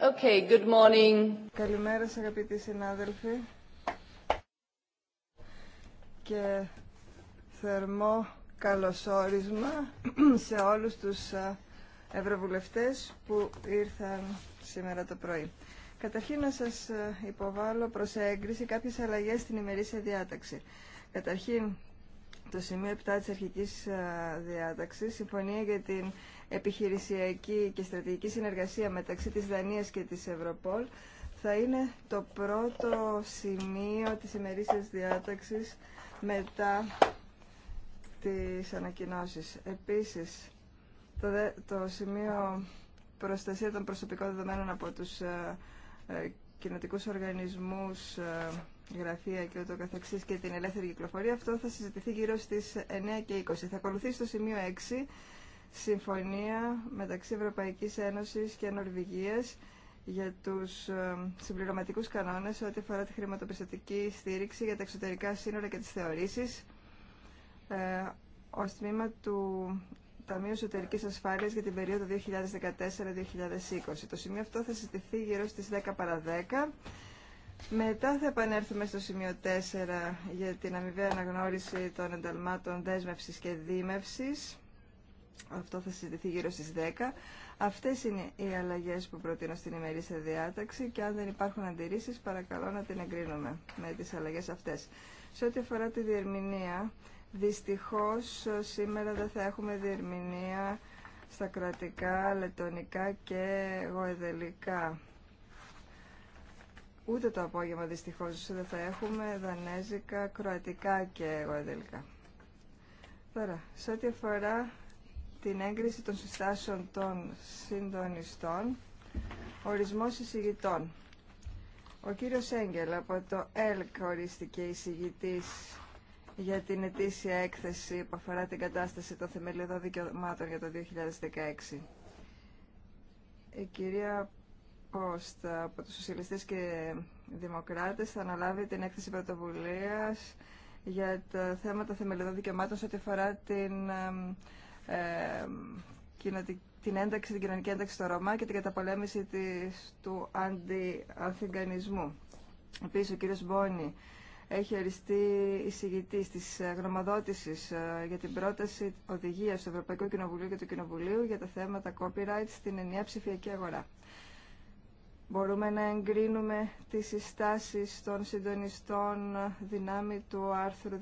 Okay, good morning. Καλημέρα σας αγαπητοί συνάδελφοι και θερμό καλωσόρισμα σε όλους τους ε, ευρωβουλευτές που ήρθαν σήμερα το πρωί. Καταρχήν να σας ε, υποβάλω προς έγκριση κάποιες αλλαγές στην ημερήσια διάταξη. Καταρχήν το σημείο 7 της αρχικής ε, διάταξης, συμφωνία για την επιχειρησιακή και στρατηγική συνεργασία μεταξύ της Δανίας και της Ευρωπόλ, θα είναι το πρώτο σημείο της ημερήσιας διάταξης μετά τις ανακοινώσεις. Επίσης, το, το σημείο προστασία των προσωπικών δεδομένων από τους ε, ε οργανισμούς ε, γραφεία και ούτω καθεξής και την ελεύθερη κυκλοφορία, αυτό θα συζητηθεί γύρω στις 9 και 20. Θα ακολουθήσει το σημείο 6, συμφωνία μεταξύ Ευρωπαϊκής Ένωσης και Νορβηγίας για τους ε, συμπληρωματικούς κανόνες ό,τι αφορά τη χρηματοπιστωτική στήριξη για τα εξωτερικά σύνορα και τις θεωρήσεις ε, ως τμήμα του Ταμείου Εσωτερικής Ασφάλειας για την περίοδο 2014-2020. Το σημείο αυτό θα συζητηθεί γύρω στις 10 παρα 10 μετά θα επανέλθουμε στο σημείο 4 για την αμοιβαία αναγνώριση των ενταλμάτων δέσμευσης και δίμευσης. Αυτό θα συζητηθεί γύρω στις 10. Αυτές είναι οι αλλαγές που προτείνω στην ημερήσια διάταξη και αν δεν υπάρχουν αντιρρήσεις παρακαλώ να την εγκρίνουμε με τις αλλαγές αυτές. Σε ό,τι αφορά τη διερμηνία, δυστυχώς σήμερα δεν θα έχουμε διερμηνία στα κρατικά, λετωνικά και γοεδελικά. Ούτε το απόγευμα δυστυχώ, δεν θα έχουμε δανέζικα, κροατικά και εγωεδελικά. Τώρα, σε ό,τι αφορά την έγκριση των συστάσεων των συντονιστών, ορισμό εισηγητών. Ο κύριος Έγκελ από το ΕΛΚ ορίστηκε εισηγητή για την ετήσια έκθεση που αφορά την κατάσταση των θεμελιωδών δικαιωμάτων για το 2016. Η κυρία post από τους Σοσιαλιστές και Δημοκράτες θα αναλάβει την έκθεση πρωτοβουλία για τα θέματα θεμελιωδών δικαιωμάτων σε ό,τι αφορά την, ε, την, ένταξη, την κοινωνική ένταξη στο Ρωμά και την καταπολέμηση της, του αντιαθηγανισμού. Επίσης, ο κύριος Μπόνι έχει οριστεί εισηγητή τη γνωμοδότηση ε, για την πρόταση οδηγία του Ευρωπαϊκού Κοινοβουλίου και του Κοινοβουλίου για τα θέματα copyright στην ενιαία ψηφιακή αγορά. Μπορούμε να εγκρίνουμε τις συστάσεις των συντονιστών δυνάμει του άρθρου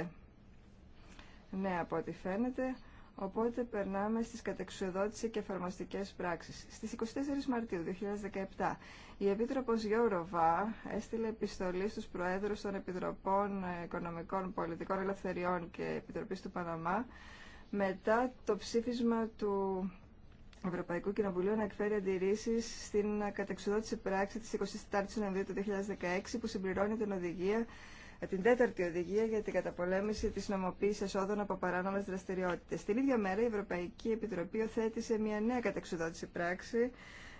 205. Ναι, από ό,τι φαίνεται. Οπότε περνάμε στις κατεξουδότηση και εφαρμοστικές πράξεις. Στις 24 Μαρτίου 2017 η Επίτροπος Γιώροβα έστειλε επιστολή στους Προέδρους των Επιτροπών Οικονομικών Πολιτικών Ελευθεριών και Επιτροπής του Παναμά μετά το ψήφισμα του Ευρωπαϊκού Κοινοβουλίου να εκφέρει αντιρρήσει στην κατεξουδότηση πράξη τη 24η Νοεμβρίου του 2016 που συμπληρώνει την οδηγία, την τέταρτη οδηγία για την καταπολέμηση τη νομοποίηση εσόδων από παράνομε δραστηριότητε. Την ίδια μέρα η Ευρωπαϊκή Επιτροπή οθέτησε μια νέα κατεξουδότηση πράξη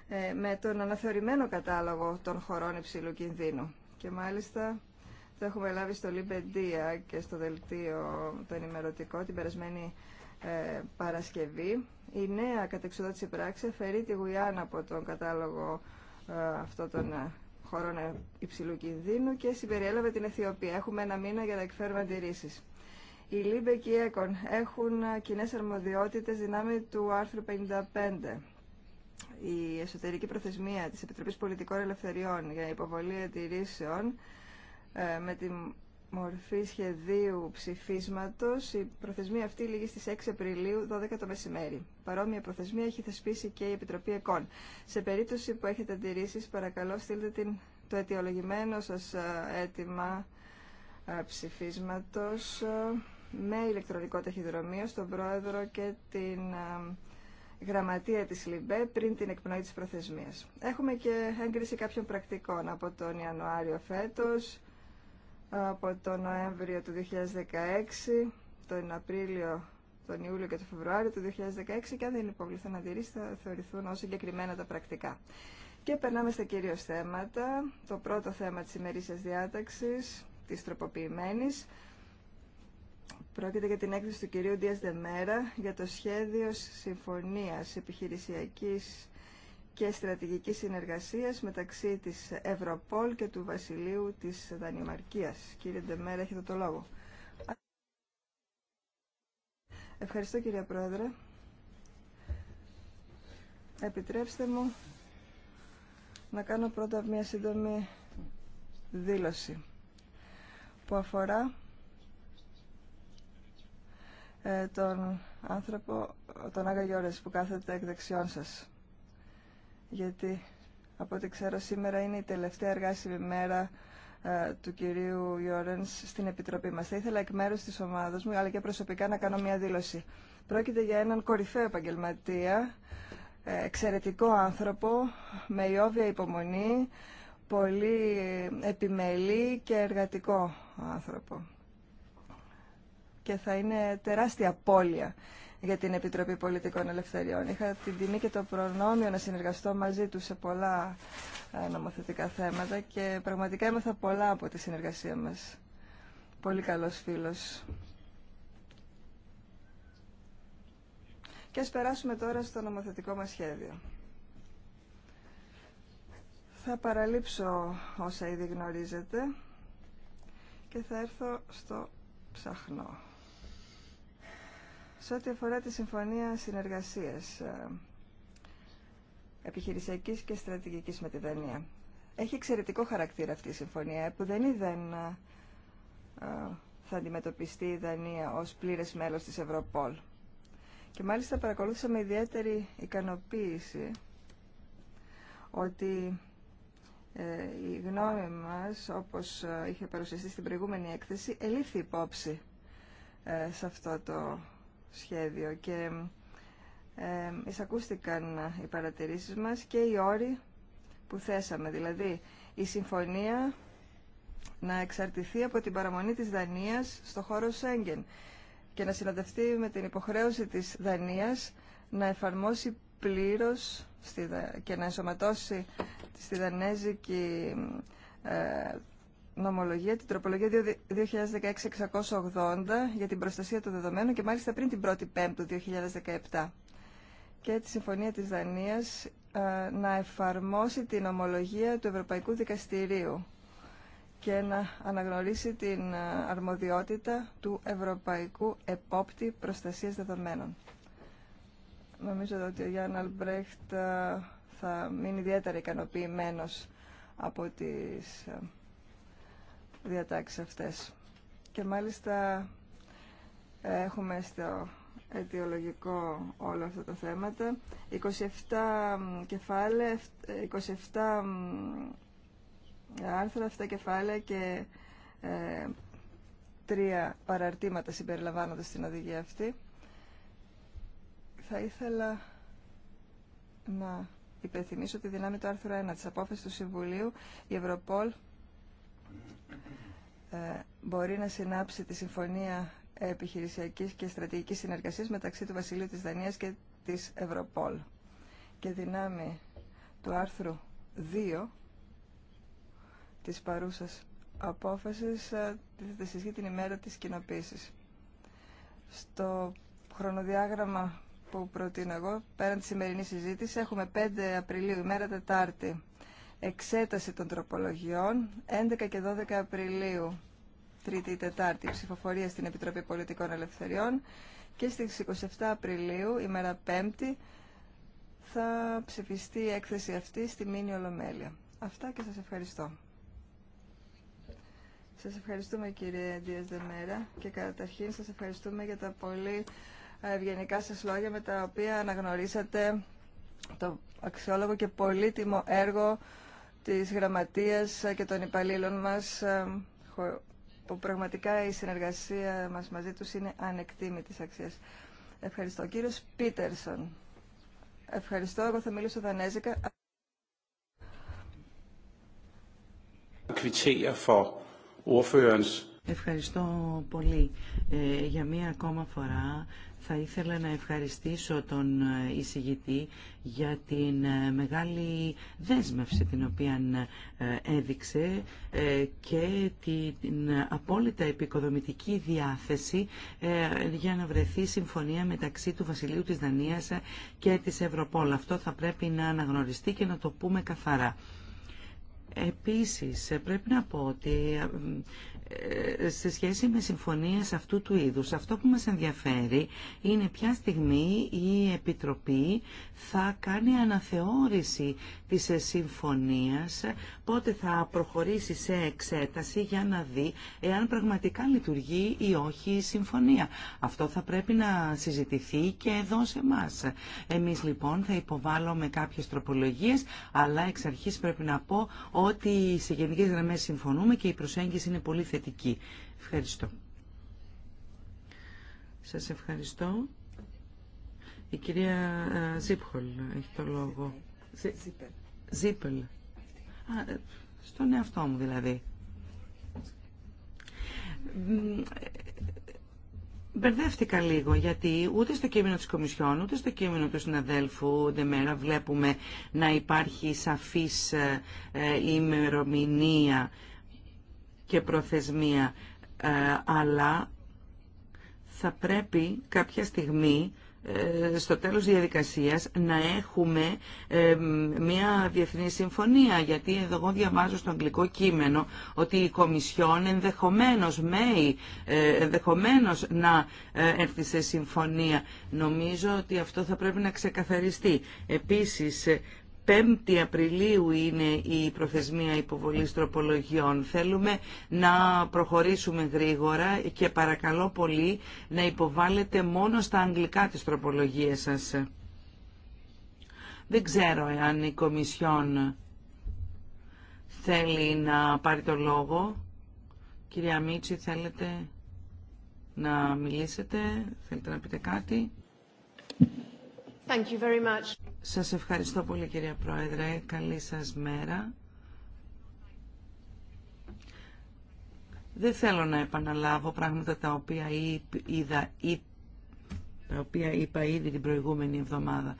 ε, με τον αναθεωρημένο κατάλογο των χωρών υψηλού κινδύνου. Και μάλιστα το έχουμε λάβει στο Λιμπεντία και στο δελτίο το ενημερωτικό την περασμένη ε, Παρασκευή. Η νέα κατεξοδότηση πράξη αφαιρεί τη Γουιάννα από τον κατάλογο ε, αυτών των ε, χωρών υψηλού κινδύνου και συμπεριέλαβε την Αιθιοπία. Έχουμε ένα μήνα για να εκφέρουμε αντιρρήσει. Οι ΛΥΜΠΕ και οι ΕΚΟΝ έχουν κοινέ αρμοδιότητε δυνάμει του άρθρου 55. Η εσωτερική προθεσμία της Επιτροπής Πολιτικών Ελευθεριών για υποβολή αντιρρήσεων με την μορφή σχεδίου ψηφίσματο. Η προθεσμία αυτή λήγει στι 6 Απριλίου 12 το μεσημέρι. Παρόμοια προθεσμία έχει θεσπίσει και η Επιτροπή ΕΚΟΝ. Σε περίπτωση που έχετε αντιρρήσεις, παρακαλώ στείλτε την, το αιτιολογημένο σα αίτημα ψηφίσματο με ηλεκτρονικό ταχυδρομείο στον Πρόεδρο και την γραμματεία της ΛΥΜΠΕ πριν την εκπνοή της προθεσμίας. Έχουμε και έγκριση κάποιων πρακτικών από τον Ιανουάριο φέτος, από τον Νοέμβριο του 2016, τον Απρίλιο, τον Ιούλιο και τον Φεβρουάριο του 2016 και αν δεν υποβληθούν αντιρρήσεις θα θεωρηθούν ως συγκεκριμένα τα πρακτικά. Και περνάμε στα κυρίω θέματα. Το πρώτο θέμα της ημερήσιας διάταξης, της τροποποιημένης, Πρόκειται για την έκθεση του κυρίου Ντίας Δεμέρα για το σχέδιο συμφωνίας επιχειρησιακής και στρατηγική συνεργασίας μεταξύ της Ευρωπόλ και του Βασιλείου της Δανημαρκίας. Κύριε Ντεμέρα, έχετε το λόγο. Ευχαριστώ κύριε Πρόεδρε. Επιτρέψτε μου να κάνω πρώτα μια σύντομη δήλωση που αφορά ε, τον άνθρωπο, τον Άγα Γιώρες που κάθεται εκ δεξιών σας γιατί από ό,τι ξέρω σήμερα είναι η τελευταία εργάσιμη μέρα ε, του κυρίου Γιώρενς στην Επιτροπή μας. Θα ήθελα εκ μέρους της ομάδας μου, αλλά και προσωπικά, να κάνω μια δήλωση. Πρόκειται για έναν κορυφαίο επαγγελματία, ε, εξαιρετικό άνθρωπο, με ιόβια υπομονή, πολύ επιμελή και εργατικό άνθρωπο. Και θα είναι τεράστια πόλια για την Επιτροπή Πολιτικών Ελευθεριών. Είχα την τιμή και το προνόμιο να συνεργαστώ μαζί του σε πολλά ε, νομοθετικά θέματα και πραγματικά έμαθα πολλά από τη συνεργασία μας. Πολύ καλός φίλος. Και ας περάσουμε τώρα στο νομοθετικό μας σχέδιο. Θα παραλείψω όσα ήδη γνωρίζετε και θα έρθω στο ψαχνό. Σε ό,τι αφορά τη Συμφωνία Συνεργασίας ε, Επιχειρησιακής και Στρατηγικής με τη Δανία. Έχει εξαιρετικό χαρακτήρα αυτή η συμφωνία, που δεν είδαν ε, ε, θα αντιμετωπιστεί η Δανία ως πλήρες μέλος της Ευρωπόλ. Και μάλιστα παρακολούθησα με ιδιαίτερη ικανοποίηση ότι η γνώμη μας, όπως είχε παρουσιαστεί στην προηγούμενη έκθεση, ελήφθη υπόψη σε αυτό το σχέδιο και ε, εισακούστηκαν οι παρατηρήσεις μας και οι όροι που θέσαμε. Δηλαδή, η συμφωνία να εξαρτηθεί από την παραμονή της Δανίας στο χώρο Σέγγεν και να συναντευτεί με την υποχρέωση της Δανίας να εφαρμόσει πλήρως και να ενσωματώσει στη Δανέζικη ε, νομολογία την τροπολογία 2016-680 για την προστασία των δεδομένων και μάλιστα πριν την 1η Πέμπτου 2017 και τη Συμφωνία της Δανίας ε, να εφαρμόσει την ομολογία του Ευρωπαϊκού Δικαστηρίου και να αναγνωρίσει την ε, αρμοδιότητα του Ευρωπαϊκού Επόπτη Προστασίας Δεδομένων. Νομίζω ότι ο Γιάννα Αλμπρέχτ ε, θα μείνει ιδιαίτερα ικανοποιημένος από τις διατάξεις αυτές. Και μάλιστα ε, έχουμε στο αιτιολογικό όλα αυτά τα θέματα 27 κεφάλαια, 27 άρθρα, 7 κεφάλαια και ε, τρία παραρτήματα συμπεριλαμβάνονται στην οδηγία αυτή. Θα ήθελα να υπενθυμίσω τη δυνάμει του άρθρου 1 της απόφασης του Συμβουλίου η Ευρωπόλ ε, μπορεί να συνάψει τη Συμφωνία Επιχειρησιακής και Στρατηγικής Συνεργασίας μεταξύ του Βασιλείου της Δανίας και της Ευρωπόλ. Και δυνάμει του άρθρου 2 της παρούσας απόφασης ε, τίθεται συζητή την ημέρα της κοινοποίησης. Στο χρονοδιάγραμμα που προτείνω εγώ, πέραν τη σημερινή συζήτηση, έχουμε 5 Απριλίου, ημέρα Τετάρτη, εξέταση των τροπολογιών 11 και 12 Απριλίου, Τρίτη ή Τετάρτη, ψηφοφορία στην Επιτροπή Πολιτικών Ελευθεριών και στις 27 Απριλίου, ημέρα η θα ψηφιστεί η έκθεση αυτή στη Μήνη Ολομέλεια. Αυτά και σας ευχαριστώ. Σας ευχαριστούμε κύριε Δίας Δεμέρα και καταρχήν σας ευχαριστούμε για τα πολύ ευγενικά σας λόγια με τα οποία αναγνωρίσατε το αξιόλογο και πολύτιμο έργο της γραμματείας και των υπαλλήλων μας ε, που πραγματικά η συνεργασία μας μαζί τους είναι ανεκτήμητης αξίας. Ευχαριστώ. Κύριος Πίτερσον. Ευχαριστώ. Εγώ θα μιλήσω δανέζικα. Ευχαριστώ πολύ. Ε, για μία ακόμα φορά θα ήθελα να ευχαριστήσω τον ε, εισηγητή για την ε, μεγάλη δέσμευση την οποία ε, έδειξε και την απόλυτα επικοδομητική διάθεση για να βρεθεί συμφωνία μεταξύ του Βασιλείου της Δανίας και της Ευρωπόλ. Αυτό θα πρέπει να αναγνωριστεί και να το πούμε καθαρά. Επίσης, πρέπει να πω ότι ε, σε σχέση με συμφωνίες αυτού του είδους. Αυτό που μας ενδιαφέρει είναι ποια στιγμή η Επιτροπή θα κάνει αναθεώρηση της συμφωνίας, πότε θα προχωρήσει σε εξέταση για να δει εάν πραγματικά λειτουργεί ή όχι η συμφωνία. Αυτό θα πρέπει να συζητηθεί και εδώ σε εμά. Εμείς λοιπόν θα υποβάλλουμε κάποιες τροπολογίες, αλλά εξ αρχής πρέπει να πω ότι σε γενικές γραμμές συμφωνούμε και η προσέγγιση είναι πολύ θετική θετική. Ευχαριστώ. Σας ευχαριστώ. Η κυρία ε, Ζίπχολ έχει το λόγο. Ζίπελ. Ε, στον εαυτό μου δηλαδή. Ε, μπερδεύτηκα λίγο γιατί ούτε στο κείμενο της Κομισιόν ούτε στο κείμενο του συναδέλφου μέρα βλέπουμε να υπάρχει σαφής ημερομηνία και προθεσμία, ε, αλλά θα πρέπει κάποια στιγμή ε, στο τέλος διαδικασίας να έχουμε ε, μια διεθνή συμφωνία γιατί εγώ διαβάζω στο αγγλικό κείμενο ότι η Κομισιόν ενδεχομένως, μει ενδεχομένως να έρθει σε συμφωνία νομίζω ότι αυτό θα πρέπει να ξεκαθαριστεί επίσης 5η Απριλίου είναι η προθεσμία υποβολής τροπολογιών. Θέλουμε να προχωρήσουμε γρήγορα και παρακαλώ πολύ να υποβάλλετε μόνο στα αγγλικά τις τροπολογίες σας. Δεν ξέρω αν η Κομισιόν θέλει να πάρει το λόγο. Κυρία Μίτσι, θέλετε να μιλήσετε, θέλετε να πείτε κάτι. Σας ευχαριστώ πολύ κυρία Πρόεδρε. Καλή σας μέρα. Δεν θέλω να επαναλάβω πράγματα τα οποία είδα ή τα οποία είπα ήδη την προηγούμενη εβδομάδα.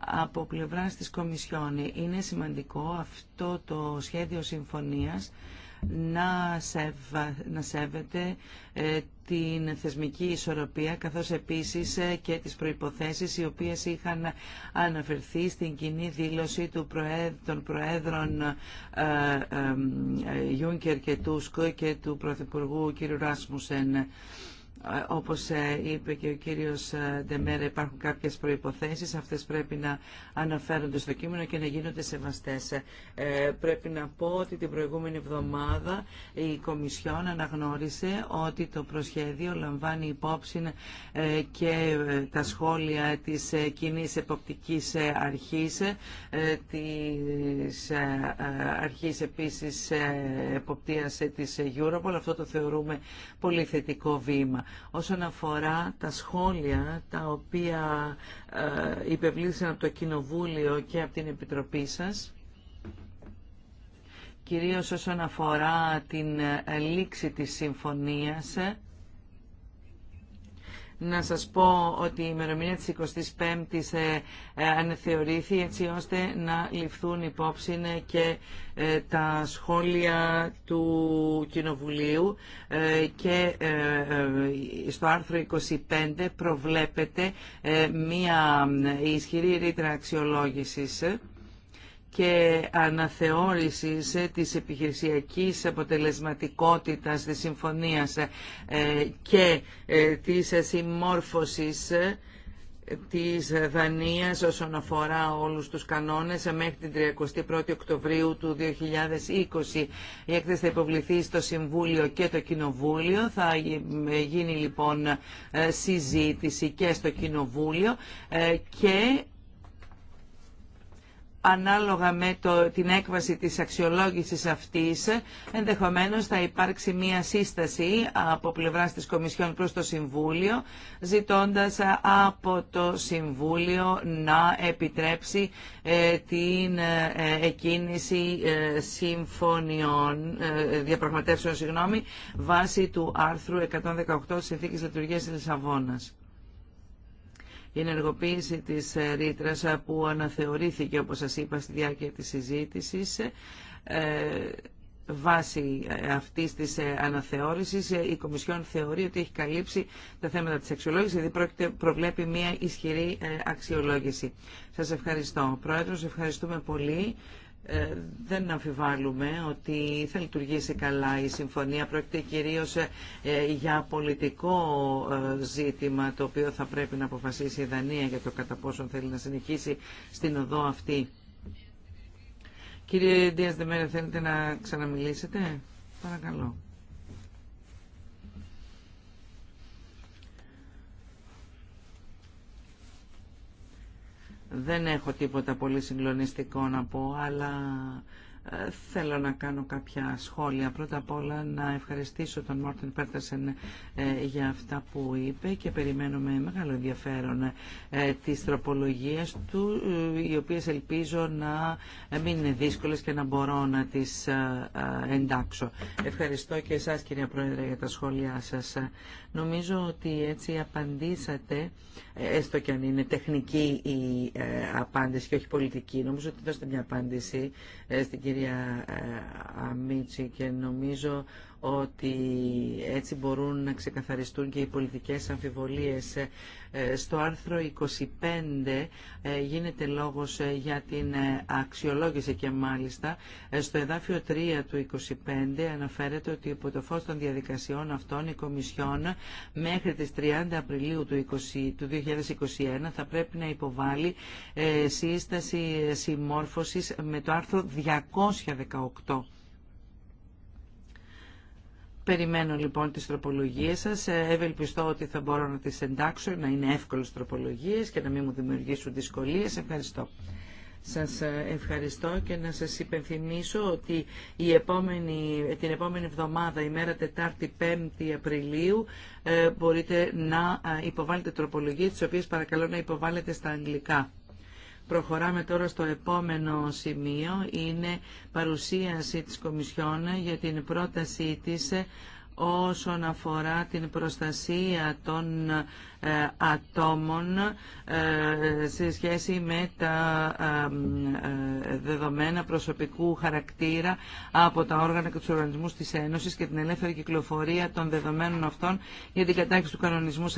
Από πλευράς της Κομισιόνη είναι σημαντικό αυτό το σχέδιο συμφωνίας να, να σέβεται ε, την θεσμική ισορροπία καθώς επίσης ε, και τις προϋποθέσεις οι οποίες είχαν αναφερθεί στην κοινή δήλωση του των Προέδρων ε, Γιούνκερ και Τούσκο και του Πρωθυπουργού κ. Ράσμουσεν όπως ε, είπε και ο κύριος ε, Ντεμέρα υπάρχουν κάποιες προϋποθέσεις αυτές πρέπει να αναφέρονται στο κείμενο και να γίνονται σεβαστές ε, πρέπει να πω ότι την προηγούμενη εβδομάδα η Κομισιόν αναγνώρισε ότι το προσχέδιο λαμβάνει υπόψη και τα σχόλια της κοινή εποπτικής αρχής της αρχής επίσης εποπτείας της Europol αυτό το θεωρούμε πολύ θετικό βήμα όσον αφορά τα σχόλια τα οποία ε, υπευλήθησαν από το Κοινοβούλιο και από την Επιτροπή σας κυρίως όσον αφορά την ε, λήξη της συμφωνίας να σας πω ότι η ημερομηνία της 25ης ε, ε, ανεθεωρήθη έτσι ώστε να ληφθούν υπόψη ε, και τα σχόλια του Κοινοβουλίου και στο άρθρο 25 προβλέπεται μία ισχυρή ρήτρα αξιολόγησης και αναθεώρηση της επιχειρησιακής αποτελεσματικότητας της συμφωνίας ε, και ε, της συμμόρφωσης ε, της Δανίας όσον αφορά όλους τους κανόνες μέχρι την 31η Οκτωβρίου του 2020. Η έκθεση θα υποβληθεί στο Συμβούλιο και το Κοινοβούλιο. Θα γίνει λοιπόν συζήτηση και στο Κοινοβούλιο και ανάλογα με το, την έκβαση της αξιολόγησης αυτής, ενδεχομένως θα υπάρξει μία σύσταση από πλευράς της Κομισιόν προς το Συμβούλιο, ζητώντας από το Συμβούλιο να επιτρέψει ε, την ε, εκκίνηση ε, συμφωνιών, διαπραγματεύσεων, συγγνώμη, βάσει του άρθρου 118 της Συνθήκης Λειτουργίας της Λισαβόνας η ενεργοποίηση της ε, ρήτρας ε, που αναθεωρήθηκε, όπως σας είπα, στη διάρκεια της συζήτησης, ε, βάσει αυτής της αναθεώρησης η Κομισιόν θεωρεί ότι έχει καλύψει τα θέματα της αξιολόγησης, δηλαδή προβλέπει μια ισχυρή αξιολόγηση. Σας ευχαριστώ. Πρόεδρος, ευχαριστούμε πολύ. Ε, δεν αμφιβάλλουμε ότι θα λειτουργήσει καλά η συμφωνία. Πρόκειται κυρίως ε, για πολιτικό ε, ζήτημα το οποίο θα πρέπει να αποφασίσει η Δανία για το κατά πόσο θέλει να συνεχίσει στην οδό αυτή. Κύριε Ντίας Δεμέρε, θέλετε να ξαναμιλήσετε. Παρακαλώ. Δεν έχω τίποτα πολύ συγκλονιστικό να πω, αλλά ε, θέλω να κάνω κάποια σχόλια. Πρώτα απ' όλα να ευχαριστήσω τον Μόρτιν Πέρτασεν ε, για αυτά που είπε και περιμένουμε μεγάλο ενδιαφέρον ε, τις τροπολογίες του, οι οποίες ελπίζω να μην είναι δύσκολες και να μπορώ να τις εντάξω. Ευχαριστώ και εσάς κυρία Πρόεδρε για τα σχόλιά σας. Νομίζω ότι έτσι απαντήσατε, έστω και αν είναι τεχνική η απάντηση και όχι πολιτική, νομίζω ότι δώσετε μια απάντηση ε, στην κυρία ε, Αμίτσι και νομίζω ότι έτσι μπορούν να ξεκαθαριστούν και οι πολιτικές αμφιβολίες. Ε, στο άρθρο 25 ε, γίνεται λόγος ε, για την αξιολόγηση και μάλιστα στο εδάφιο 3 του 25 αναφέρεται ότι υπό το φως των διαδικασιών αυτών η Κομισιόν μέχρι τις 30 Απριλίου του 2021 θα πρέπει να υποβάλει σύσταση συμμόρφωσης με το άρθρο 218 Περιμένω λοιπόν τις τροπολογίες σας. Ε, ευελπιστώ ότι θα μπορώ να τις εντάξω, να είναι εύκολες τροπολογίες και να μην μου δημιουργήσουν δυσκολίες. Ευχαριστώ. Σας ε, ευχαριστώ και να σας υπενθυμίσω ότι η επόμενη, την επόμενη εβδομάδα, ημέρα Τετάρτη 5η Απριλίου, ε, μπορείτε να υποβάλλετε τροπολογίες, τις οποίες παρακαλώ να υποβάλλετε στα αγγλικά. Προχωράμε τώρα στο επόμενο σημείο. Είναι παρουσίαση της Κομισιόν για την πρότασή της όσον αφορά την προστασία των ε, ατόμων ε, σε σχέση με τα ε, δεδομένα προσωπικού χαρακτήρα από τα όργανα και τους οργανισμούς της Ένωσης και την ελεύθερη κυκλοφορία των δεδομένων αυτών για την κατάξυση του κανονισμού 45-2001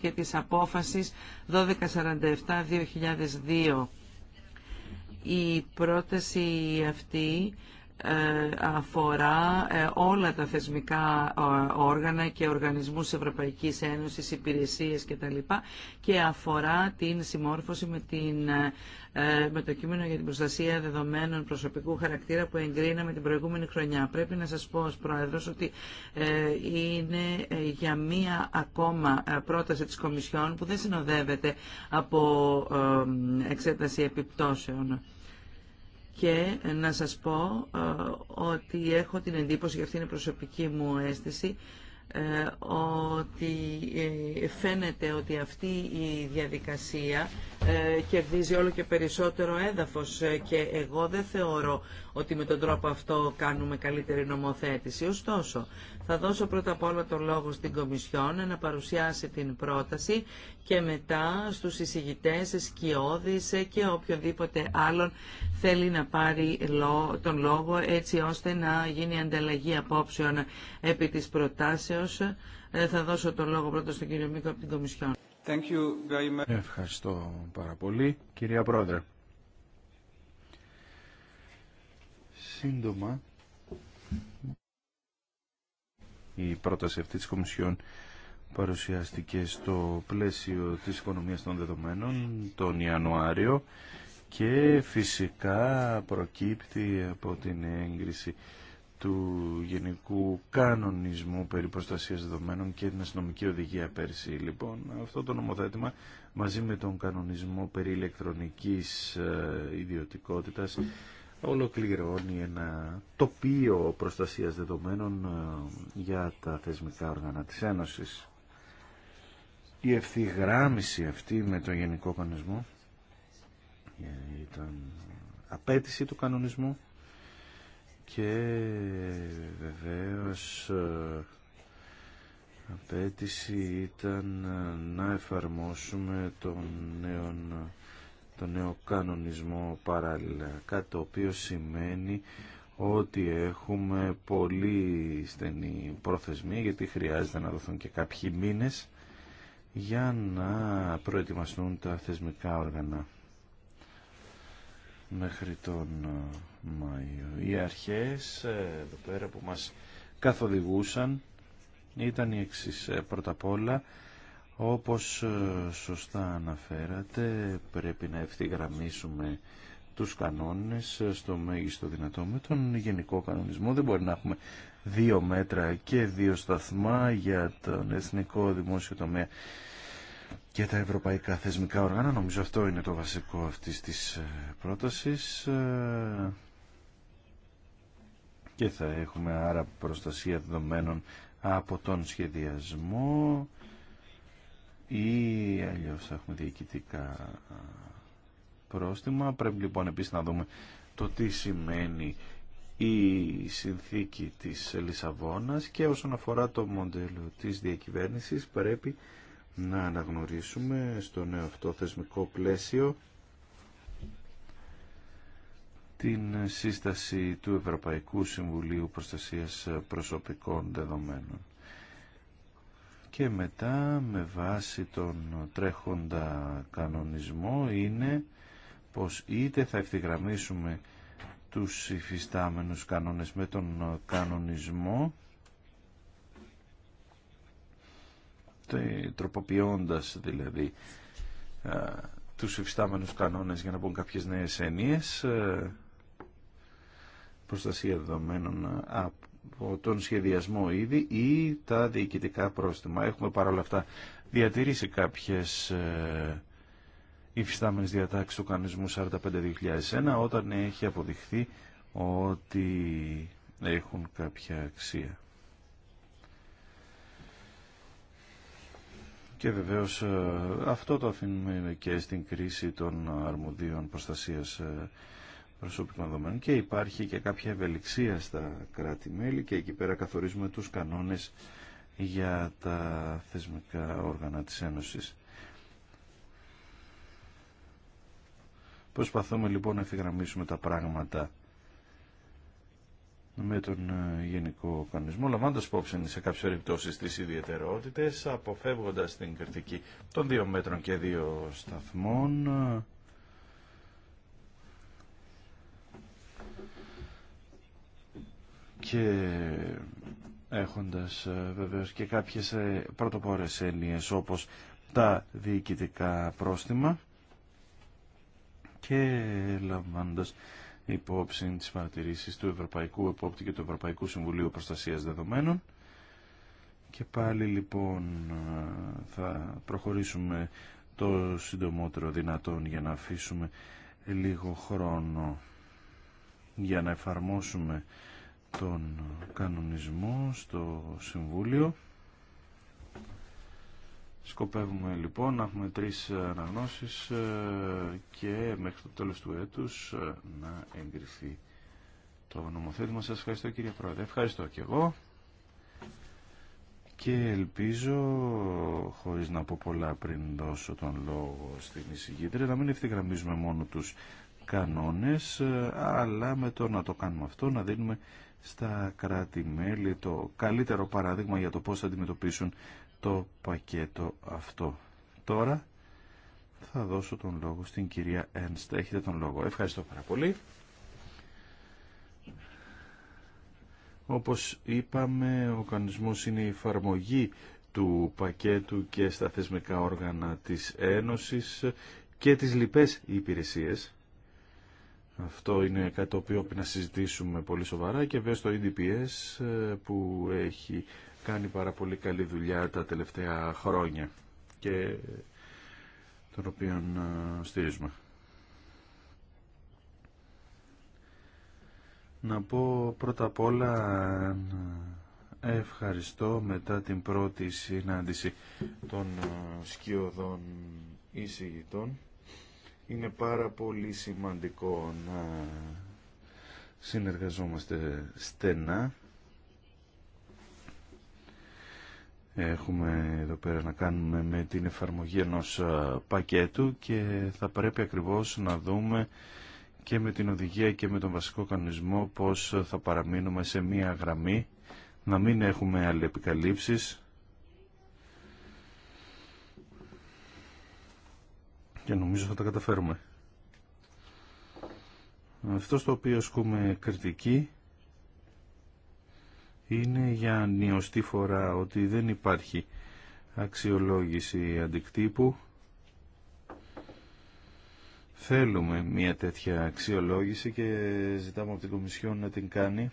και της απόφασης 1247-2002. Η πρόταση αυτή ε, αφορά ε, όλα τα θεσμικά ε, όργανα και οργανισμούς Ευρωπαϊκής Ένωσης, υπηρεσίες κτλ. και αφορά την συμμόρφωση με, την, με το κείμενο για την προστασία δεδομένων προσωπικού χαρακτήρα που εγκρίναμε την προηγούμενη χρονιά. Πρέπει να σας πω ως Πρόεδρος ότι είναι για μία ακόμα πρόταση της Κομισιόν που δεν συνοδεύεται από εξέταση επιπτώσεων και ε, να σας πω ε, ότι έχω την εντύπωση, για αυτή είναι προσωπική μου αίσθηση, ε, ότι φαίνεται ότι αυτή η διαδικασία κερδίζει όλο και περισσότερο έδαφος και εγώ δεν θεωρώ ότι με τον τρόπο αυτό κάνουμε καλύτερη νομοθέτηση. Ωστόσο, θα δώσω πρώτα απ' όλα το λόγο στην Κομισιόν να παρουσιάσει την πρόταση και μετά στους εισηγητές, σκιώδης και οποιονδήποτε άλλον θέλει να πάρει τον λόγο έτσι ώστε να γίνει ανταλλαγή απόψεων επί της προτάσεως. Ε, θα δώσω το λόγο πρώτα στον κύριο Μίκο από την Κομισιόν. Thank you very much. Ευχαριστώ πάρα πολύ, κυρία Πρόεδρε. Σύντομα, η πρόταση αυτή της Κομισιόν παρουσιάστηκε στο πλαίσιο της οικονομίας των δεδομένων τον Ιανουάριο και φυσικά προκύπτει από την έγκριση του Γενικού Κανονισμού περί προστασίας δεδομένων και την αστυνομική οδηγία πέρσι. Λοιπόν, αυτό το νομοθέτημα μαζί με τον κανονισμό περί ηλεκτρονικής ε, ιδιωτικότητας ολοκληρώνει ένα τοπίο προστασίας δεδομένων ε, για τα θεσμικά όργανα της Ένωσης. Η ευθυγράμμιση αυτή με τον Γενικό Κανονισμό ε, ήταν απέτηση του κανονισμού και βεβαίως ε, απέτηση ήταν να εφαρμόσουμε τον νέο το νέο κανονισμό παράλληλα, κάτι το οποίο σημαίνει ότι έχουμε πολύ στενή πρόθεσμη, γιατί χρειάζεται να δοθούν και κάποιοι μήνες για να προετοιμαστούν τα θεσμικά όργανα μέχρι τον ε, Μάιο. Οι αρχές ε, εδώ πέρα που μας καθοδηγούσαν ήταν οι εξής. Ε, πρώτα απ' όλα όπως ε, σωστά αναφέρατε, πρέπει να ευθυγραμμίσουμε τους κανόνες ε, στο μέγιστο δυνατό με τον γενικό κανονισμό. Δεν μπορεί να έχουμε δύο μέτρα και δύο σταθμά για τον εθνικό δημόσιο τομέα και τα ευρωπαϊκά θεσμικά οργάνα. Νομίζω αυτό είναι το βασικό αυτής της ε, πρότασης. Και θα έχουμε άρα προστασία δεδομένων από τον σχεδιασμό ή αλλιώς έχουμε διοικητικά πρόστιμα. Πρέπει λοιπόν επίσης να δούμε το τι σημαίνει η συνθήκη της Λισαβόνας και όσον αφορά το μοντέλο της διακυβέρνησης πρέπει να αναγνωρίσουμε στο νέο αυτό θεσμικό πλαίσιο την σύσταση του Ευρωπαϊκού Συμβουλίου Προστασίας Προσωπικών Δεδομένων και μετά με βάση τον τρέχοντα κανονισμό είναι πως είτε θα ευθυγραμμίσουμε τους υφιστάμενους κανόνες με τον κανονισμό τροποποιώντας δηλαδή τους υφιστάμενους κανόνες για να πούν κάποιες νέες έννοιες ε, προστασία δεδομένων από τον σχεδιασμό ήδη ή τα διοικητικά πρόστιμα. Έχουμε παρόλα αυτά διατηρήσει κάποιες ε, υφιστάμενες διατάξεις του κανονισμού 45-2001 όταν έχει αποδειχθεί ότι έχουν κάποια αξία. Και βεβαίως ε, αυτό το αφήνουμε και στην κρίση των αρμοδίων προστασίας ε, προσωπικών και υπάρχει και κάποια ευελιξία στα κράτη-μέλη και εκεί πέρα καθορίζουμε τους κανόνες για τα θεσμικά όργανα της Ένωσης. Προσπαθούμε λοιπόν να ευθυγραμμίσουμε τα πράγματα με τον ε, Γενικό Κανονισμό, λαμβάνοντα υπόψη σε κάποιε περιπτώσει τι ιδιαιτερότητε, αποφεύγοντα την κριτική των δύο μέτρων και δύο σταθμών, και έχοντας ε, βεβαίως και κάποιες ε, πρωτοπόρες έννοιες όπως τα διοικητικά πρόστιμα και λαμβάνοντας υπόψη τις παρατηρήσεις του Ευρωπαϊκού Επόπτη και του Ευρωπαϊκού Συμβουλίου Προστασίας Δεδομένων. Και πάλι λοιπόν ε, θα προχωρήσουμε το συντομότερο δυνατόν για να αφήσουμε λίγο χρόνο για να εφαρμόσουμε τον κανονισμό στο Συμβούλιο. Σκοπεύουμε λοιπόν να έχουμε τρεις αναγνώσεις ε, και μέχρι το τέλος του έτους ε, να εγκριθεί το νομοθέτημα. Σας ευχαριστώ κύριε Πρόεδρε. Ευχαριστώ και εγώ και ελπίζω χωρίς να πω πολλά πριν δώσω τον λόγο στην εισηγήτρια να μην ευθυγραμμίζουμε μόνο τους κανόνες ε, αλλά με το να το κάνουμε αυτό να δίνουμε στα κράτη-μέλη το καλύτερο παράδειγμα για το πώς θα αντιμετωπίσουν το πακέτο αυτό. Τώρα θα δώσω τον λόγο στην κυρία Ένστα. Έχετε τον λόγο. Ευχαριστώ πάρα πολύ. Όπως είπαμε, ο κανονισμός είναι η εφαρμογή του πακέτου και στα θεσμικά όργανα της Ένωσης και τις λοιπές υπηρεσίες αυτό είναι κάτι το οποίο πρέπει να συζητήσουμε πολύ σοβαρά και βέβαια στο EDPS ε, που έχει κάνει πάρα πολύ καλή δουλειά τα τελευταία χρόνια και τον οποίο ε, στηρίζουμε. Να πω πρώτα απ' όλα ευχαριστώ μετά την πρώτη συνάντηση των ε, σκιωδών εισηγητών είναι πάρα πολύ σημαντικό να συνεργαζόμαστε στενά. Έχουμε εδώ πέρα να κάνουμε με την εφαρμογή ενός πακέτου και θα πρέπει ακριβώς να δούμε και με την οδηγία και με τον βασικό κανονισμό πώς θα παραμείνουμε σε μία γραμμή, να μην έχουμε επικαλύψεις. και νομίζω θα τα καταφέρουμε. Αυτό στο οποίο ασκούμε κριτική είναι για νιωστή φορά ότι δεν υπάρχει αξιολόγηση αντικτύπου. Θέλουμε μια τέτοια αξιολόγηση και ζητάμε από την Κομισιόν να την κάνει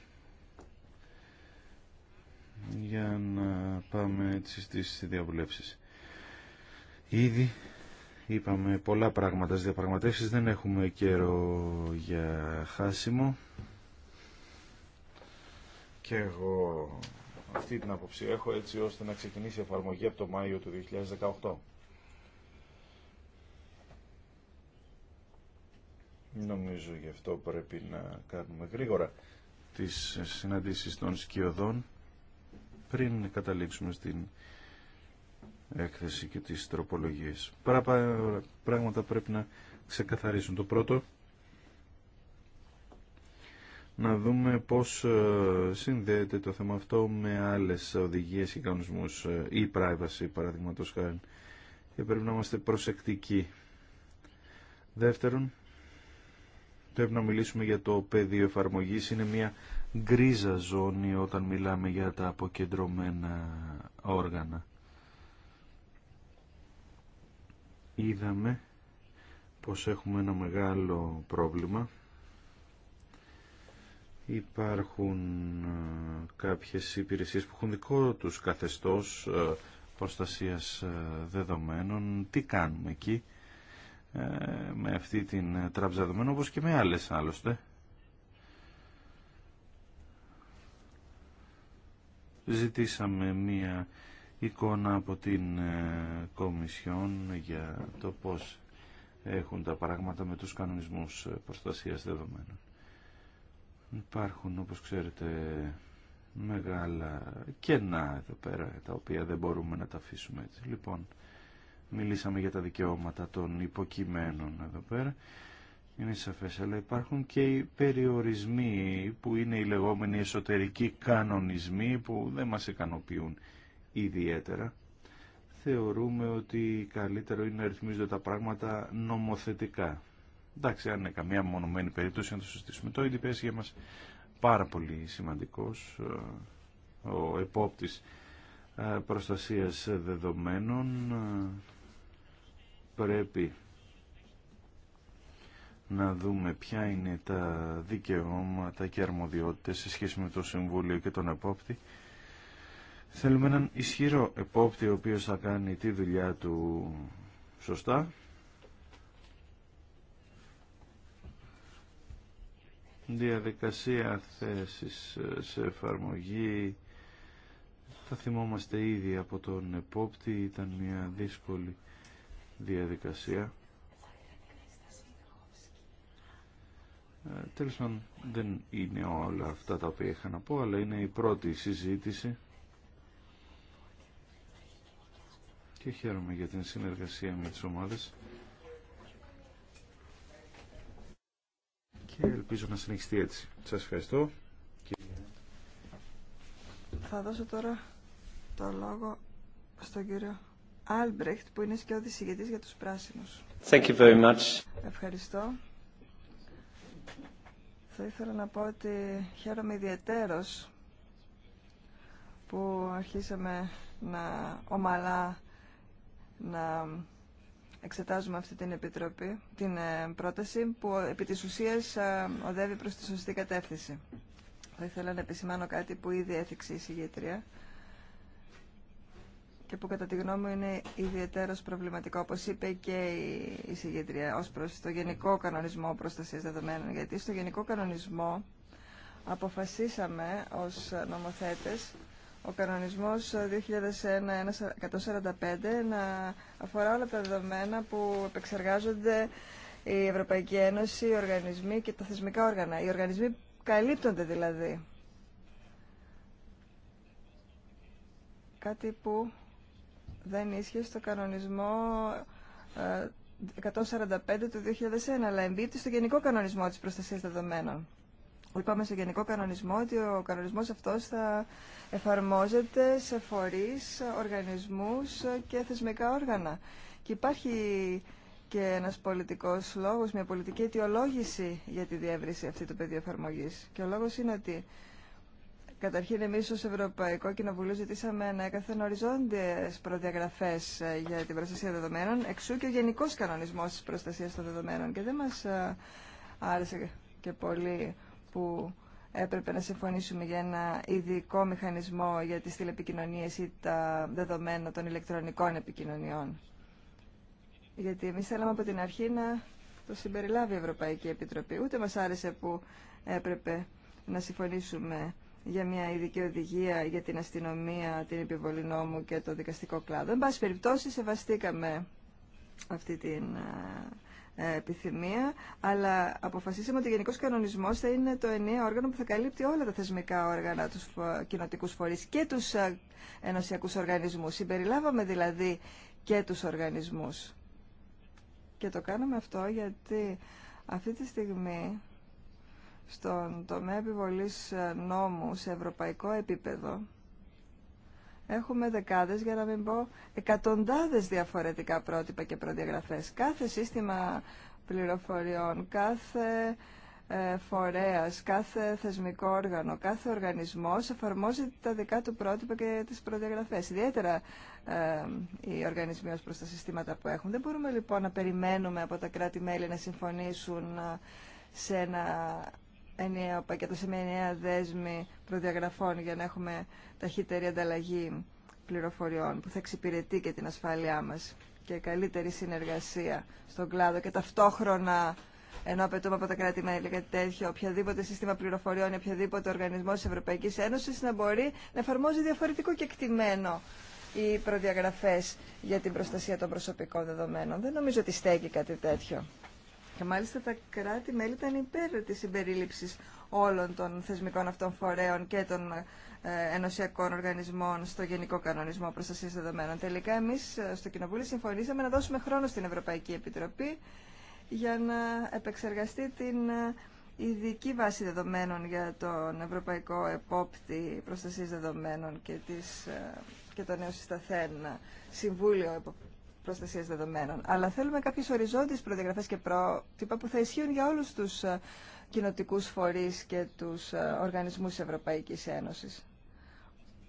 για να πάμε έτσι στις διαβουλεύσεις. Ήδη Είπαμε πολλά πράγματα στις διαπραγματεύσεις, δεν έχουμε καιρό για χάσιμο. Και εγώ αυτή την άποψη έχω έτσι ώστε να ξεκινήσει η εφαρμογή από το Μάιο του 2018. Νομίζω γι' αυτό πρέπει να κάνουμε γρήγορα τις συναντήσεις των σκιωδών πριν καταλήξουμε στην έκθεση και τις τροπολογίες. Πράγματα πρέπει να ξεκαθαρίσουν. Το πρώτο, να δούμε πώς ε, συνδέεται το θέμα αυτό με άλλες οδηγίες και κανονισμούς ή ε, privacy παραδείγματος χάρη και πρέπει να είμαστε προσεκτικοί. Δεύτερον, πρέπει να μιλήσουμε για το πεδίο εφαρμογή. Είναι μια γκρίζα ζώνη όταν μιλάμε για τα αποκεντρωμένα όργανα. είδαμε πως έχουμε ένα μεγάλο πρόβλημα. Υπάρχουν ε, κάποιες υπηρεσίες που έχουν δικό τους καθεστώς ε, προστασίας ε, δεδομένων. Τι κάνουμε εκεί με αυτή την τράπεζα δεδομένων όπως και με άλλες άλλωστε. Ζητήσαμε μία εικόνα από την ε, Κομισιόν για το πώς έχουν τα πράγματα με τους κανονισμούς ε, προστασίας δεδομένων. Υπάρχουν, όπως ξέρετε, μεγάλα κενά εδώ πέρα, τα οποία δεν μπορούμε να τα αφήσουμε έτσι. Λοιπόν, μιλήσαμε για τα δικαιώματα των υποκειμένων εδώ πέρα. Είναι σαφές, αλλά υπάρχουν και οι περιορισμοί που είναι οι λεγόμενοι εσωτερικοί κανονισμοί που δεν μας ικανοποιούν ιδιαίτερα, θεωρούμε ότι καλύτερο είναι να ρυθμίζονται τα πράγματα νομοθετικά. Εντάξει, αν είναι καμία μονομένη περίπτωση να το συζητήσουμε. Το EDPS για μας πάρα πολύ σημαντικός, ε, ο επόπτης ε, προστασίας δεδομένων πρέπει να δούμε ποια είναι τα δικαιώματα και αρμοδιότητες σε σχέση με το Συμβούλιο και τον Επόπτη Θέλουμε έναν ισχυρό επόπτη ο οποίος θα κάνει τη δουλειά του σωστά. Διαδικασία θέσης ε, σε εφαρμογή. Θα θυμόμαστε ήδη από τον επόπτη. Ήταν μια δύσκολη διαδικασία. Ε, τέλος πάντων δεν είναι όλα αυτά τα οποία είχα να πω, αλλά είναι η πρώτη συζήτηση και χαίρομαι για την συνεργασία με τις ομάδες και ελπίζω να συνεχιστεί έτσι. Σας ευχαριστώ. Θα δώσω τώρα το λόγο στον κύριο Άλμπρεχτ που είναι σκιώδης ηγετής για τους πράσινους. Thank you very much. Ευχαριστώ. Θα ήθελα να πω ότι χαίρομαι ιδιαίτερος που αρχίσαμε να ομαλά να εξετάζουμε αυτή την επιτροπή, την ε, πρόταση που επί της ουσίας ε, οδεύει προς τη σωστή κατεύθυνση. Θα ήθελα να επισημάνω κάτι που ήδη έθιξε η συγγετρία και που κατά τη γνώμη μου είναι ιδιαίτερο προβληματικό, όπως είπε και η συγγετρία, ως προς το Γενικό Κανονισμό Προστασίας Δεδομένων, γιατί στο Γενικό Κανονισμό αποφασίσαμε ως νομοθέτες ο κανονισμός 2001-145 να αφορά όλα τα δεδομένα που επεξεργάζονται η Ευρωπαϊκή Ένωση, οι οργανισμοί και τα θεσμικά όργανα. Οι οργανισμοί καλύπτονται δηλαδή. Κάτι που δεν ίσχυε στο κανονισμό 145 ε, του 2001, αλλά εμπίπτει στο Γενικό Κανονισμό της Προστασίας Δεδομένων. Είπαμε στο Γενικό Κανονισμό ότι ο κανονισμός αυτός θα εφαρμόζεται σε φορείς, οργανισμούς και θεσμικά όργανα. Και υπάρχει και ένας πολιτικός λόγος, μια πολιτική αιτιολόγηση για τη διεύρυνση αυτή του πεδίου εφαρμογή. Και ο λόγος είναι ότι καταρχήν εμείς ως Ευρωπαϊκό Κοινοβουλίο ζητήσαμε να έκαθεν οριζόντιες προδιαγραφές για την προστασία δεδομένων, εξού και ο γενικός κανονισμός της προστασίας των δεδομένων. Και δεν μας ε, άρεσε και πολύ που έπρεπε να συμφωνήσουμε για ένα ειδικό μηχανισμό για τις τηλεπικοινωνίες ή τα δεδομένα των ηλεκτρονικών επικοινωνιών. Γιατί εμείς θέλαμε από την αρχή να το συμπεριλάβει η Ευρωπαϊκή Επιτροπή. Ούτε μας άρεσε που έπρεπε να συμφωνήσουμε για μια ειδική οδηγία για την αστυνομία, την επιβολή νόμου και το δικαστικό κλάδο. Εν πάση περιπτώσει, σεβαστήκαμε αυτή την ε, ε, επιθυμία, αλλά αποφασίσαμε ότι ο Γενικός Κανονισμός θα είναι το ενιαίο όργανο που θα καλύπτει όλα τα θεσμικά όργανα, τους κοινοτικούς φορείς και τους ε, ενωσιακούς οργανισμούς. Συμπεριλάβαμε δηλαδή και τους οργανισμούς. Και το κάναμε αυτό γιατί αυτή τη στιγμή στον τομέα επιβολής ε, νόμου σε ευρωπαϊκό επίπεδο έχουμε δεκάδες, για να μην πω εκατοντάδες διαφορετικά πρότυπα και προδιαγραφές. Κάθε σύστημα πληροφοριών, κάθε ε, φορέας, κάθε θεσμικό όργανο, κάθε οργανισμός εφαρμόζει τα δικά του πρότυπα και τις προδιαγραφές. Ιδιαίτερα ε, οι οργανισμοί ως προς τα συστήματα που έχουν. Δεν μπορούμε λοιπόν να περιμένουμε από τα κράτη-μέλη να συμφωνήσουν ε, σε ένα ενιαίο πακέτο, σε μια ενιαία δέσμη προδιαγραφών για να έχουμε ταχύτερη ανταλλαγή πληροφοριών που θα εξυπηρετεί και την ασφάλειά μας και καλύτερη συνεργασία στον κλάδο και ταυτόχρονα ενώ απαιτούμε από τα κράτη μέλη κάτι τέτοιο, οποιαδήποτε σύστημα πληροφοριών ή οποιαδήποτε οργανισμό τη Ευρωπαϊκή Ένωση να μπορεί να εφαρμόζει διαφορετικό και κεκτημένο οι προδιαγραφέ για την προστασία των προσωπικών δεδομένων. Δεν νομίζω ότι στέκει κάτι τέτοιο. Και μάλιστα τα κράτη-μέλη ήταν υπέρ τη συμπερίληψη όλων των θεσμικών αυτών φορέων και των ε, ενωσιακών οργανισμών στο Γενικό Κανονισμό Προστασία Δεδομένων. Τελικά εμείς ε, στο Κοινοβούλιο συμφωνήσαμε να δώσουμε χρόνο στην Ευρωπαϊκή Επιτροπή για να επεξεργαστεί την ε, ειδική βάση δεδομένων για τον Ευρωπαϊκό Επόπτη Προστασία Δεδομένων και, και το νέο συσταθέν Συμβούλιο Προστασία δεδομένων. Αλλά θέλουμε κάποιε οριζόντιε προδιαγραφέ και πρότυπα που θα ισχύουν για όλου του ε, κοινοτικού φορείς και του ε, οργανισμού της Ευρωπαϊκής Ένωσης.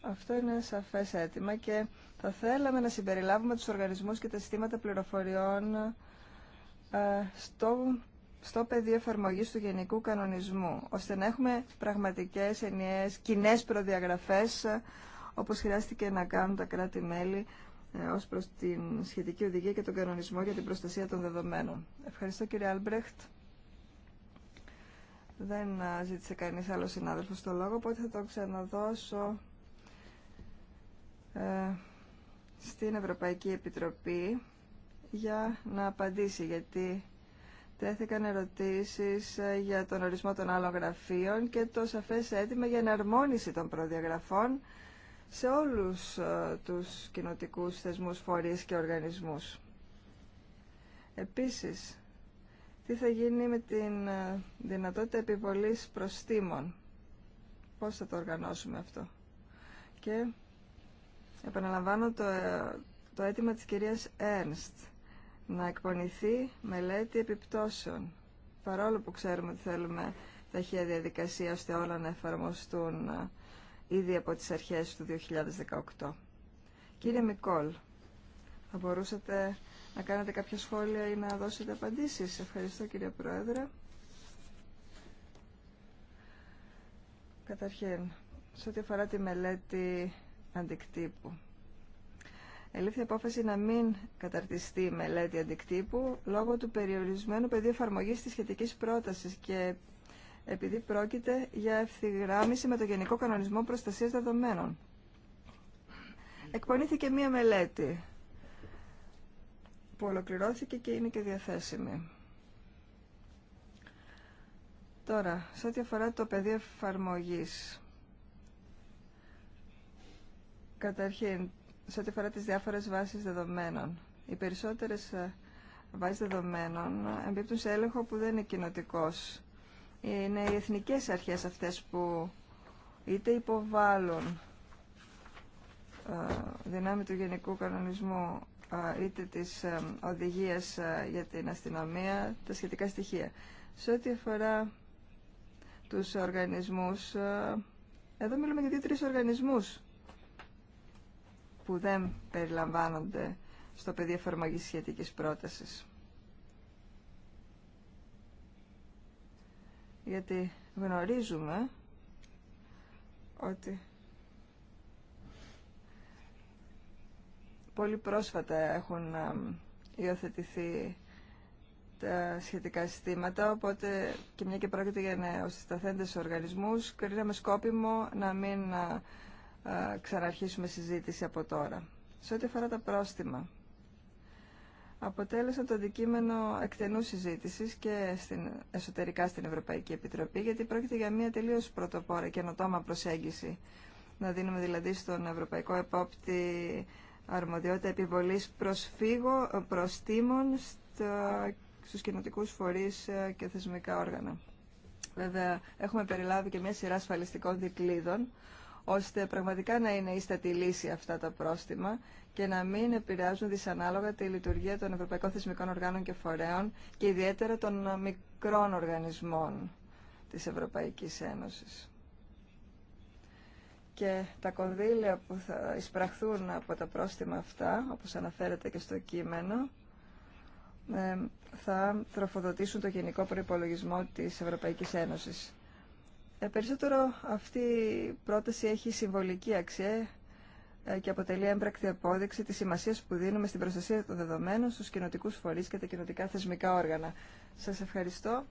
Αυτό είναι σαφέ αίτημα και θα θέλαμε να συμπεριλάβουμε του οργανισμού και τα συστήματα πληροφοριών ε, στο, στο πεδίο εφαρμογή του Γενικού Κανονισμού, ώστε να έχουμε πραγματικέ ενιαίε, κοινέ προδιαγραφές, όπως χρειάστηκε να κάνουν τα κράτη-μέλη ε, ως προς την σχετική οδηγία και τον κανονισμό για την προστασία των δεδομένων. Ευχαριστώ κύριε Άλμπρεχτ. Δεν ε, ζήτησε κάνει άλλο συνάδελφο το λόγο, οπότε θα το ξαναδώσω ε, στην Ευρωπαϊκή Επιτροπή για να απαντήσει, γιατί τέθηκαν ερωτήσεις για τον ορισμό των άλλων γραφείων και το σαφές αίτημα για εναρμόνιση των προδιαγραφών σε όλους ε, τους κοινοτικού θεσμούς, φορείς και οργανισμούς. Επίσης, τι θα γίνει με την ε, δυνατότητα επιβολής προστήμων. Πώς θα το οργανώσουμε αυτό. Και επαναλαμβάνω το, ε, το αίτημα της κυρίας Έρνστ να εκπονηθεί μελέτη επιπτώσεων. Παρόλο που ξέρουμε ότι θέλουμε ταχεία διαδικασία ώστε όλα να εφαρμοστούν ήδη από τις αρχές του 2018. Κύριε Μικόλ, θα μπορούσατε να κάνετε κάποια σχόλια ή να δώσετε απαντήσεις. Ευχαριστώ κύριε Πρόεδρε. Καταρχήν, σε ό,τι αφορά τη μελέτη αντικτύπου. Ελήφθη απόφαση να μην καταρτιστεί η μελέτη αντικτύπου λόγω του περιορισμένου πεδίου εφαρμογή τη σχετική πρόταση και επειδή πρόκειται για ευθυγράμμιση με το Γενικό Κανονισμό Προστασίας Δεδομένων. Εκπονήθηκε μία μελέτη που ολοκληρώθηκε και είναι και διαθέσιμη. Τώρα, σε ό,τι αφορά το πεδίο εφαρμογή. Καταρχήν, σε ό,τι αφορά τις διάφορες βάσεις δεδομένων. Οι περισσότερες ε, βάσεις δεδομένων εμπίπτουν σε έλεγχο που δεν είναι κοινοτικός είναι οι εθνικές αρχές αυτές που είτε υποβάλλουν ε, δυνάμει του Γενικού Κανονισμού ε, είτε της ε, οδηγίας για την αστυνομία, τα σχετικά στοιχεία. Σε ό,τι αφορά τους οργανισμούς, εδώ μιλούμε για δύο-τρεις οργανισμούς που δεν περιλαμβάνονται στο πεδίο εφαρμογής σχετικής πρότασης. γιατί γνωρίζουμε ότι πολύ πρόσφατα έχουν υιοθετηθεί τα σχετικά συστήματα, οπότε και μια και πρόκειται για νεοσυσταθέντες οργανισμούς, κρίναμε σκόπιμο να μην ε, ε, ξαναρχίσουμε συζήτηση από τώρα. Σε ό,τι αφορά τα πρόστιμα, αποτέλεσαν το αντικείμενο εκτενού συζήτηση και στην, εσωτερικά στην Ευρωπαϊκή Επιτροπή, γιατί πρόκειται για μια τελείω πρωτοπόρα καινοτόμα προσέγγιση. Να δίνουμε δηλαδή στον Ευρωπαϊκό Επόπτη αρμοδιότητα επιβολή προστήμων στου κοινοτικού φορεί ε, και θεσμικά όργανα. Βέβαια, έχουμε περιλάβει και μια σειρά ασφαλιστικών δικλείδων ώστε πραγματικά να είναι ίστατη λύση αυτά τα πρόστιμα και να μην επηρεάζουν δυσανάλογα τη λειτουργία των Ευρωπαϊκών Θεσμικών Οργάνων και Φορέων και ιδιαίτερα των μικρών οργανισμών της Ευρωπαϊκής Ένωσης. Και τα κονδύλια που θα εισπραχθούν από τα πρόστιμα αυτά, όπως αναφέρεται και στο κείμενο, ε, θα τροφοδοτήσουν το γενικό προϋπολογισμό της Ευρωπαϊκής Ένωσης. Ε, περισσότερο αυτή η πρόταση έχει συμβολική αξία ε, και αποτελεί έμπρακτη απόδειξη της σημασίας που δίνουμε στην προστασία των δεδομένων στους κοινοτικού φορείς και τα κοινοτικά θεσμικά όργανα. Σας ευχαριστώ.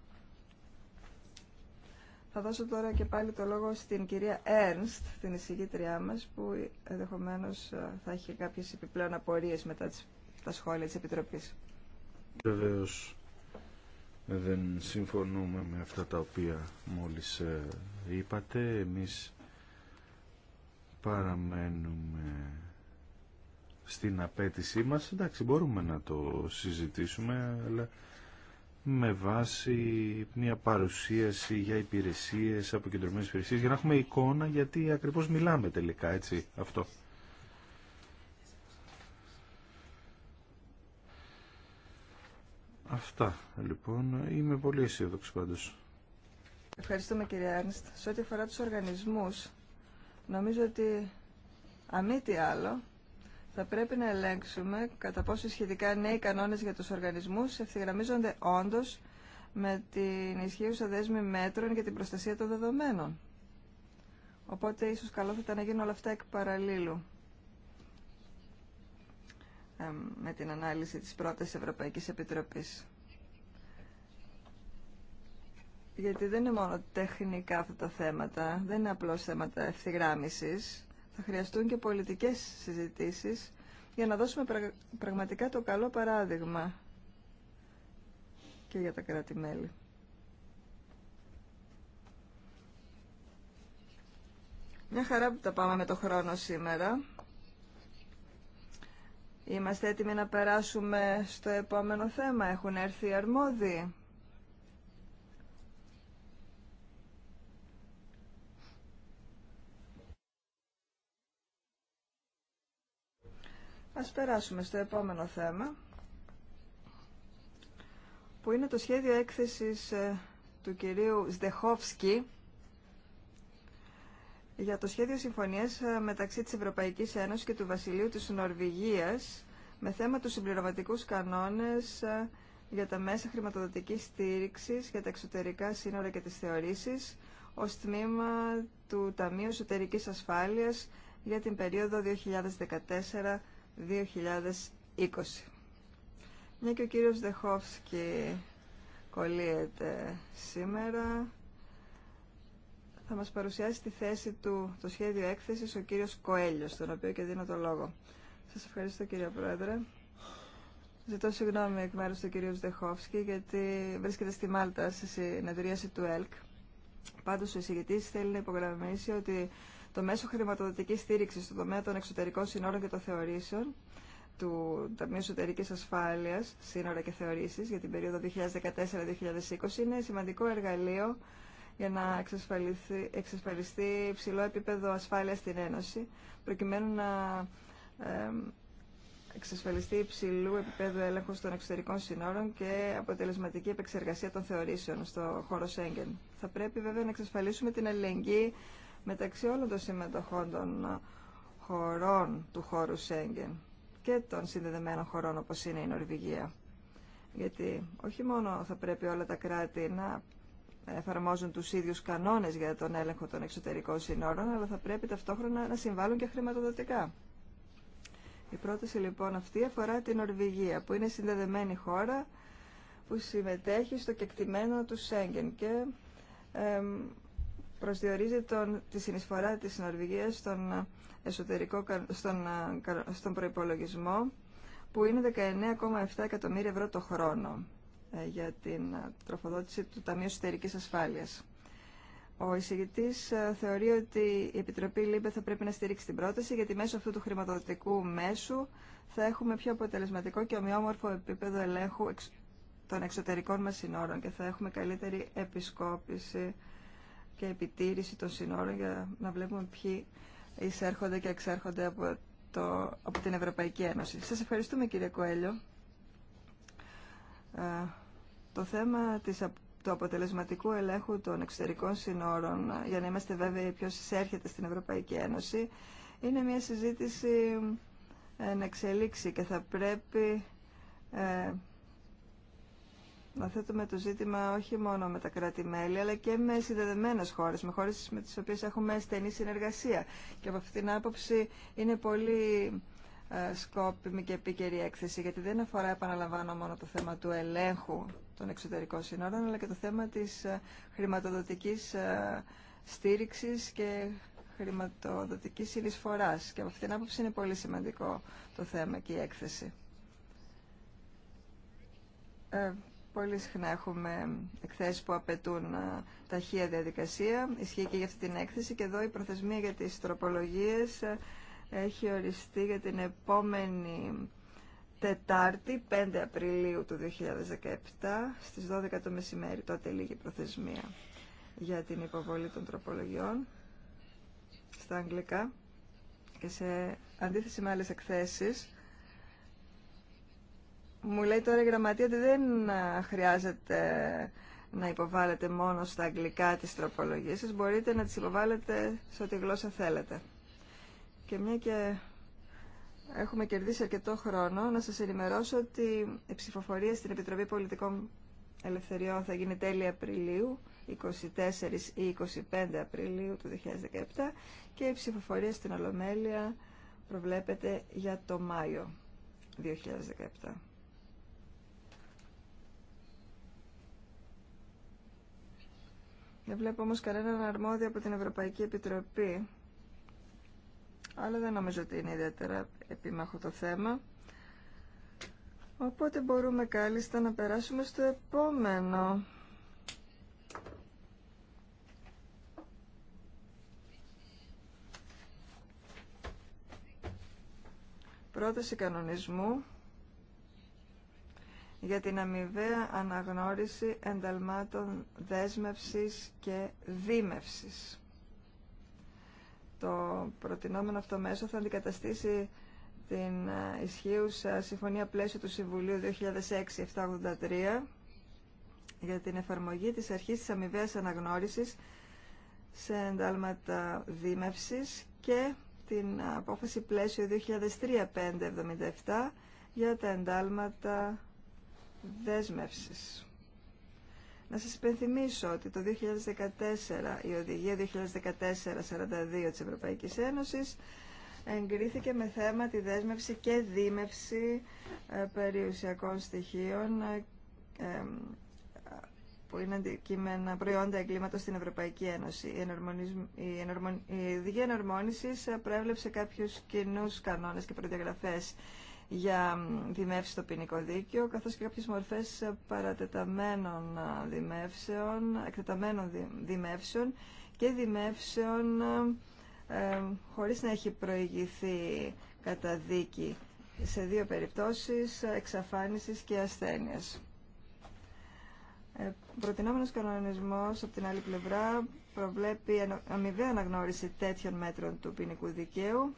Θα δώσω τώρα και πάλι το λόγο στην κυρία Έρνστ, την εισηγήτριά μας, που ενδεχομένω ε, θα έχει κάποιε επιπλέον απορίε μετά τα σχόλια τη επιτροπή δεν συμφωνούμε με αυτά τα οποία μόλις ε, είπατε. Εμείς παραμένουμε στην απέτησή μας. Εντάξει, μπορούμε να το συζητήσουμε, αλλά με βάση μια παρουσίαση για υπηρεσίες, αποκεντρωμένες υπηρεσίες, για να έχουμε εικόνα γιατί ακριβώς μιλάμε τελικά, έτσι, αυτό. Αυτά λοιπόν. Είμαι πολύ αισιοδόξη πάντως. Ευχαριστούμε κύριε Άρνστ. Σε ό,τι αφορά τους οργανισμούς, νομίζω ότι μη τι άλλο, θα πρέπει να ελέγξουμε κατά πόσο σχετικά νέοι κανόνες για τους οργανισμούς ευθυγραμμίζονται όντως με την ισχύουσα δέσμη μέτρων για την προστασία των δεδομένων. Οπότε ίσως καλό θα ήταν να γίνουν όλα αυτά εκ παραλίλου με την ανάλυση της πρώτης Ευρωπαϊκής Επιτροπής. Γιατί δεν είναι μόνο τεχνικά αυτά τα θέματα, δεν είναι απλώς θέματα ευθυγράμμισης. Θα χρειαστούν και πολιτικές συζητήσεις για να δώσουμε πραγματικά το καλό παράδειγμα και για τα κράτη-μέλη. Μια χαρά που τα πάμε με το χρόνο σήμερα. Είμαστε έτοιμοι να περάσουμε στο επόμενο θέμα. Έχουν έρθει οι αρμόδιοι. Ας περάσουμε στο επόμενο θέμα, που είναι το σχέδιο έκθεσης ε, του κυρίου Σδεχόφσκι για το σχέδιο συμφωνίας ε, μεταξύ της Ευρωπαϊκής Ένωσης και του Βασιλείου της Νορβηγίας με θέμα τους συμπληρωματικούς κανόνες ε, για τα μέσα χρηματοδοτικής στήριξης για τα εξωτερικά σύνορα και τις θεωρήσεις ως τμήμα του Ταμείου Εσωτερικής Ασφάλειας για την περίοδο 2014-2020. Μια και ο κύριος Δεχόφσκι κολλείεται σήμερα θα μας παρουσιάσει τη θέση του, το σχέδιο έκθεσης, ο κύριος Κοέλιος, τον οποίο και δίνω το λόγο. Σας ευχαριστώ κύριε Πρόεδρε. Ζητώ συγγνώμη εκ μέρους του κυρίου Στεχόφσκη, γιατί βρίσκεται στη Μάλτα σε συνεδρίαση του ΕΛΚ. Πάντως ο εισηγητής θέλει να υπογραμμίσει ότι το μέσο χρηματοδοτική στήριξη στο τομέα των εξωτερικών συνόρων και των θεωρήσεων του Ταμείου Εσωτερική Ασφάλεια, Σύνορα και Θεωρήσει για την περίοδο 2014-2020 είναι σημαντικό εργαλείο για να εξασφαλιστεί, υψηλό επίπεδο ασφάλεια στην Ένωση, προκειμένου να εξασφαλιστεί υψηλού επίπεδου έλεγχο των εξωτερικών συνόρων και αποτελεσματική επεξεργασία των θεωρήσεων στο χώρο Σέγγεν. Θα πρέπει βέβαια να εξασφαλίσουμε την αλληλεγγύη μεταξύ όλων των συμμετοχών των χωρών του χώρου Σέγγεν και των συνδεδεμένων χωρών όπως είναι η Νορβηγία. Γιατί όχι μόνο θα πρέπει όλα τα κράτη να εφαρμόζουν τους ίδιους κανόνες για τον έλεγχο των εξωτερικών συνόρων, αλλά θα πρέπει ταυτόχρονα να συμβάλλουν και χρηματοδοτικά. Η πρόταση λοιπόν αυτή αφορά την Νορβηγία, που είναι συνδεδεμένη χώρα που συμμετέχει στο κεκτημένο του Σέγγεν και προσδιορίζει τον, τη συνεισφορά της Νορβηγίας στον, εσωτερικό, στον, στον προϋπολογισμό που είναι 19,7 εκατομμύρια ευρώ το χρόνο. Ε, για την ε, τροφοδότηση του Ταμείου Συντερική ασφάλεια. Ο εισηγητή ε, θεωρεί ότι η Επιτροπή ΛΥΜΠΕ θα πρέπει να στηρίξει την πρόταση, γιατί μέσω αυτού του χρηματοδοτικού μέσου θα έχουμε πιο αποτελεσματικό και ομοιόμορφο επίπεδο ελέγχου των εξωτερικών μα συνόρων και θα έχουμε καλύτερη επισκόπηση και επιτήρηση των συνόρων για να βλέπουμε ποιοι εισέρχονται και εξέρχονται από, το, από την Ευρωπαϊκή Ένωση. Σας ευχαριστούμε κύριε Κοέλιο το θέμα της, του αποτελεσματικού ελέγχου των εξωτερικών συνόρων, για να είμαστε βέβαιοι ποιος εισέρχεται στην Ευρωπαϊκή Ένωση, είναι μια συζήτηση ε, να εξελίξει και θα πρέπει ε, να θέτουμε το ζήτημα όχι μόνο με τα κράτη-μέλη, αλλά και με συνδεδεμένες χώρες, με χώρες με τις οποίες έχουμε στενή συνεργασία. Και από αυτήν την άποψη είναι πολύ σκόπιμη και επίκαιρη έκθεση, γιατί δεν αφορά, επαναλαμβάνω, μόνο το θέμα του ελέγχου των εξωτερικών σύνορων, αλλά και το θέμα της ε, χρηματοδοτικής ε, στήριξης και χρηματοδοτικής συνεισφοράς. Και από αυτήν την άποψη είναι πολύ σημαντικό το θέμα και η έκθεση. Ε, πολύ συχνά έχουμε εκθέσεις που απαιτούν ε, ταχεία διαδικασία. Ισχύει και για αυτή την έκθεση και εδώ η προθεσμία για τις τροπολογίες έχει οριστεί για την επόμενη Τετάρτη, 5 Απριλίου του 2017, στις 12 το μεσημέρι, τότε λίγη προθεσμία για την υποβολή των τροπολογιών στα αγγλικά και σε αντίθεση με άλλες εκθέσεις μου λέει τώρα η γραμματεία ότι δεν χρειάζεται να υποβάλλετε μόνο στα αγγλικά τις τροπολογίες σας μπορείτε να τις υποβάλλετε σε ό,τι γλώσσα θέλετε και μια και έχουμε κερδίσει αρκετό χρόνο, να σας ενημερώσω ότι η ψηφοφορία στην Επιτροπή Πολιτικών Ελευθεριών θα γίνει τέλη Απριλίου, 24 ή 25 Απριλίου του 2017 και η ψηφοφορία στην Ολομέλεια προβλέπεται για το Μάιο 2017. Δεν βλέπω όμως κανέναν αρμόδιο από την Ευρωπαϊκή Επιτροπή αλλά δεν νομίζω ότι είναι ιδιαίτερα επίμαχο το θέμα. Οπότε μπορούμε κάλλιστα να περάσουμε στο επόμενο. Πρόταση κανονισμού για την αμοιβαία αναγνώριση ενταλμάτων δέσμευσης και δίμευσης το προτινόμενο αυτό μέσο θα αντικαταστήσει την ε, ισχύουσα Συμφωνία Πλαίσιο του Συμβουλίου 2006-783 για την εφαρμογή της αρχής της αμοιβαίας αναγνώρισης σε εντάλματα δίμευσης και την απόφαση πλαίσιο 2003-577 για τα εντάλματα δέσμευσης. Να σας υπενθυμίσω ότι το 2014, η Οδηγία 2014-42 της Ευρωπαϊκής Ένωσης εγκρίθηκε με θέμα τη δέσμευση και δίμευση ε, περιουσιακών στοιχείων ε, που είναι αντικείμενα προϊόντα εγκλήματος στην Ευρωπαϊκή Ένωση. Η Οδηγία Ενορμόνησης ε, προέβλεψε κάποιους κοινούς κανόνες και προδιαγραφές για δημεύσεις στο ποινικό δίκαιο, καθώς και κάποιες μορφές παρατεταμένων δημεύσεων, εκτεταμένων δημεύσεων και δημεύσεων ε, χωρίς να έχει προηγηθεί κατά δίκη σε δύο περιπτώσεις εξαφάνισης και ασθένειας. Ε, προτινόμενος κανονισμός από την άλλη πλευρά προβλέπει αμοιβαία αναγνώριση τέτοιων μέτρων του ποινικού δικαίου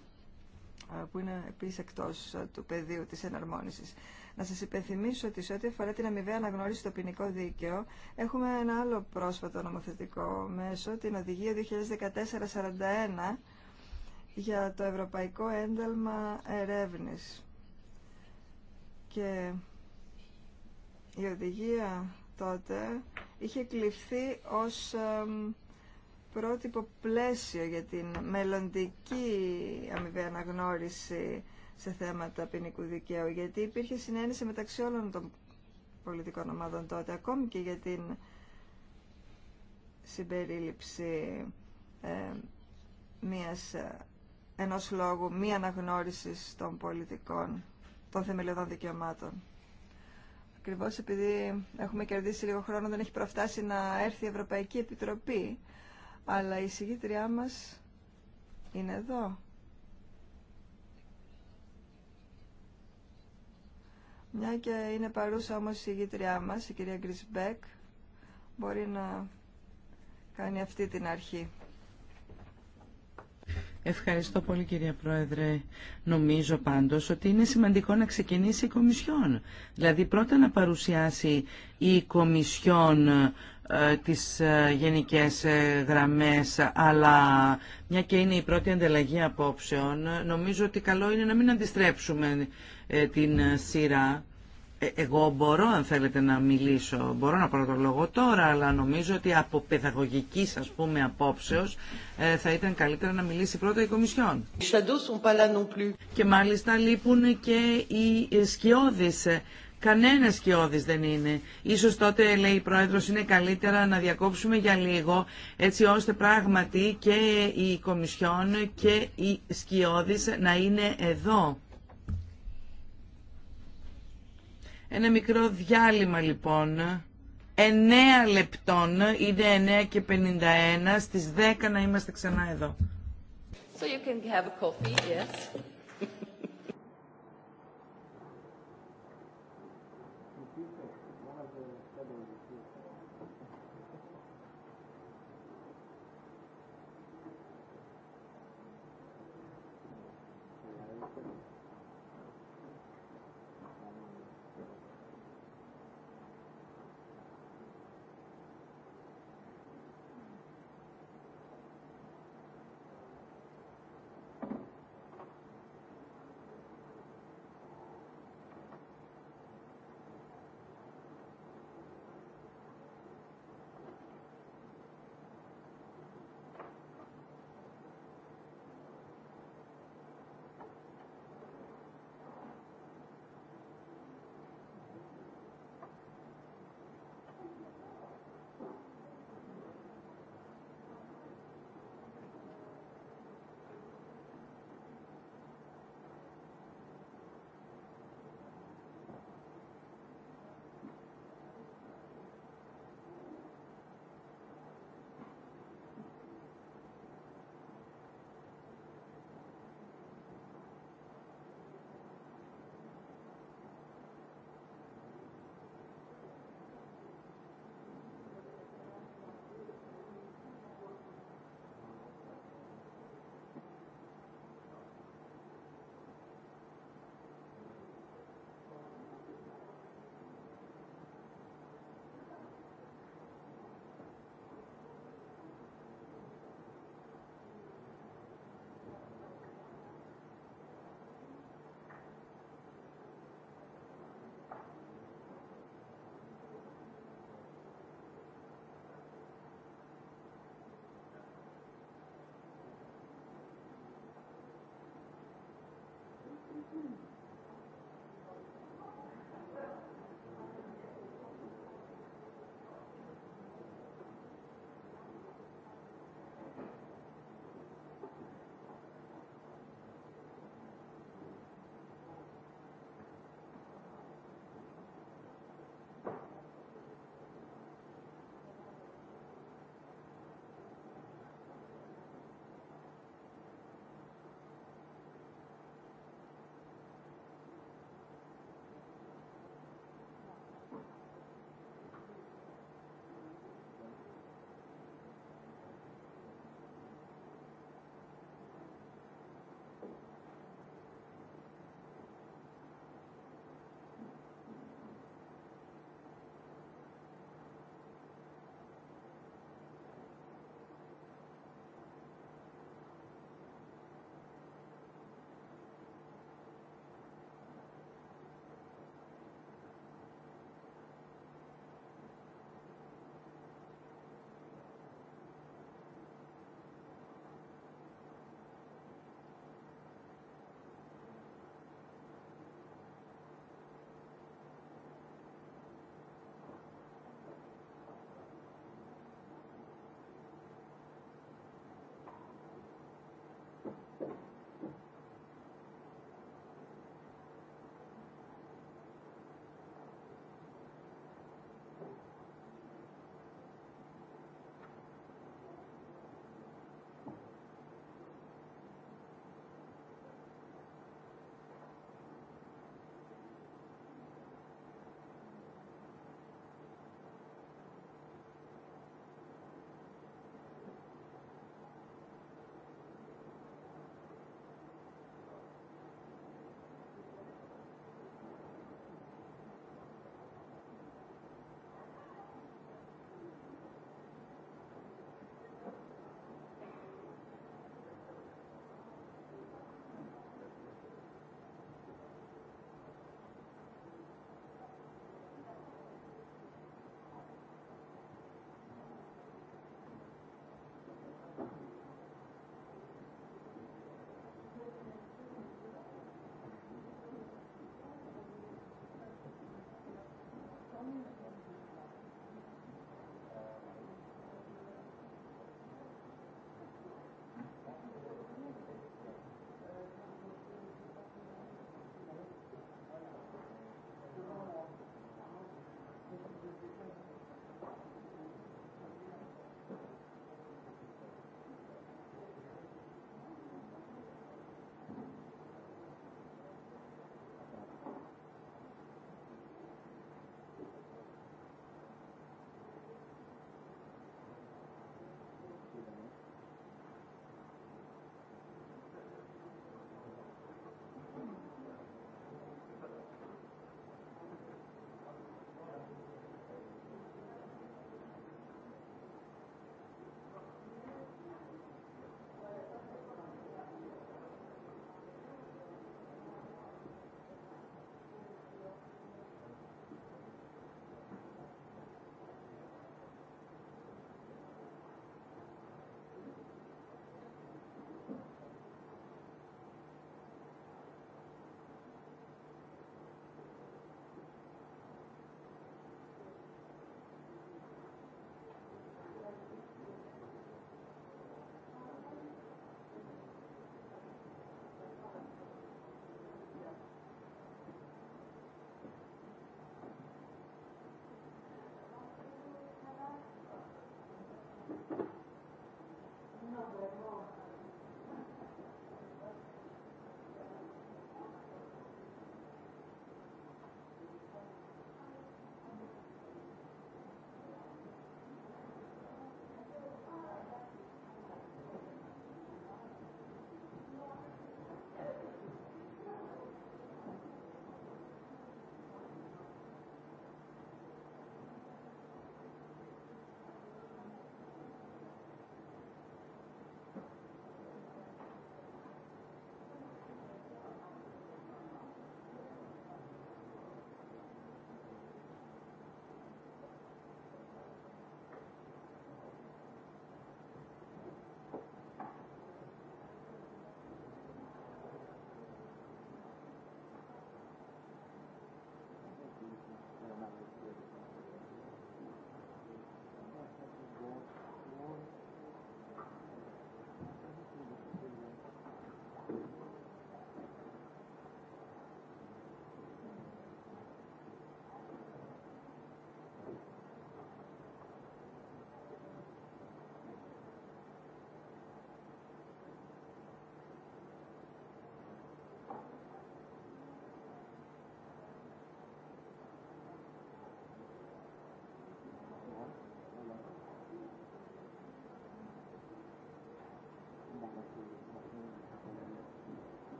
που είναι επίση εκτό ε, του πεδίου της εναρμόνισης. Να σα υπενθυμίσω ότι σε ό,τι αφορά την αμοιβαία αναγνώριση στο ποινικό δίκαιο, έχουμε ένα άλλο πρόσφατο νομοθετικό μέσο, την Οδηγία 2014-41 για το Ευρωπαϊκό Ένταλμα Ερεύνης. Και η οδηγία τότε είχε κλειφθεί ως πρότυπο πλαίσιο για την μελλοντική αμοιβή αναγνώριση σε θέματα ποινικού δικαίου, γιατί υπήρχε συνένεση μεταξύ όλων των πολιτικών ομάδων τότε, ακόμη και για την συμπερίληψη ε, μίας, ε, ενός λόγου μη αναγνώρισης των πολιτικών, των θεμελιωδών δικαιωμάτων. Ακριβώς επειδή έχουμε κερδίσει λίγο χρόνο, δεν έχει προφτάσει να έρθει η Ευρωπαϊκή Επιτροπή αλλά η συγγήτριά μας είναι εδώ. Μια και είναι παρούσα όμως η συγγητριά μας, η κυρία Γκρισμπέκ, μπορεί να κάνει αυτή την αρχή. Ευχαριστώ πολύ κυρία Πρόεδρε. Νομίζω πάντως ότι είναι σημαντικό να ξεκινήσει η Κομισιόν. Δηλαδή πρώτα να παρουσιάσει η Κομισιόν ε, τις ε, γενικές ε, γραμμές, αλλά μια και είναι η πρώτη ανταλλαγή απόψεων, νομίζω ότι καλό είναι να μην αντιστρέψουμε την σειρά. Εγώ μπορώ, αν θέλετε, να μιλήσω, μπορώ να πάρω το λόγο τώρα, αλλά νομίζω ότι από παιδαγωγική, ας πούμε, απόψεως, θα ήταν καλύτερα να μιλήσει πρώτα η Κομισιόν. Και μάλιστα λείπουν και οι σκιώδεις Κανένα σκιώδη δεν είναι. Ίσως τότε, λέει η Πρόεδρο, είναι καλύτερα να διακόψουμε για λίγο, έτσι ώστε πράγματι και η Κομισιόν και οι σκιώδη να είναι εδώ. Ένα μικρό διάλειμμα λοιπόν. 9 λεπτών, είναι 9 και 51, στις 10 να είμαστε ξανά εδώ. So you can have a coffee, yes.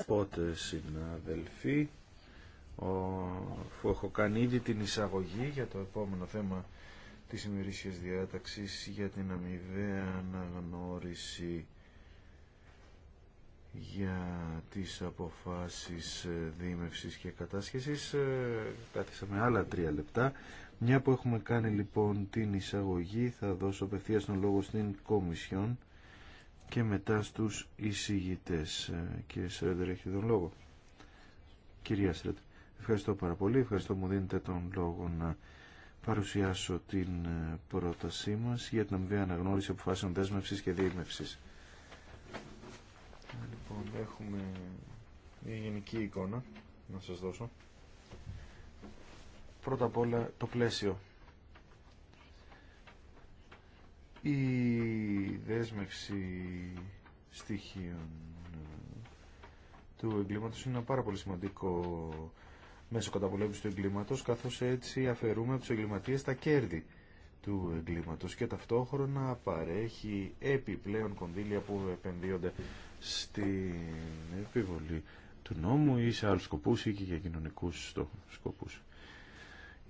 Οπότε, συναδελφοί, αφού έχω κάνει ήδη την εισαγωγή για το επόμενο θέμα της ημερήσιας διάταξης για την αμοιβαία αναγνώριση για τις αποφάσεις ε, δήμευσης και κατάσχεσης ε, κάθισαμε άλλα τρία λεπτά μια που έχουμε κάνει λοιπόν την εισαγωγή θα δώσω απευθεία τον λόγο στην Κομισιόν και μετά στους εισηγητές. Ε, κύριε Σρέντερ, έχει τον λόγο. Κυρία Σρέντερ, ευχαριστώ πάρα πολύ. Ευχαριστώ μου δίνετε τον λόγο να παρουσιάσω την ε, πρότασή μας για την αμοιβή αναγνώριση αποφάσεων δέσμευσης και δίμευσης Λοιπόν, έχουμε μια γενική εικόνα να σας δώσω. Πρώτα απ' όλα το πλαίσιο η δέσμευση στοιχείων ε, του εγκλήματος είναι ένα πάρα πολύ σημαντικό μέσο καταπολέμησης του εγκλήματος καθώς έτσι αφαιρούμε από τους εγκληματίες τα κέρδη του εγκλήματος και ταυτόχρονα παρέχει επιπλέον κονδύλια που επενδύονται στην επιβολή του νόμου ή σε άλλους σκοπούς ή και για κοινωνικούς σκοπούς.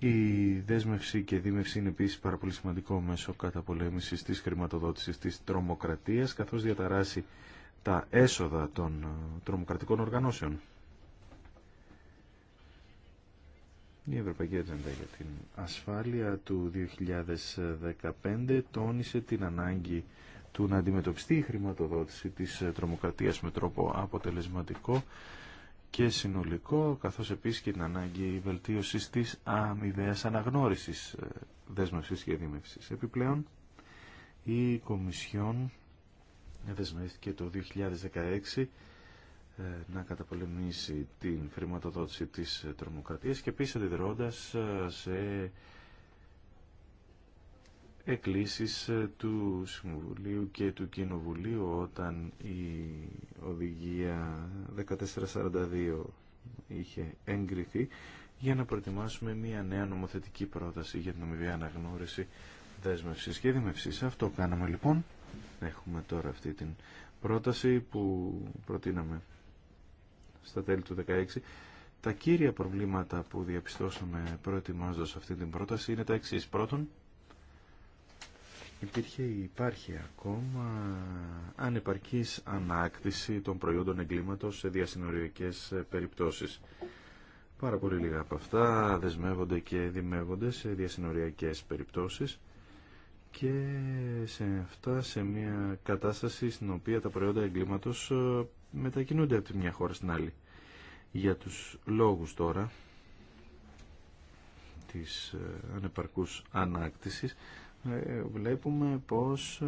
Η δέσμευση και δίμευση είναι επίσης πάρα πολύ σημαντικό μέσο καταπολέμησης της χρηματοδότησης της τρομοκρατίας, καθώς διαταράσει τα έσοδα των ε, τρομοκρατικών οργανώσεων. Η Ευρωπαϊκή Ατζέντα για την Ασφάλεια του 2015 τόνισε την ανάγκη του να αντιμετωπιστεί η χρηματοδότηση της ε, τρομοκρατίας με τρόπο αποτελεσματικό και συνολικό, καθώς επίσης και την ανάγκη βελτίωσης της αμοιβαίας αναγνώρισης ε, δέσμευσης και δίμευσης. Επιπλέον, η Κομισιόν δεσμεύτηκε το 2016 ε, να καταπολεμήσει την χρηματοδότηση της τρομοκρατίας και επίσης αντιδρώντας ε, σε εκκλήσεις ε, του Συμβουλίου και του Κοινοβουλίου όταν η οδηγία 1442 είχε εγκριθεί για να προετοιμάσουμε μια νέα νομοθετική πρόταση για την ομιλία αναγνώριση δέσμευσης και δημευσής. Αυτό κάναμε λοιπόν. Έχουμε τώρα αυτή την πρόταση που προτείναμε στα τέλη του 2016. Τα κύρια προβλήματα που διαπιστώσαμε προετοιμάζοντας αυτή την πρόταση είναι τα εξής. Πρώτον, υπήρχε υπάρχει ακόμα ανεπαρκής ανάκτηση των προϊόντων εγκλήματος σε διασυνοριακές περιπτώσεις. Πάρα πολύ λίγα από αυτά δεσμεύονται και δημεύονται σε διασυνοριακές περιπτώσεις και σε αυτά σε μια κατάσταση στην οποία τα προϊόντα εγκλήματος ε, μετακινούνται από τη μια χώρα στην άλλη. Για τους λόγους τώρα της ε, ανεπαρκούς ανάκτησης ε, βλέπουμε πως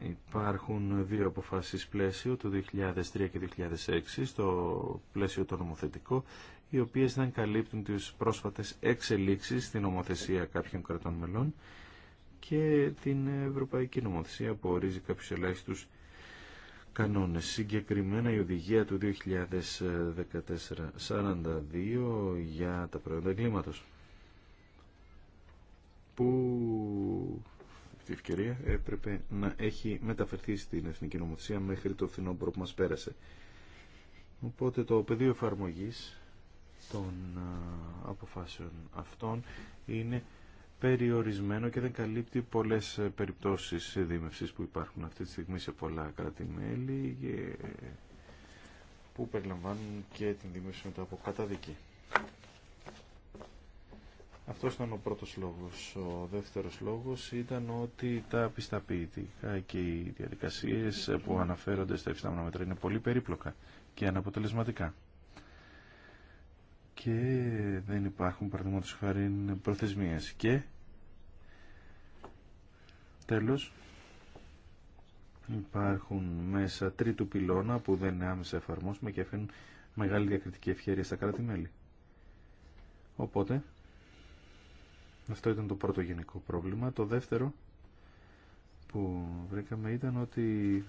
ε, υπάρχουν δύο αποφάσεις πλαίσιο το 2003 και 2006 στο πλαίσιο το νομοθετικό οι οποίες δεν καλύπτουν τις πρόσφατες εξελίξεις στην νομοθεσία κάποιων κρατών μελών και την Ευρωπαϊκή Νομοθεσία που ορίζει κάποιους ελάχιστους κανόνες. Συγκεκριμένα η οδηγία του 2014-42 για τα προϊόντα εγκλήματος που αυτή ευκαιρία έπρεπε να έχει μεταφερθεί στην Εθνική Νομοθεσία μέχρι το φθινόπωρο που μας πέρασε. Οπότε το πεδίο εφαρμογής των αποφάσεων αυτών είναι περιορισμένο και δεν καλύπτει πολλές ε, περιπτώσεις δίμευσης που υπάρχουν αυτή τη στιγμή σε πολλά κράτη-μέλη που περιλαμβάνουν και την δίμευση μετά από καταδίκη. Αυτό ήταν ο πρώτος λόγος. Ο δεύτερος λόγος ήταν ότι τα πισταποιητικά και οι διαδικασίες που αναφέρονται στα υψηλά μέτρα είναι πολύ περίπλοκα και αναποτελεσματικά. Και δεν υπάρχουν παραδείγματο χάρη προθεσμίες. Και τέλος υπάρχουν μέσα τρίτου πυλώνα που δεν είναι άμεσα εφαρμόσουμε και αφήνουν μεγάλη διακριτική ευχαίρεια στα κράτη-μέλη. Οπότε, αυτό ήταν το πρώτο γενικό πρόβλημα. Το δεύτερο που βρήκαμε ήταν ότι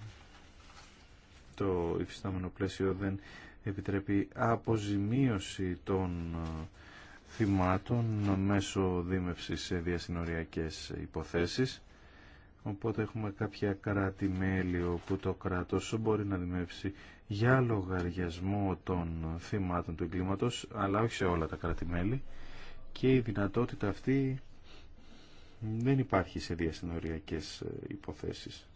το υφιστάμενο πλαίσιο δεν επιτρέπει αποζημίωση των ε, θυμάτων μέσω δίμευσης σε διασυνοριακές υποθέσεις. Οπότε έχουμε κάποια κράτη-μέλη όπου το κράτος μπορεί να δημεύσει για λογαριασμό των θυμάτων του εγκλήματος, αλλά όχι σε όλα τα κράτη-μέλη και η δυνατότητα αυτή δεν υπάρχει σε διασυνοριακές ε, υποθέσεις.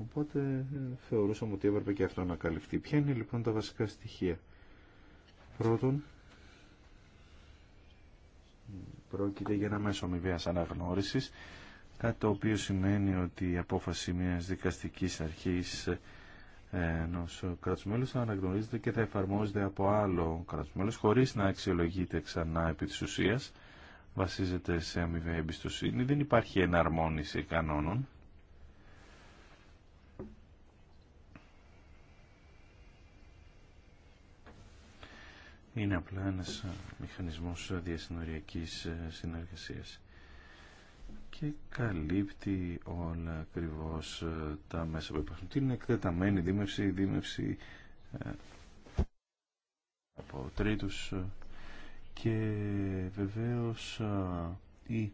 Οπότε ε, θεωρούσαμε ότι έπρεπε και αυτό να καλυφθεί. Ποια είναι λοιπόν τα βασικά στοιχεία. Πρώτον, πρόκειται για ένα μέσο αμοιβαίας αναγνώρισης, κάτι το οποίο σημαίνει ότι η απόφαση μιας δικαστικής αρχής ε, ενό κράτου μέλου θα αναγνωρίζεται και θα εφαρμόζεται από άλλο κράτο μέλο χωρί να αξιολογείται ξανά επί τη ουσία. Βασίζεται σε αμοιβαία εμπιστοσύνη. Δεν υπάρχει εναρμόνιση κανόνων. Είναι απλά ένας μηχανισμός διασυνοριακής συνεργασίας και καλύπτει όλα ακριβώ ε, τα μέσα που υπάρχουν. Τι είναι εκτεταμένη δίμευση, δίμευση ε, από τρίτους ε, και βεβαίως η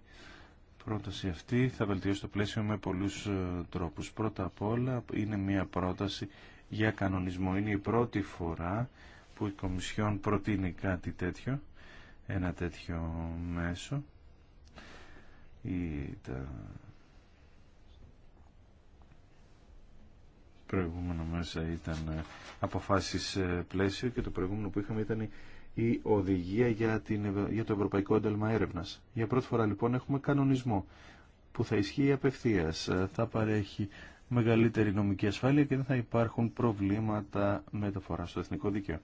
πρόταση αυτή θα βελτιώσει το πλαίσιο με πολλούς τρόπους. Πρώτα απ' όλα είναι μια πρόταση για κανονισμό. Είναι η πρώτη φορά που η Κομισιόν προτείνει κάτι τέτοιο, ένα τέτοιο μέσο το προηγούμενο μέσα ήταν ε, αποφάσεις ε, πλαίσιο και το προηγούμενο που είχαμε ήταν η οδηγία για, την, για το Ευρωπαϊκό Ένταλμα έρευνα. Για πρώτη φορά λοιπόν έχουμε κανονισμό που θα ισχύει απευθεία, ε, θα παρέχει μεγαλύτερη νομική ασφάλεια και δεν θα υπάρχουν προβλήματα μεταφορά στο εθνικό δίκαιο.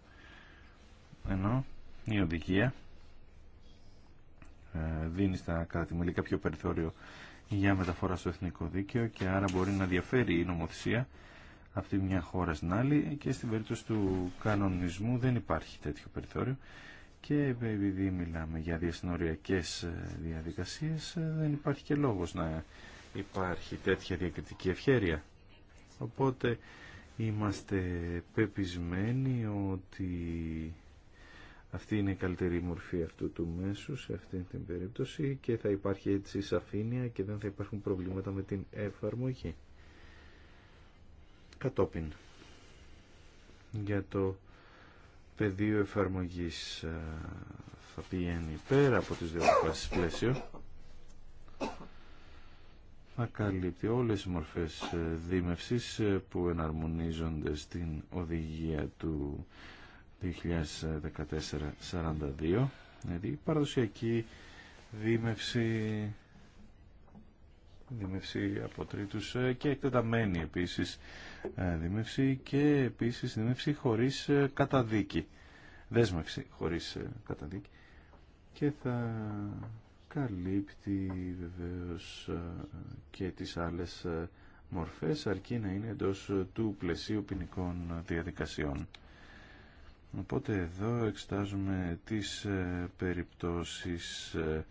Ενώ η οδηγία ε, δίνει στα κράτη-μέλη κάποιο περιθώριο για μεταφορά στο εθνικό δίκαιο και άρα μπορεί να διαφέρει η νομοθεσία από τη μια χώρα στην άλλη και στην περίπτωση του κανονισμού δεν υπάρχει τέτοιο περιθώριο και επειδή μιλάμε για διασυνοριακές ε, διαδικασίες ε, δεν υπάρχει και λόγος να υπάρχει τέτοια διακριτική ευχέρεια. Οπότε είμαστε πεπισμένοι ότι αυτή είναι η καλύτερη μορφή αυτού του μέσου σε αυτή την περίπτωση και θα υπάρχει έτσι σαφήνεια και δεν θα υπάρχουν προβλήματα με την εφαρμογή. Κατόπιν για το πεδίο εφαρμογής θα πηγαίνει πέρα από τις διαδικασίες πλαίσιο θα καλύπτει όλες τις μορφές ε, δίμευσης ε, που εναρμονίζονται στην οδηγία του 2014-42 δηλαδή παραδοσιακή δίμευση δίμευση από τρίτους ε, και εκτεταμένη επίσης ε, δίμευση και επίσης δίμευση χωρίς ε, καταδίκη δέσμευση χωρίς καταδίκη και θα καλύπτει βεβαίως και τις άλλες μορφές αρκεί να είναι εντός του πλαισίου ποινικών διαδικασιών. Οπότε εδώ εξετάζουμε τις ε, περιπτώσεις ε,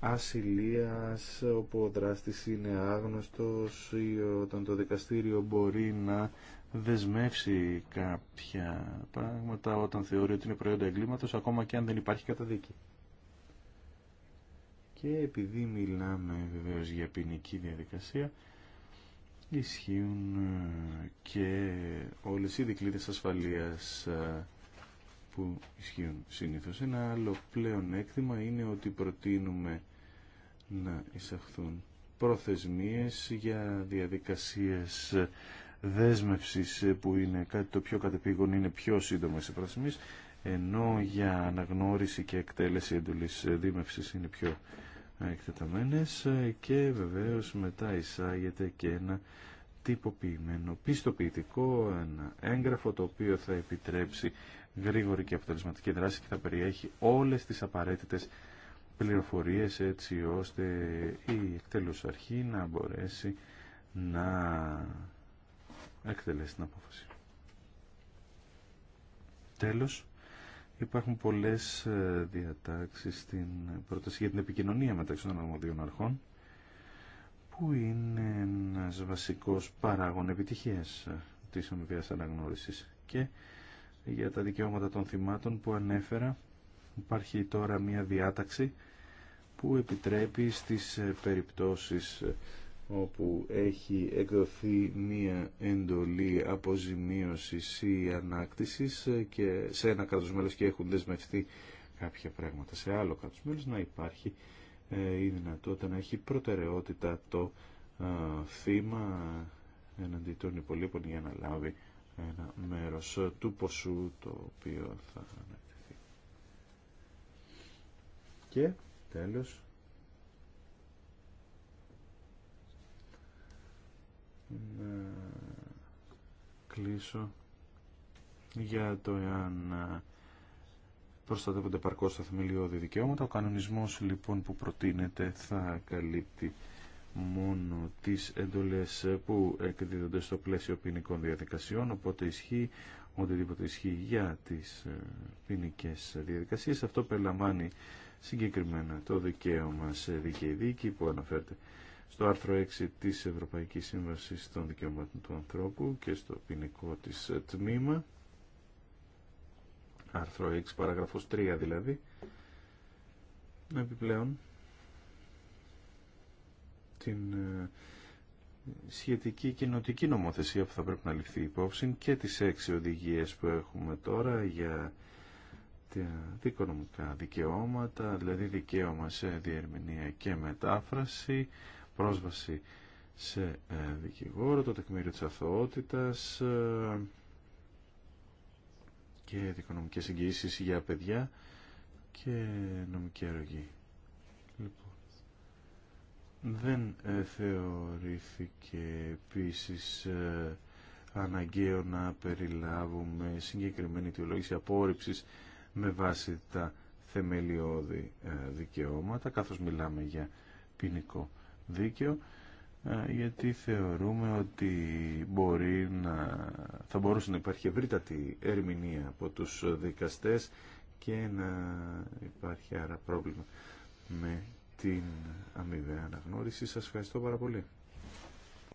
ασυλίας όπου ο δράστης είναι άγνωστος ή όταν το δικαστήριο μπορεί να δεσμεύσει κάποια πράγματα όταν θεωρεί ότι είναι προϊόντα εγκλήματος ακόμα και αν δεν υπάρχει καταδίκη. Και επειδή μιλάμε βεβαίως για ποινική διαδικασία ισχύουν ε, και όλες οι δικλείδες ασφαλείας ε, που ισχύουν συνήθως. Ένα άλλο πλέον έκτημα είναι ότι προτείνουμε να εισαχθούν προθεσμίες για διαδικασίες δέσμευσης ε, που είναι κάτι το πιο κατεπήγον είναι πιο σύντομες οι προθεσμίες ενώ για αναγνώριση και εκτέλεση εντολής δίμευσης είναι πιο εκτεταμένες ε, και βεβαίως μετά εισάγεται και ένα τυποποιημένο πιστοποιητικό, ένα έγγραφο το οποίο θα επιτρέψει γρήγορη και αποτελεσματική δράση και θα περιέχει όλες τις απαραίτητες πληροφορίες έτσι ώστε η εκτέλους αρχή να μπορέσει να εκτελέσει την απόφαση. Τέλος, Υπάρχουν πολλές ε, διατάξεις στην πρόταση για την επικοινωνία μεταξύ των αρμοδίων αρχών που είναι ένας βασικός παράγων επιτυχίας ε, της αμοιβαίας αναγνώρισης και για τα δικαιώματα των θυμάτων που ανέφερα υπάρχει τώρα μια διάταξη που επιτρέπει στις ε, περιπτώσεις όπου έχει εκδοθεί μία εντολή αποζημίωσης ή ανάκτησης και σε ένα κράτος μέλος και έχουν δεσμευτεί κάποια πράγματα σε άλλο κράτος μέλος να υπάρχει ε, η δυνατότητα να έχει προτεραιότητα το ε, θύμα εναντί των υπολείπων για να λάβει ένα μέρος του ποσού το οποίο θα ανακτηθεί. Και τέλος να κλείσω για το εάν ε, προστατεύονται παρκώς τα θεμελιώδη δικαιώματα. Ο κανονισμός λοιπόν που προτείνεται θα καλύπτει μόνο τις εντολές που εκδίδονται στο πλαίσιο ποινικών διαδικασιών, οπότε ισχύει οτιδήποτε ισχύει για τις ε, ποινικέ διαδικασίες. Αυτό περιλαμβάνει συγκεκριμένα το δικαίωμα σε δίκαιη δίκη που αναφέρεται στο άρθρο 6 της Ευρωπαϊκής Σύμβασης των Δικαιωμάτων του Ανθρώπου και στο ποινικό της ε, τμήμα, άρθρο 6 παραγραφός 3 δηλαδή, επιπλέον την ε, σχετική κοινοτική νομοθεσία που θα πρέπει να ληφθεί υπόψη και τις έξι οδηγίες που έχουμε τώρα για τα δικονομικά δικαιώματα, δηλαδή δικαίωμα σε διερμηνία και μετάφραση, πρόσβαση σε ε, δικηγόρο, το τεκμήριο της αθωότητας ε, και οικονομικές εγγυήσεις για παιδιά και νομική αρρωγή. Λοιπόν, δεν ε, θεωρήθηκε επίσης αναγκαίο να περιλάβουμε συγκεκριμένη αιτιολόγηση απόρριψης με βάση τα θεμελιώδη δικαιώματα, καθώς μιλάμε για ποινικό δίκαιο ε, γιατί θεωρούμε ότι μπορεί να, θα μπορούσε να υπάρχει ευρύτατη ερμηνεία από τους δικαστές και να υπάρχει άρα πρόβλημα με την αμοιβαία αναγνώριση. Σας ευχαριστώ πάρα πολύ.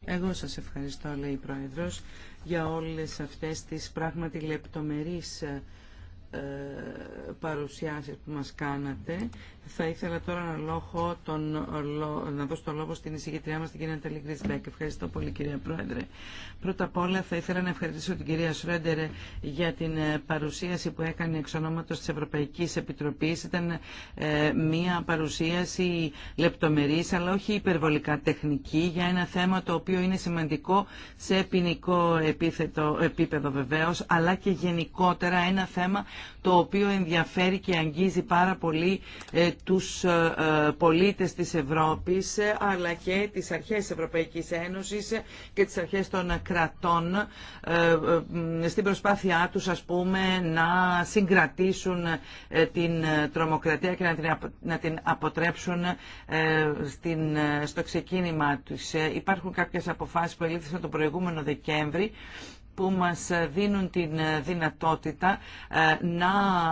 Εγώ σας ευχαριστώ, λέει η Πρόεδρος, για όλες αυτές τις πράγματι λεπτομερείς ε, ε, παρουσιάσεις που μας κάνατε. Θα ήθελα τώρα να, λόγω τον, να δώσω τον λόγο στην εισηγητριά μας, την κυρία Ανταλή Γκρισμπέκ. Ευχαριστώ πολύ κυρία Πρόεδρε. Πρώτα απ' όλα θα ήθελα να ευχαριστήσω την κυρία Σρέντερε για την ε, παρουσίαση που έκανε εξ ονόματος της Ευρωπαϊκής Επιτροπής. Ήταν ε, μία παρουσίαση λεπτομερής αλλά όχι υπερβολικά τεχνική για ένα θέμα το οποίο είναι σημαντικό σε ποινικό επίπεδο βεβαίως αλλά και γενικότερα ένα θέμα το οποίο ενδιαφέρει και αγγίζει πάρα πολύ ε, τους ε, ε, πολίτες της Ευρώπης αλλά και τις αρχές της Ευρωπαϊκής Ένωσης και τις αρχές των κρατών στην προσπάθειά τους ας πούμε να συγκρατήσουν την τρομοκρατία και να την αποτρέψουν στην, στο ξεκίνημα τους. Υπάρχουν κάποιες αποφάσεις που ελήφθησαν τον προηγούμενο Δεκέμβρη που μας δίνουν την ε, δυνατότητα ε, να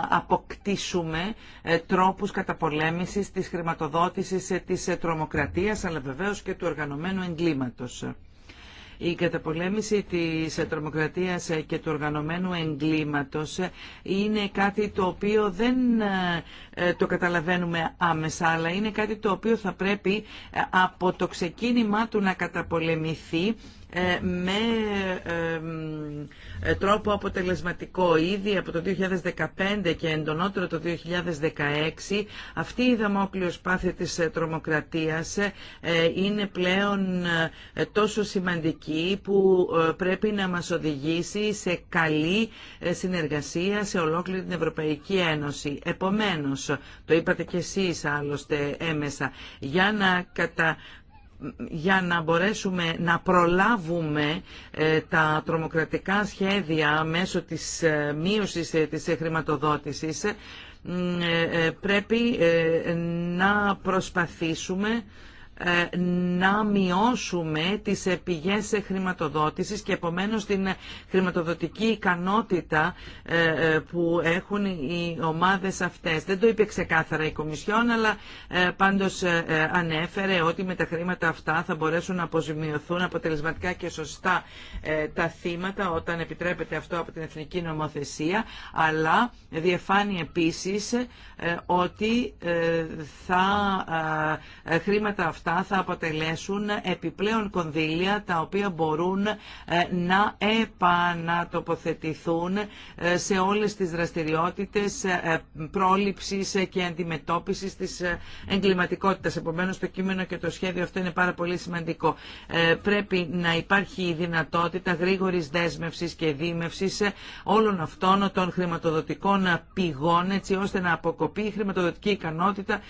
αποκτήσουμε ε, τρόπους καταπολέμησης της χρηματοδότησης της τρομοκρατίας αλλά βεβαίως και του οργανωμένου εγκλήματος. Η καταπολέμηση της τρομοκρατίας και του οργανωμένου εγκλήματος είναι κάτι το οποίο δεν το καταλαβαίνουμε άμεσα, αλλά είναι κάτι το οποίο θα πρέπει από το ξεκίνημα του να καταπολεμηθεί ε, με ε, τρόπο αποτελεσματικό. Ήδη από το 2015 και εντονότερο το 2016 αυτή η δαμόκλειος πάθη της ε, τρομοκρατίας είναι πλέον τόσο σημαντική που πρέπει να μας οδηγήσει σε καλή συνεργασία σε ολόκληρη την Ευρωπαϊκή Ένωση. Επομένως, το είπατε κι εσείς άλλωστε έμεσα, για να κατα για να μπορέσουμε να προλάβουμε ε, τα τρομοκρατικά σχέδια μέσω της ε, μείωσης ε, της χρηματοδότησης πρέπει να προσπαθήσουμε ε, να μειώσουμε τις πηγές χρηματοδότησης και επομένως την χρηματοδοτική ικανότητα ε, ε, που έχουν οι ομάδες αυτές. Δεν το είπε ξεκάθαρα η Κομισιόν, αλλά πάντως ανέφερε ότι με τα χρήματα αυτά θα μπορέσουν να αποζημιωθούν αποτελεσματικά και σωστά τα θύματα όταν επιτρέπεται αυτό από την Εθνική Νομοθεσία, αλλά διεφάνει επίσης ότι θα χρήματα αυτά αυτά θα αποτελέσουν επιπλέον κονδύλια τα οποία μπορούν ε, να επανατοποθετηθούν ε, σε όλες τις δραστηριότητες ε, πρόληψης και αντιμετώπισης της εγκληματικότητας. Επομένως το κείμενο και το σχέδιο αυτό είναι πάρα πολύ σημαντικό. Πρέπει να υπάρχει η δυνατότητα γρήγορης δέσμευσης και δίμευσης όλων αυτών των χρηματοδοτικών πηγών έτσι ώστε να αποκοπεί η χρηματοδοτική ικανότητα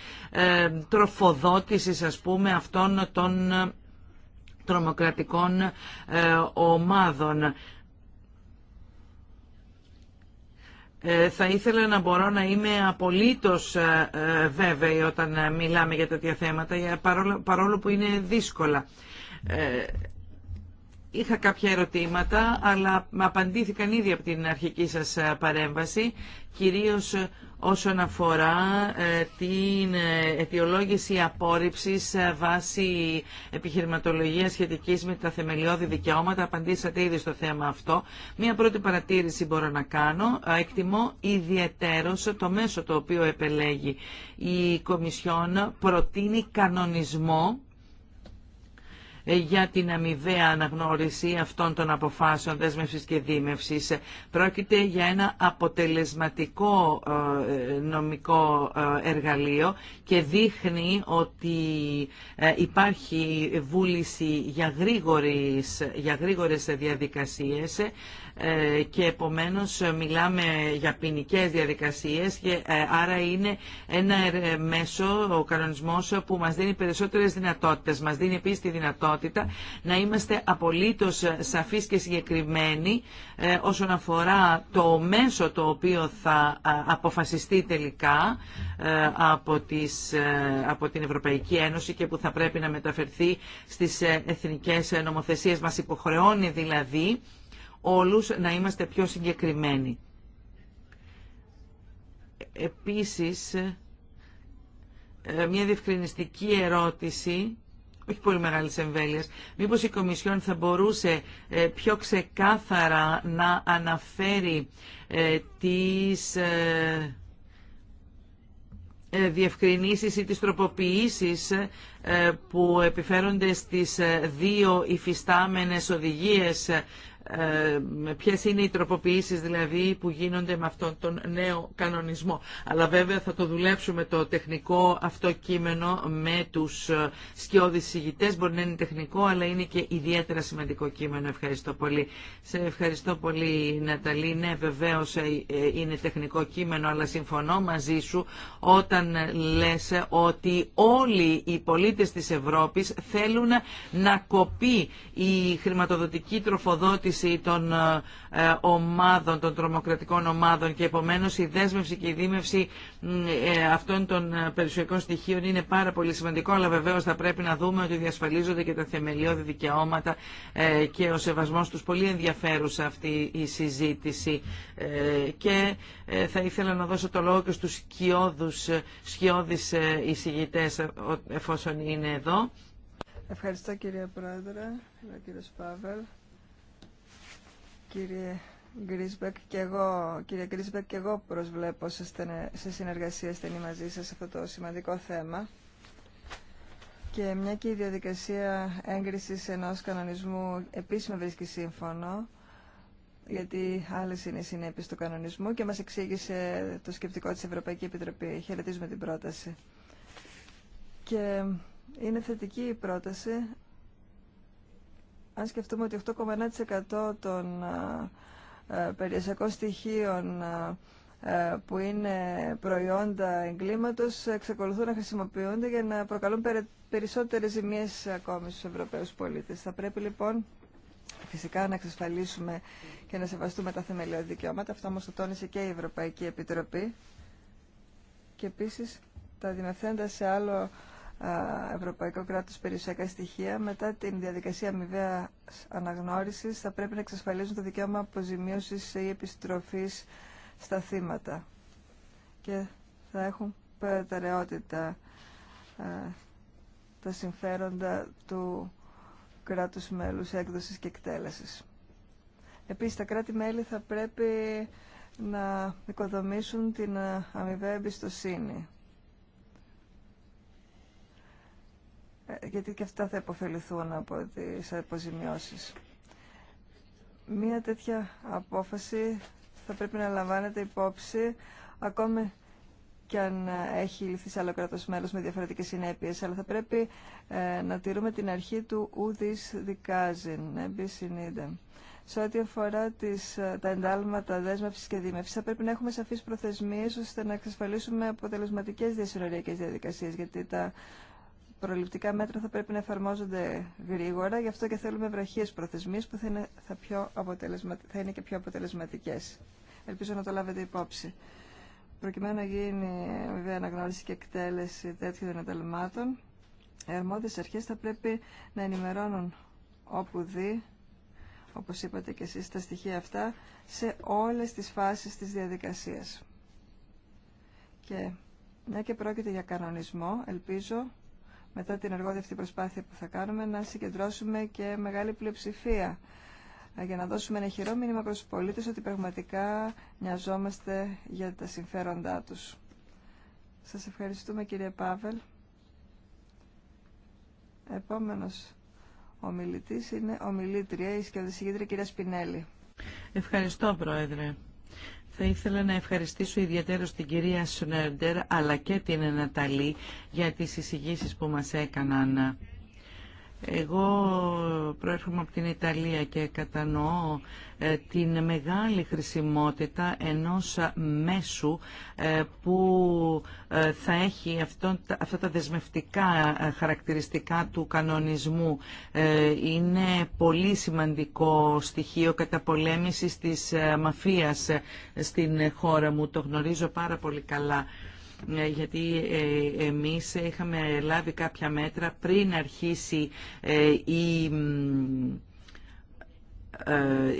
τροφοδότησης α πούμε με αυτών των ε, τρομοκρατικών ε, ομάδων. Ε, θα ήθελα να μπορώ να είμαι απολύτως βέβαιη όταν μιλάμε για τέτοια θέματα, παρόλο που είναι δύσκολα. Είχα κάποια ερωτήματα, αλλά με απαντήθηκαν ήδη από την αρχική σας παρέμβαση, κυρίως όσον αφορά ε, την ε, αιτιολόγηση απόρριψης ε, βάσει επιχειρηματολογίας σχετικής με τα θεμελιώδη δικαιώματα. Απαντήσατε ήδη στο θέμα αυτό. Μία πρώτη παρατήρηση μπορώ να κάνω. Εκτιμώ ιδιαιτέρως το μέσο το οποίο επελέγει η Κομισιόν προτείνει κανονισμό για την αμοιβαία αναγνώριση αυτών των αποφάσεων δέσμευσης και δίμευσης. Πρόκειται για ένα αποτελεσματικό ε, νομικό ε, εργαλείο και δείχνει ότι ε, υπάρχει βούληση για γρήγορες διαδικασίες ε, και επομένως ε, μιλάμε για ποινικέ διαδικασίες και ε, άρα είναι ένα μέσο ο κανονισμός που μας δίνει περισσότερες δυνατότητες. Μας δίνει επίσης τη δυνατότητα να είμαστε απολύτως σαφείς και συγκεκριμένοι όσον αφορά το μέσο το οποίο θα αποφασιστεί τελικά από, τις, από την Ευρωπαϊκή Ένωση και που θα πρέπει να μεταφερθεί στις εθνικές νομοθεσίες. Μας υποχρεώνει δηλαδή όλους να είμαστε πιο συγκεκριμένοι. Επίσης, ε, μια διευκρινιστική ερώτηση, όχι πολύ μεγάλη εμβέλεια. μήπως η Κομισιόν θα μπορούσε ε, πιο ξεκάθαρα να αναφέρει ε, τις διευκρινήσεις ή τις τροποποιήσεις που επιφέρονται στις δύο υφιστάμενες οδηγίες ε, Ποιε είναι οι τροποποιήσεις δηλαδή που γίνονται με αυτόν τον νέο κανονισμό. Αλλά βέβαια θα το δουλέψουμε το τεχνικό αυτό κείμενο με τους ε, σκιώδει συγητέ. Μπορεί να είναι τεχνικό αλλά είναι και ιδιαίτερα σημαντικό κείμενο. Ευχαριστώ πολύ. Σε ευχαριστώ πολύ Ναταλή. Ναι βεβαίως ε, είναι τεχνικό κείμενο αλλά συμφωνώ μαζί σου όταν λες ότι όλοι οι πολίτε της Ευρώπη θέλουν να κοπεί η χρηματοδοτική τροφοδότηση των ε, ε, ομάδων, των τρομοκρατικών ομάδων και επομένως η δέσμευση και η δίμευση ε, αυτών των περιουσιακών στοιχείων είναι πάρα πολύ σημαντικό, αλλά βεβαίως θα πρέπει να δούμε ότι διασφαλίζονται και τα θεμελιώδη δικαιώματα και ο σεβασμός τους πολύ ενδιαφέρουσα αυτή η συζήτηση. Και θα ήθελα να δώσω το λόγο και στους σκιώδους, σκιώδεις εισηγητές εφόσον είναι εδώ. Ευχαριστώ κύριε Πρόεδρε, κύριε κύριε Γκρίσμπεκ και εγώ, κύριε και εγώ προσβλέπω σε, σε συνεργασία στενή μαζί σας αυτό το σημαντικό θέμα και μια και η διαδικασία έγκρισης ενός κανονισμού επίσημα βρίσκει σύμφωνο γιατί άλλες είναι οι συνέπειες του κανονισμού και μας εξήγησε το σκεπτικό της Ευρωπαϊκή Επιτροπή. Χαιρετίζουμε την πρόταση. Και είναι θετική η πρόταση, αν σκεφτούμε ότι 8,1% των ε, περιοσιακών στοιχείων ε, που είναι προϊόντα εγκλήματος εξακολουθούν να χρησιμοποιούνται για να προκαλούν περισσότερες ζημίες ακόμη στους Ευρωπαίους πολίτες. Θα πρέπει λοιπόν φυσικά να εξασφαλίσουμε και να σεβαστούμε τα θεμελιώδη δικαιώματα. Αυτό όμως το τόνισε και η Ευρωπαϊκή Επιτροπή. Και επίσης τα δημευθέντα σε άλλο Ευρωπαϊκό κράτο περιουσιακά στοιχεία, μετά την διαδικασία αμοιβαία αναγνώρισης θα πρέπει να εξασφαλίζουν το δικαίωμα αποζημίωση ή επιστροφής στα θύματα και θα έχουν προτεραιότητα τα συμφέροντα του κράτου μέλους έκδοσης και εκτέλεσης. Επίση, τα κράτη-μέλη θα πρέπει να οικοδομήσουν την αμοιβαία εμπιστοσύνη Ε, γιατί και αυτά θα υποφεληθούν από τις αποζημιώσεις. Μία τέτοια απόφαση θα πρέπει να λαμβάνεται υπόψη ακόμη και αν ε, έχει ληφθεί σε άλλο κράτος μέλος με διαφορετικές συνέπειες, αλλά θα πρέπει ε, να τηρούμε την αρχή του ουδής δικάζειν, εμπί Σε ό,τι αφορά τις, τα εντάλματα δέσμευσης και δίμευσης, θα πρέπει να έχουμε σαφείς προθεσμίες ώστε να εξασφαλίσουμε αποτελεσματικές διασυνοριακές διαδικασίες, γιατί τα προληπτικά μέτρα θα πρέπει να εφαρμόζονται γρήγορα, γι' αυτό και θέλουμε βραχίες προθεσμίες που θα είναι, θα πιο θα είναι και πιο αποτελεσματικές. Ελπίζω να το λάβετε υπόψη. Προκειμένου να γίνει βέβαια αναγνώριση και εκτέλεση τέτοιων ενταλμάτων, οι αρμόδιες αρχές θα πρέπει να ενημερώνουν όπου δει, όπως είπατε και εσείς, τα στοιχεία αυτά σε όλες τις φάσεις της διαδικασίας. Και μια και πρόκειται για κανονισμό, ελπίζω μετά την αργότερη αυτή προσπάθεια που θα κάνουμε να συγκεντρώσουμε και μεγάλη πλειοψηφία ε, για να δώσουμε ένα χειρό μήνυμα προς τους πολίτες ότι πραγματικά νοιαζόμαστε για τα συμφέροντά τους. Σας ευχαριστούμε κύριε Πάβελ. Επόμενος ομιλητής είναι ομιλήτρια, η σκευδεσηγήτρια κυρία Σπινέλη. Ευχαριστώ πρόεδρε. Θα ήθελα να ευχαριστήσω ιδιαίτερα την κυρία Σνέρντερ αλλά και την Ναταλή για τις εισηγήσεις που μας έκαναν. Εγώ προέρχομαι από την Ιταλία και κατανοώ ε, την μεγάλη χρησιμότητα ενός ε, μέσου ε, που θα έχει αυτό, αυτά τα δεσμευτικά χαρακτηριστικά του κανονισμού. Είναι πολύ σημαντικό στοιχείο καταπολέμησης της μαφίας στην χώρα μου. Το γνωρίζω πάρα πολύ καλά. Ε, γιατί ε, εμείς είχαμε λάβει κάποια μέτρα πριν αρχίσει ε, η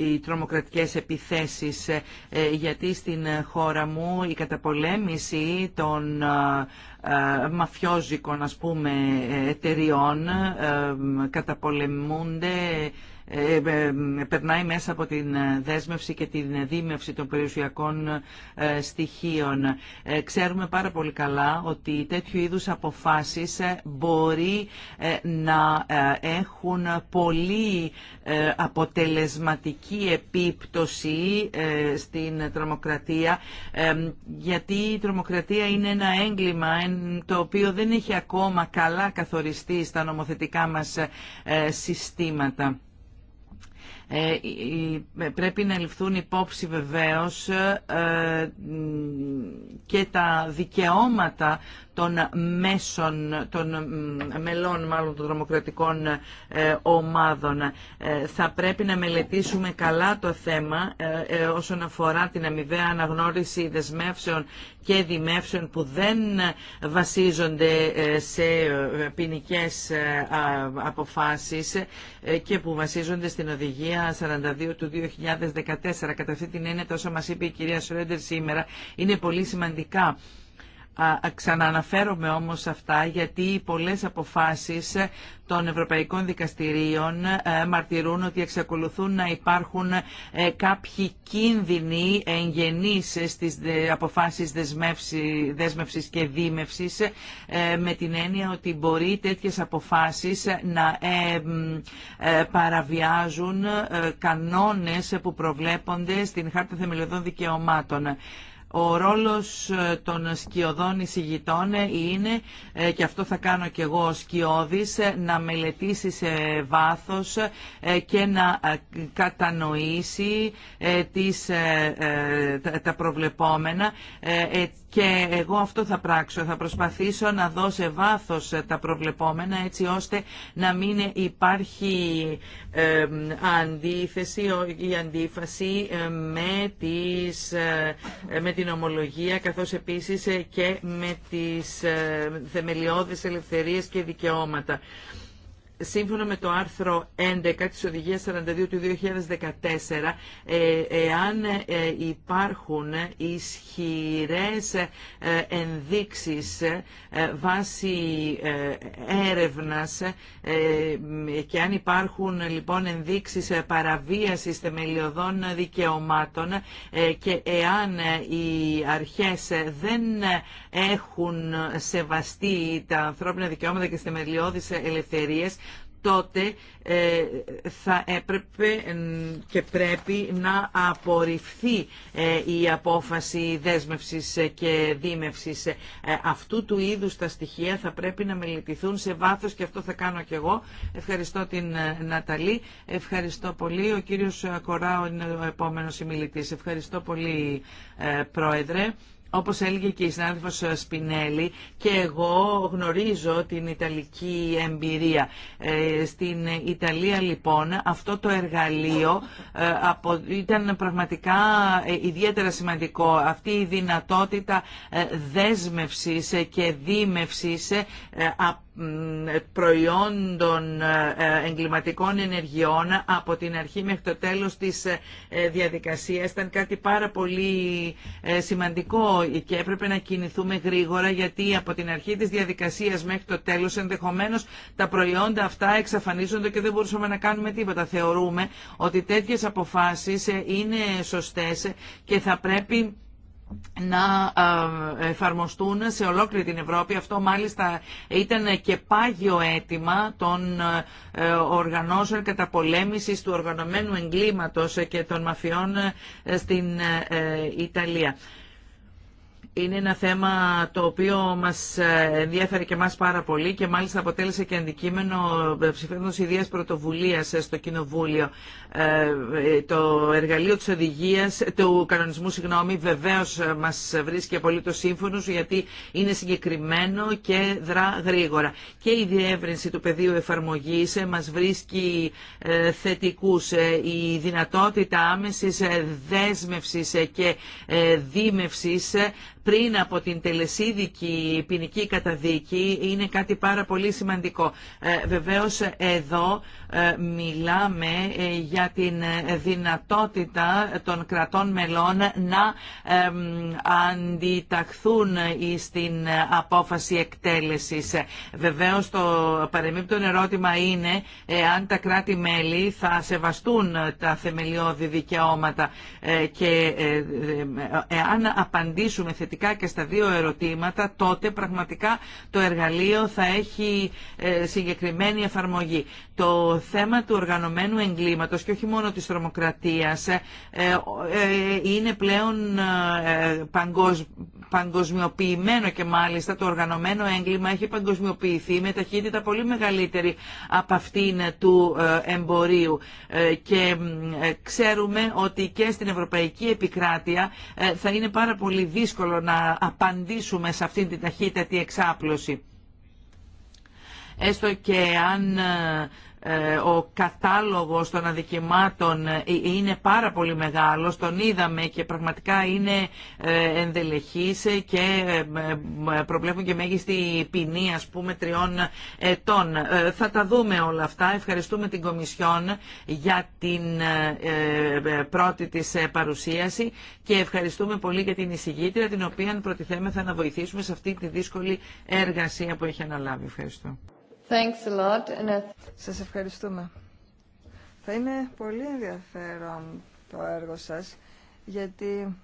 οι τρομοκρατικές επιθέσεις γιατί στην χώρα μου η καταπολέμηση των μαφιόζικων ας πούμε εταιριών καταπολεμούνται ε, ε, περνάει μέσα από την ε, δέσμευση και την δίμευση των περιουσιακών στοιχείων. Ξέρουμε πάρα πολύ καλά ότι τέτοιου είδους αποφάσεις μπορεί να έχουν πολύ αποτελεσματική επίπτωση στην τρομοκρατία γιατί η τρομοκρατία είναι ένα έγκλημα το οποίο δεν έχει ακόμα καλά καθοριστεί στα νομοθετικά μας συστήματα. Ε, πρέπει να ληφθούν υπόψη βεβαίως ε, και τα δικαιώματα των μέσων, των μελών μάλλον των δρομοκρατικών ε, ομάδων. Ε, θα πρέπει να μελετήσουμε καλά το θέμα ε, όσον αφορά την αμοιβαία αναγνώριση δεσμεύσεων και δημεύσεων που δεν βασίζονται σε ποινικέ αποφάσεις και που βασίζονται στην οδηγία 42 του 2014. Κατά αυτή την έννοια, όσα μας είπε η κυρία Σρέντερ σήμερα, είναι πολύ σημαντικά. Ξαναναφέρομαι όμως αυτά γιατί πολλές αποφάσεις των Ευρωπαϊκών Δικαστηρίων ε, μαρτυρούν ότι εξακολουθούν να υπάρχουν ε, κάποιοι κίνδυνοι εγγενείς στις αποφάσεις δέσμευσης και δίμευσης ε, με την έννοια ότι μπορεί τέτοιες αποφάσεις να παραβιάζουν κανόνες που προβλέπονται στην Χάρτα Θεμελιωδών Δικαιωμάτων. Ο ρόλος ε, των σκιωδών εισηγητών ε, είναι, ε, και αυτό θα κάνω και εγώ ως σκιώδης, να μελετήσει σε βάθος και να κατανοήσει τα προβλεπόμενα και εγώ αυτό θα πράξω. Θα προσπαθήσω να δω σε βάθος ε, τα προβλεπόμενα έτσι ώστε να μην υπάρχει αντίθεση ή αντίφαση ε, με, τις, ε, με την ομολογία καθώς επίσης και με τις θεμελιώδεις ελευθερίες και δικαιώματα σύμφωνα με το άρθρο 11 της Οδηγίας 42 του 2014, ε, εάν ε, υπάρχουν ισχυρές ε, ενδείξεις βάσει έρευνας και αν υπάρχουν λοιπόν ενδείξεις παραβίασης θεμελιωδών δικαιωμάτων και εάν οι αρχές δεν έχουν σεβαστεί τα ανθρώπινα δικαιώματα και τις θεμελιώδεις ελευθερίες, τότε ε, θα έπρεπε και πρέπει να απορριφθεί ε, η απόφαση δέσμευσης ε, και δίμευσης. Αυτού του είδους τα στοιχεία θα πρέπει να μελετηθούν σε βάθος και αυτό θα κάνω και εγώ. Ευχαριστώ την Ναταλή. Ευχαριστώ πολύ. Ο κύριος Κοράου είναι ο επόμενος συμμιλητής. Ευχαριστώ πολύ, Πρόεδρε. Όπως έλεγε και η συνάδελφος Σπινέλη και εγώ γνωρίζω την Ιταλική εμπειρία. Ε, στην Ιταλία λοιπόν αυτό το εργαλείο ε, ήταν πραγματικά ε, ιδιαίτερα σημαντικό. Αυτή η δυνατότητα δέσμευσης και δίμευσης προϊόντων ε, ε, εγκληματικών ενεργειών από την αρχή μέχρι το τέλος της ε, διαδικασίας ήταν κάτι πάρα πολύ σημαντικό και έπρεπε να κινηθούμε γρήγορα γιατί από την αρχή της διαδικασίας μέχρι το τέλος ενδεχομένως τα προϊόντα αυτά εξαφανίζονται και δεν μπορούσαμε να κάνουμε τίποτα. Θεωρούμε ότι τέτοιες αποφάσεις είναι σωστές και θα πρέπει να εφαρμοστούν σε ολόκληρη την Ευρώπη. Αυτό μάλιστα ήταν και πάγιο αίτημα των ε, οργανώσεων καταπολέμησης του οργανωμένου εγκλήματος και των μαφιών ε, στην ε, Ιταλία. Είναι ένα θέμα το οποίο μας ε, ενδιαφέρει και μας πάρα πολύ και μάλιστα αποτέλεσε και αντικείμενο ε, ψηφίσματος ιδίας πρωτοβουλίας ε, στο Κοινοβούλιο. Το εργαλείο της οδηγίας, του κανονισμού, συγγνώμη, βεβαίως μας βρίσκει απολύτω σύμφωνος γιατί είναι συγκεκριμένο και δρά γρήγορα. Και η διεύρυνση του πεδίου εφαρμογής μας βρίσκει θετικούς. Η δυνατότητα άμεσης δέσμευσης και δίμευσης πριν από την τελεσίδικη ποινική καταδίκη είναι κάτι πάρα πολύ σημαντικό. Ε, βεβαίως εδώ ε, μιλάμε ε, για την δυνατότητα των κρατών μελών να αντιταχθούν στην απόφαση εκτέλεσης. Βεβαίως το παρεμίπτον ερώτημα είναι αν τα κράτη-μέλη θα σεβαστούν τα θεμελιώδη δικαιώματα και εάν απαντήσουμε θετικά και στα δύο ερωτήματα, τότε πραγματικά το εργαλείο θα έχει ε, συγκεκριμένη εφαρμογή. Το θέμα του οργανωμένου εγκλήματος και όχι μόνο της τρομοκρατίας ε, ε, είναι πλέον παγκοσμιοποιημένο και μάλιστα το οργανωμένο έγκλημα έχει παγκοσμιοποιηθεί με ταχύτητα πολύ μεγαλύτερη από αυτήν του εμπορίου και ξέρουμε ότι και στην Ευρωπαϊκή Επικράτεια θα είναι πάρα πολύ δύσκολο να απαντήσουμε σε αυτήν την ταχύτατη εξάπλωση έστω και αν ε, ε, ο κατάλογος των αδικημάτων ε, είναι πάρα πολύ μεγάλος, τον είδαμε και πραγματικά είναι ε, ενδελεχής και προβλέπουν και μέγιστη ποινή ας πούμε τριών ετών. Θα τα δούμε όλα αυτά. Ευχαριστούμε την Κομισιόν για την πρώτη της παρουσίαση και ευχαριστούμε πολύ για την εισηγήτρια την οποία προτιθέμεθα να βοηθήσουμε σε αυτή τη δύσκολη εργασία που έχει αναλάβει. Ευχαριστώ. Thanks Σας ευχαριστούμε. Θα είναι πολύ ενδιαφέρον το έργο σας, γιατί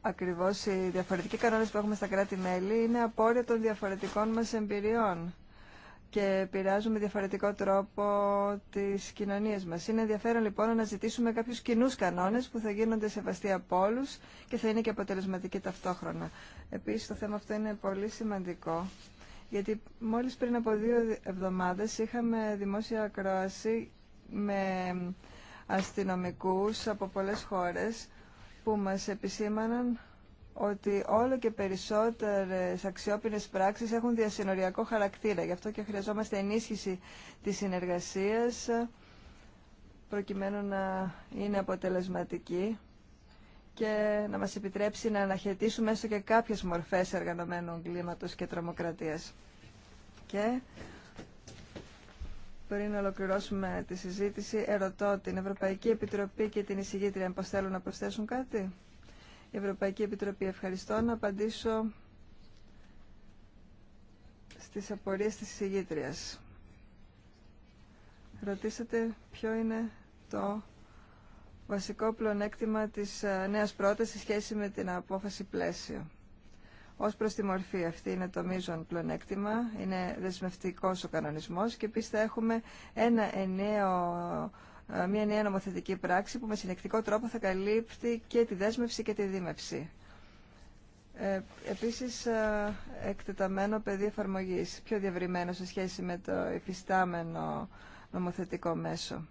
ακριβώς οι διαφορετικοί κανόνες που έχουμε στα κράτη-μέλη είναι απόρρια των διαφορετικών μας εμπειριών και επηρεάζουν με διαφορετικό τρόπο τις κοινωνίες μας. Είναι ενδιαφέρον λοιπόν να ζητήσουμε κάποιους κοινούς κανόνες που θα γίνονται σεβαστοί από όλου και θα είναι και αποτελεσματικοί ταυτόχρονα. Επίσης το θέμα αυτό είναι πολύ σημαντικό γιατί μόλις πριν από δύο εβδομάδες είχαμε δημόσια ακρόαση με αστυνομικούς από πολλές χώρες που μας επισήμαναν ότι όλο και περισσότερες αξιόπινες πράξεις έχουν διασυνοριακό χαρακτήρα. Γι' αυτό και χρειαζόμαστε ενίσχυση της συνεργασίας προκειμένου να είναι αποτελεσματική και να μας επιτρέψει να αναχαιτήσουμε έστω και κάποιες μορφές εργανομένου κλίματος και τρομοκρατίας. Και πριν ολοκληρώσουμε τη συζήτηση, ερωτώ την Ευρωπαϊκή Επιτροπή και την εισηγήτρια πως θέλουν να προσθέσουν κάτι. Η Ευρωπαϊκή Επιτροπή ευχαριστώ να απαντήσω στις απορίες της εισηγήτριας. Ρωτήσατε ποιο είναι το βασικό πλονέκτημα της ε, νέας πρότασης σε σχέση με την απόφαση πλαίσιο. Ως προς τη μορφή αυτή είναι το μείζον πλονέκτημα, είναι δεσμευτικός ο κανονισμός και επίσης θα έχουμε ένα ενέο, ε, μια νέα νομοθετική πράξη που με συνεκτικό τρόπο θα καλύπτει και τη δέσμευση και τη δίμευση. Ε, επίσης, ε, εκτεταμένο πεδίο εφαρμογή πιο διαβριμένο σε σχέση με το υφιστάμενο νομοθετικό μέσο.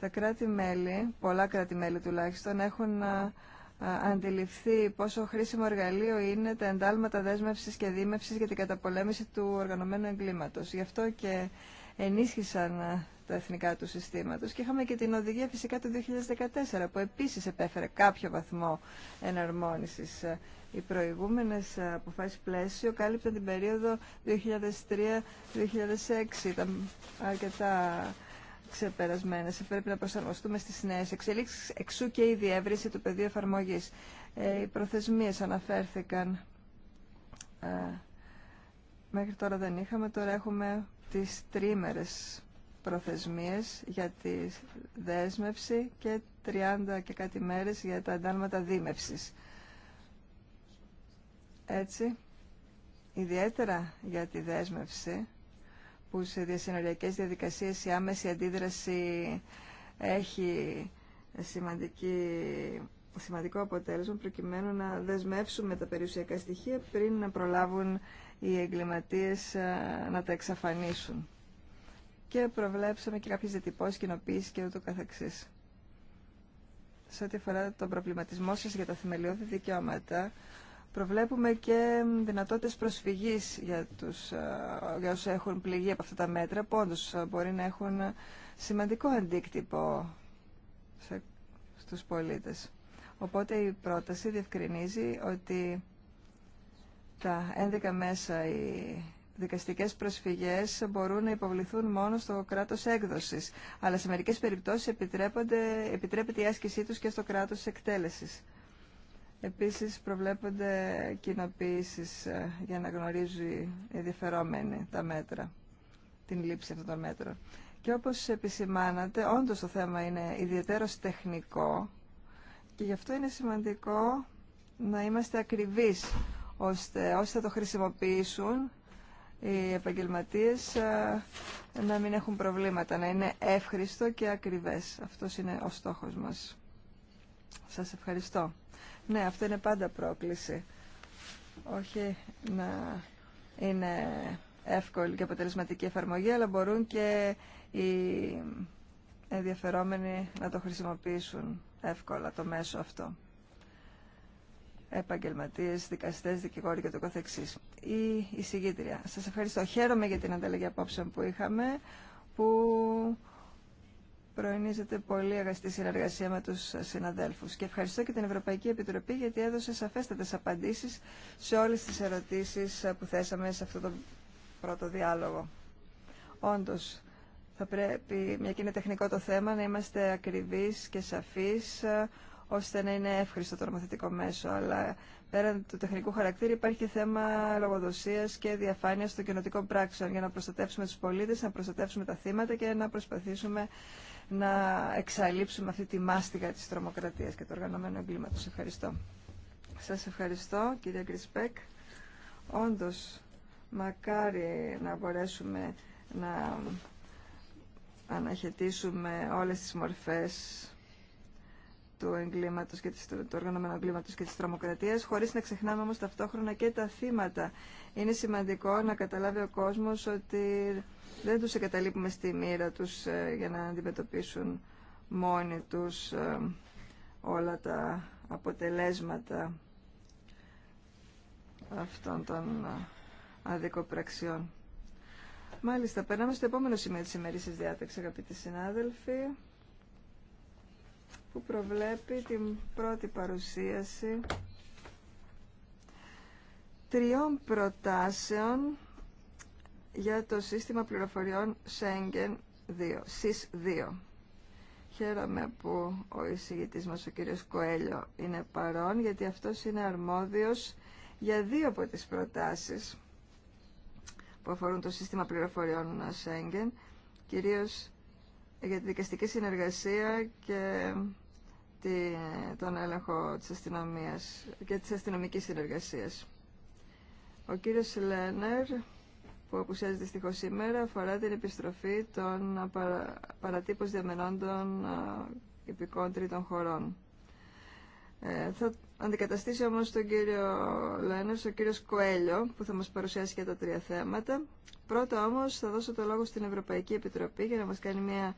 Τα κράτη-μέλη, πολλά κράτη-μέλη τουλάχιστον, έχουν ε, ε, αντιληφθεί πόσο χρήσιμο εργαλείο είναι τα εντάλματα δέσμευσης και δίμευσης για την καταπολέμηση του οργανωμένου εγκλήματος. Γι' αυτό και ενίσχυσαν ε, τα εθνικά του συστήματος και είχαμε και την οδηγία φυσικά του 2014 που επίσης επέφερε κάποιο βαθμό εναρμόνισης. Οι προηγούμενες αποφάσεις πλαίσιο κάλυπταν την περίοδο 2003-2006. Ήταν αρκετά ξεπερασμένε. Πρέπει να προσαρμοστούμε στι νέε εξελίξει. Εξού και η διεύρυνση του πεδίου εφαρμογή. Ε, οι προθεσμίε αναφέρθηκαν. Ε, μέχρι τώρα δεν είχαμε. Τώρα έχουμε τι τρίμερε προθεσμίε για τη δέσμευση και 30 και κάτι μέρε για τα εντάλματα δίμευση. Έτσι, ιδιαίτερα για τη δέσμευση, που σε διασυνοριακές διαδικασίες η άμεση αντίδραση έχει σημαντική, σημαντικό αποτέλεσμα προκειμένου να δεσμεύσουμε τα περιουσιακά στοιχεία πριν να προλάβουν οι εγκληματίες ε, να τα εξαφανίσουν. Και προβλέψαμε και κάποιες διατυπώσεις, κοινοποίησης και ούτω καθεξής. Σε ό,τι αφορά τον προβληματισμό σας για τα θεμελιώδη δικαιώματα, προβλέπουμε και δυνατότητες προσφυγής για, τους, ε, όσους έχουν πληγεί από αυτά τα μέτρα, που όντως ε, μπορεί να έχουν σημαντικό αντίκτυπο στου στους πολίτες. Οπότε η πρόταση διευκρινίζει ότι τα 11 μέσα οι δικαστικές προσφυγές μπορούν να υποβληθούν μόνο στο κράτος έκδοσης, αλλά σε μερικές περιπτώσεις επιτρέπεται η άσκησή τους και στο κράτος εκτέλεσης. Επίσης προβλέπονται κοινοποιήσεις ε, για να γνωρίζει ενδιαφερόμενοι τα μέτρα, την λήψη αυτών των μέτρων. Και όπως επισημάνατε, όντως το θέμα είναι ιδιαίτερο τεχνικό και γι' αυτό είναι σημαντικό να είμαστε ακριβείς, ώστε όσοι θα το χρησιμοποιήσουν οι επαγγελματίες ε, να μην έχουν προβλήματα, να είναι εύχριστο και ακριβές. Αυτός είναι ο στόχος μας. Σας ευχαριστώ. Ναι, αυτό είναι πάντα πρόκληση. Όχι να είναι εύκολη και αποτελεσματική εφαρμογή, αλλά μπορούν και οι ενδιαφερόμενοι να το χρησιμοποιήσουν εύκολα το μέσο αυτό. Επαγγελματίες, δικαστές, δικηγόροι και το καθεξής. Η εισηγήτρια. Σας ευχαριστώ. Χαίρομαι για την ανταλλαγή απόψεων που είχαμε, που Προενίζεται πολύ αγαστή συνεργασία με τους συναδέλφους και ευχαριστώ και την Ευρωπαϊκή Επιτροπή γιατί έδωσε σαφέστατες απαντήσεις σε όλες τις ερωτήσεις που θέσαμε σε αυτό το πρώτο διάλογο. Όντως, θα πρέπει, μια και είναι τεχνικό το θέμα, να είμαστε ακριβείς και σαφείς ώστε να είναι εύχριστο το νομοθετικό μέσο. Αλλά πέραν του τεχνικού χαρακτήρα υπάρχει και θέμα λογοδοσία και διαφάνεια των κοινοτικών πράξεων για να προστατεύσουμε του πολίτε, να προστατεύσουμε τα θύματα και να προσπαθήσουμε να εξαλείψουμε αυτή τη μάστιγα της τρομοκρατίας και του οργανωμένου εγκλήματος. Ευχαριστώ. Σας ευχαριστώ κυρία Γκρισπέκ. Όντως, μακάρι να μπορέσουμε να αναχαιτήσουμε όλες τις μορφές του εγκλήματος και της, του οργανωμένου εγκλήματος και της τρομοκρατίας, χωρίς να ξεχνάμε όμως ταυτόχρονα και τα θύματα. Είναι σημαντικό να καταλάβει ο κόσμος ότι δεν τους εγκαταλείπουμε στη μοίρα τους ε, για να αντιμετωπίσουν μόνοι τους ε, όλα τα αποτελέσματα αυτών των ε, αδικοπραξιών. Μάλιστα, περνάμε στο επόμενο σημείο της της διάταξης, αγαπητοί συνάδελφοι που προβλέπει την πρώτη παρουσίαση τριών προτάσεων για το σύστημα πληροφοριών Schengen 2, SIS 2. Χαίρομαι που ο εισηγητής μας, ο κύριος Κοέλιο, είναι παρόν, γιατί αυτός είναι αρμόδιος για δύο από τις προτάσεις που αφορούν το σύστημα πληροφοριών Schengen, κυρίως για τη δικαστική συνεργασία και τον έλεγχο της αστυνομίας και της αστυνομικής συνεργασίας. Ο κύριος Λένερ, που απουσιάζει δυστυχώ σήμερα, αφορά την επιστροφή των παρα, παρατύπως των υπηκών τρίτων χωρών. Ε, θα αντικαταστήσει όμως τον κύριο Λένερ ο κύριος Κοέλιο, που θα μας παρουσιάσει και τα τρία θέματα. Πρώτα όμως θα δώσω το λόγο στην Ευρωπαϊκή Επιτροπή για να μας κάνει μια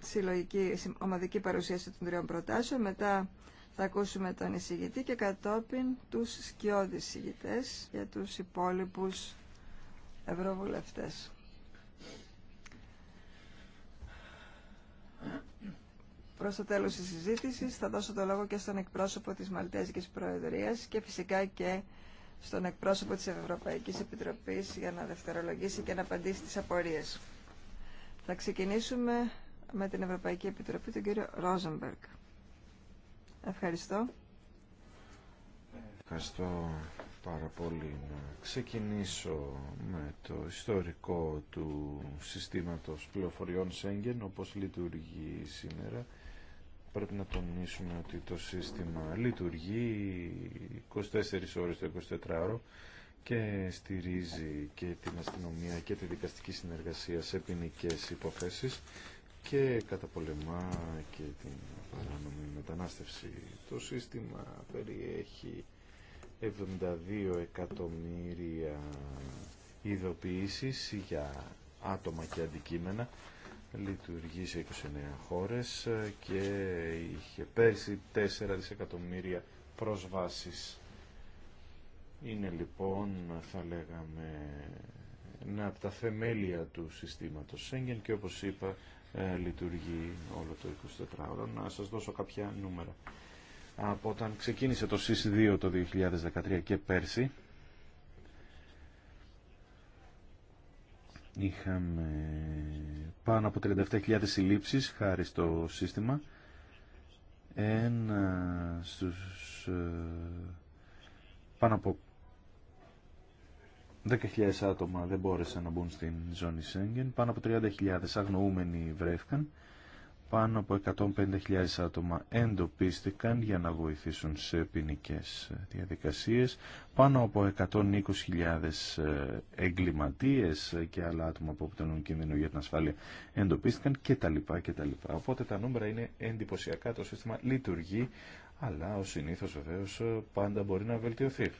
συλλογική ομαδική παρουσίαση των τριών προτάσεων. Μετά θα ακούσουμε τον εισηγητή και κατόπιν τους σκιώδεις εισηγητέ για τους υπόλοιπους ευρωβουλευτές. Προς το τέλος της συζήτησης θα δώσω το λόγο και στον εκπρόσωπο της Μαλτέζικης Προεδρίας και φυσικά και στον εκπρόσωπο της Ευρωπαϊκής Επιτροπής για να δευτερολογήσει και να απαντήσει τις απορίες. Θα ξεκινήσουμε με την Ευρωπαϊκή Επιτροπή, τον κύριο Ρόζενμπεργκ. Ευχαριστώ. Ευχαριστώ πάρα πολύ. Να ξεκινήσω με το ιστορικό του συστήματος πληροφοριών Σέγγεν, όπως λειτουργεί σήμερα. Πρέπει να τονίσουμε ότι το σύστημα λειτουργεί 24 ώρες το 24ωρο και στηρίζει και την αστυνομία και τη δικαστική συνεργασία σε ποινικέ υποθέσεις και καταπολεμά και την παράνομη μετανάστευση. Το σύστημα περιέχει 72 εκατομμύρια ειδοποιήσεις για άτομα και αντικείμενα. Λειτουργεί σε 29 χώρες και είχε πέρσι 4 δισεκατομμύρια προσβάσεις. Είναι λοιπόν, θα λέγαμε, ένα από τα θεμέλια του συστήματος Σέγγεν και όπως είπα ε, λειτουργεί όλο το 24ωρο. Να σας δώσω κάποια νούμερα. Από όταν ξεκίνησε το ΣΥΣ2 το 2013 και πέρσι, είχαμε πάνω από 37.000 συλλήψεις χάρη στο σύστημα. Ένα στους ε, πάνω από 10.000 άτομα δεν μπόρεσαν να μπουν στην ζώνη Σέγγεν, πάνω από 30.000 αγνοούμενοι βρέθηκαν, πάνω από 150.000 άτομα εντοπίστηκαν για να βοηθήσουν σε ποινικέ διαδικασίες, πάνω από 120.000 ε, εγκληματίες και άλλα άτομα που αποτελούν κίνδυνο για την ασφάλεια εντοπίστηκαν κτλ. Οπότε τα νούμερα είναι εντυπωσιακά, το σύστημα λειτουργεί, αλλά ο συνήθως βεβαίως πάντα μπορεί να βελτιωθεί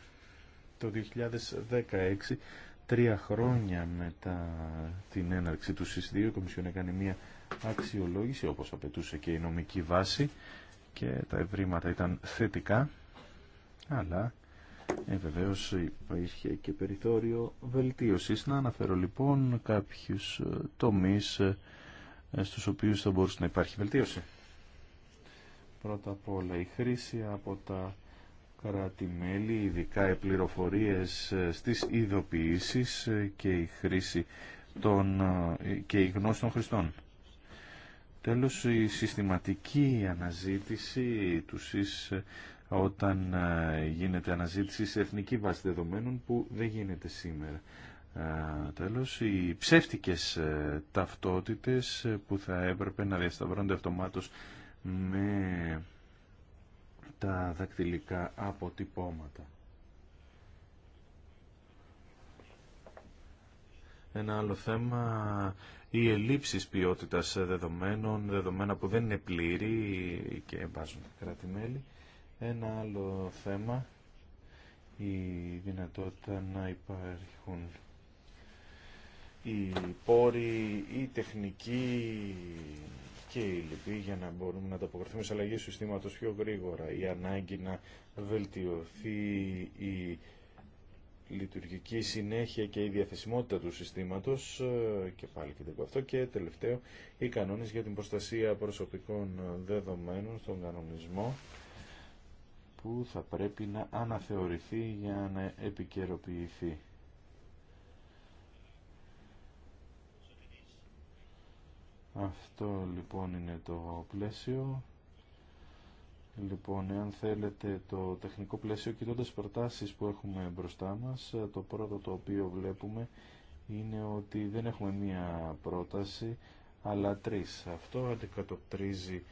το 2016, τρία χρόνια μετά την έναρξη του ΣΥΣ2, η Κομισιόν έκανε μια αξιολόγηση, όπως απαιτούσε και η νομική βάση, και τα ευρήματα ήταν θετικά, αλλά ε, Βεβαίω υπήρχε και περιθώριο βελτίωσης. Να αναφέρω λοιπόν κάποιους ε, τομείς ε, στους οποίους θα μπορούσε να υπάρχει βελτίωση. Πρώτα απ' όλα η χρήση από τα κράτη-μέλη, ειδικά οι πληροφορίες ε, στις ειδοποιήσεις ε, και η χρήση των, ε, και η γνώση των χρηστών. Τέλος, η συστηματική αναζήτηση του ΣΥΣ όταν γίνεται αναζήτηση σε εθνική βάση δεδομένων που δεν γίνεται σήμερα. Τέλος, οι ψεύτικες ταυτότητες που θα έπρεπε να διασταυρώνται αυτομάτως με τα δακτυλικά αποτυπώματα. Ένα άλλο θέμα, οι ελλείψεις ποιότητας δεδομένων, δεδομένα που δεν είναι πλήρη και βάζουν Ένα άλλο θέμα, η δυνατότητα να υπάρχουν οι πόροι, η τεχνική και η λυπη για να μπορούμε να ανταποκριθούμε σε αλλαγή του συστήματος πιο γρήγορα. Η ανάγκη να βελτιωθεί η λειτουργική συνέχεια και η διαθεσιμότητα του συστήματος ε, και πάλι και αυτό και τελευταίο οι κανόνες για την προστασία προσωπικών δεδομένων στον κανονισμό που θα πρέπει να αναθεωρηθεί για να επικαιροποιηθεί. Αυτό λοιπόν είναι το πλαίσιο. Λοιπόν, εάν θέλετε το τεχνικό πλαίσιο, κοιτώντα προτάσεις που έχουμε μπροστά μας, το πρώτο το οποίο βλέπουμε είναι ότι δεν έχουμε μία πρόταση, αλλά τρεις. Αυτό αντικατοπτρίζει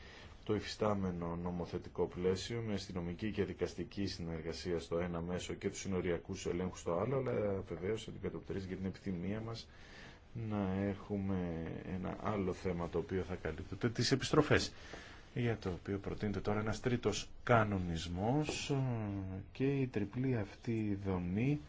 το υφιστάμενο νομοθετικό πλαίσιο με αστυνομική και δικαστική συνεργασία στο ένα μέσο και τους συνοριακούς ελέγχους στο άλλο, αλλά βεβαίως αντικατοπτρίζει και την επιθυμία μας να έχουμε ένα άλλο θέμα το οποίο θα καλύπτεται τις επιστροφές για το οποίο προτείνεται τώρα ένας τρίτος κανονισμός και η τριπλή αυτή δομή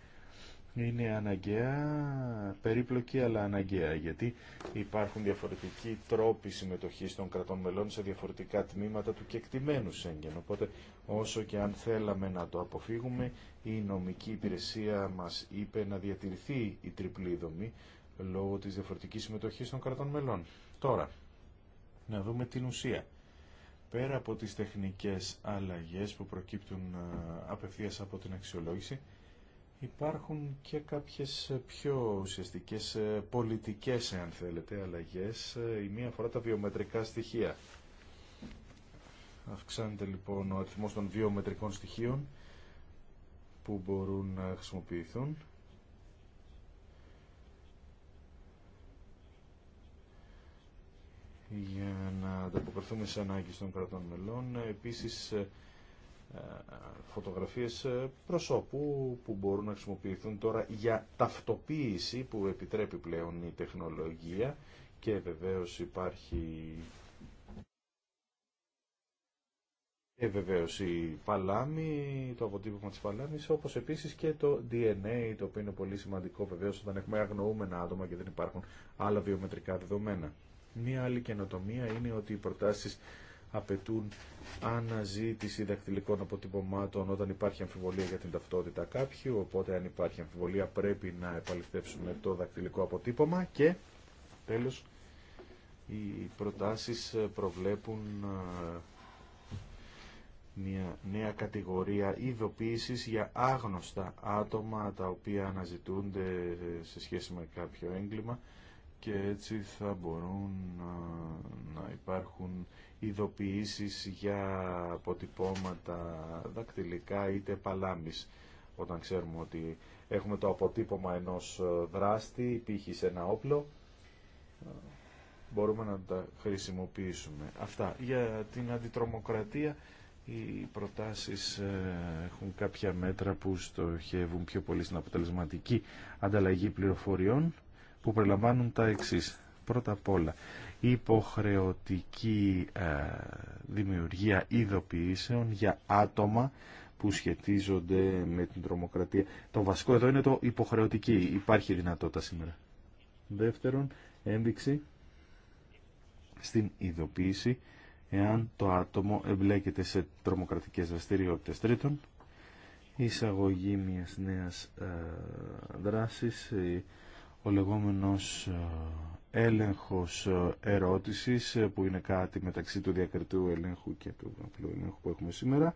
είναι αναγκαία, περίπλοκη αλλά αναγκαία, γιατί υπάρχουν διαφορετικοί τρόποι συμμετοχής των κρατών μελών σε διαφορετικά τμήματα του κεκτημένου Σέγγεν. Οπότε όσο και αν θέλαμε να το αποφύγουμε, η νομική υπηρεσία μας είπε να διατηρηθεί η τριπλή δομή, λόγω της διαφορετικής συμμετοχής των κρατών μελών. Τώρα, να δούμε την ουσία. Πέρα από τις τεχνικές αλλαγές που προκύπτουν ε, απευθείας από την αξιολόγηση, υπάρχουν και κάποιες πιο ουσιαστικές ε, πολιτικές, αν θέλετε, αλλαγές. Ε, η μία αφορά τα βιομετρικά στοιχεία. Αυξάνεται λοιπόν ο αριθμός των βιομετρικών στοιχείων που μπορούν να χρησιμοποιηθούν για να ανταποκριθούμε σε ανάγκε των κρατών μελών. Επίσης, ε, ε, φωτογραφίες ε, προσώπου που μπορούν να χρησιμοποιηθούν τώρα για ταυτοποίηση που επιτρέπει πλέον η τεχνολογία και βεβαίως υπάρχει και βεβαίως η παλάμη, το αποτύπωμα της παλάμης, όπως επίσης και το DNA, το οποίο είναι πολύ σημαντικό βεβαίως όταν έχουμε αγνοούμενα άτομα και δεν υπάρχουν άλλα βιομετρικά δεδομένα. Μία άλλη καινοτομία είναι ότι οι προτάσεις απαιτούν αναζήτηση δακτυλικών αποτυπωμάτων όταν υπάρχει αμφιβολία για την ταυτότητα κάποιου, οπότε αν υπάρχει αμφιβολία πρέπει να επαληθεύσουμε το δακτυλικό αποτύπωμα και τέλος οι προτάσεις προβλέπουν μια νέα κατηγορία ειδοποίησης για άγνωστα άτομα τα οποία αναζητούνται σε σχέση με κάποιο έγκλημα και έτσι θα μπορούν να υπάρχουν ειδοποιήσεις για αποτυπώματα δακτυλικά είτε παλάμης όταν ξέρουμε ότι έχουμε το αποτύπωμα ενός δράστη π.χ. σε ένα όπλο μπορούμε να τα χρησιμοποιήσουμε. Αυτά. Για την αντιτρομοκρατία οι προτάσεις ε, έχουν κάποια μέτρα που στοχεύουν πιο πολύ στην αποτελεσματική ανταλλαγή πληροφοριών που περιλαμβάνουν τα εξής. Πρώτα απ' όλα, υποχρεωτική ε, δημιουργία ειδοποιήσεων για άτομα που σχετίζονται με την τρομοκρατία. Το βασικό εδώ είναι το υποχρεωτική. Υπάρχει δυνατότητα σήμερα. Δεύτερον, ένδειξη στην ειδοποίηση εάν το άτομο εμπλέκεται σε τρομοκρατικές δραστηριότητες. Τρίτον, εισαγωγή μιας νέας ε, δράσης ε, ο λεγόμενος ε, έλεγχος ε, ερώτησης ε, που είναι κάτι μεταξύ του διακριτού ελέγχου και του απλού ελέγχου που έχουμε σήμερα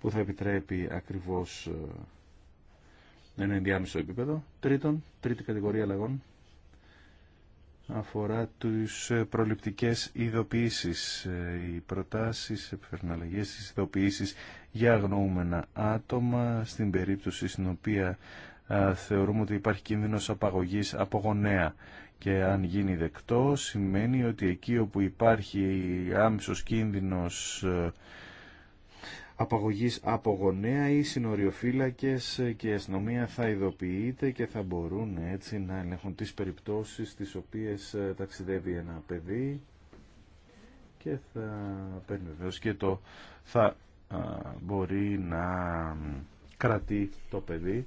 που θα επιτρέπει ακριβώς ένα ενδιάμεσο επίπεδο. Τρίτον, τρίτη κατηγορία λαγών. αφορά τους προληπτικές ειδοποιήσεις. Οι προτάσεις επιφέρουν αλλαγές ειδοποιήσεις για αγνοούμενα άτομα στην περίπτωση στην οποία θεωρούμε ότι υπάρχει κίνδυνος απαγωγής από γονέα. Και αν γίνει δεκτό σημαίνει ότι εκεί όπου υπάρχει άμεσος κίνδυνος ε, απαγωγής από γονέα ή συνοριοφύλακες και η αστυνομία θα ειδοποιείται και θα μπορούν έτσι να ελέγχουν τις περιπτώσεις τις οποίες ε, ταξιδεύει ένα παιδί και θα παίρνει και το θα μπορεί να κρατεί το παιδί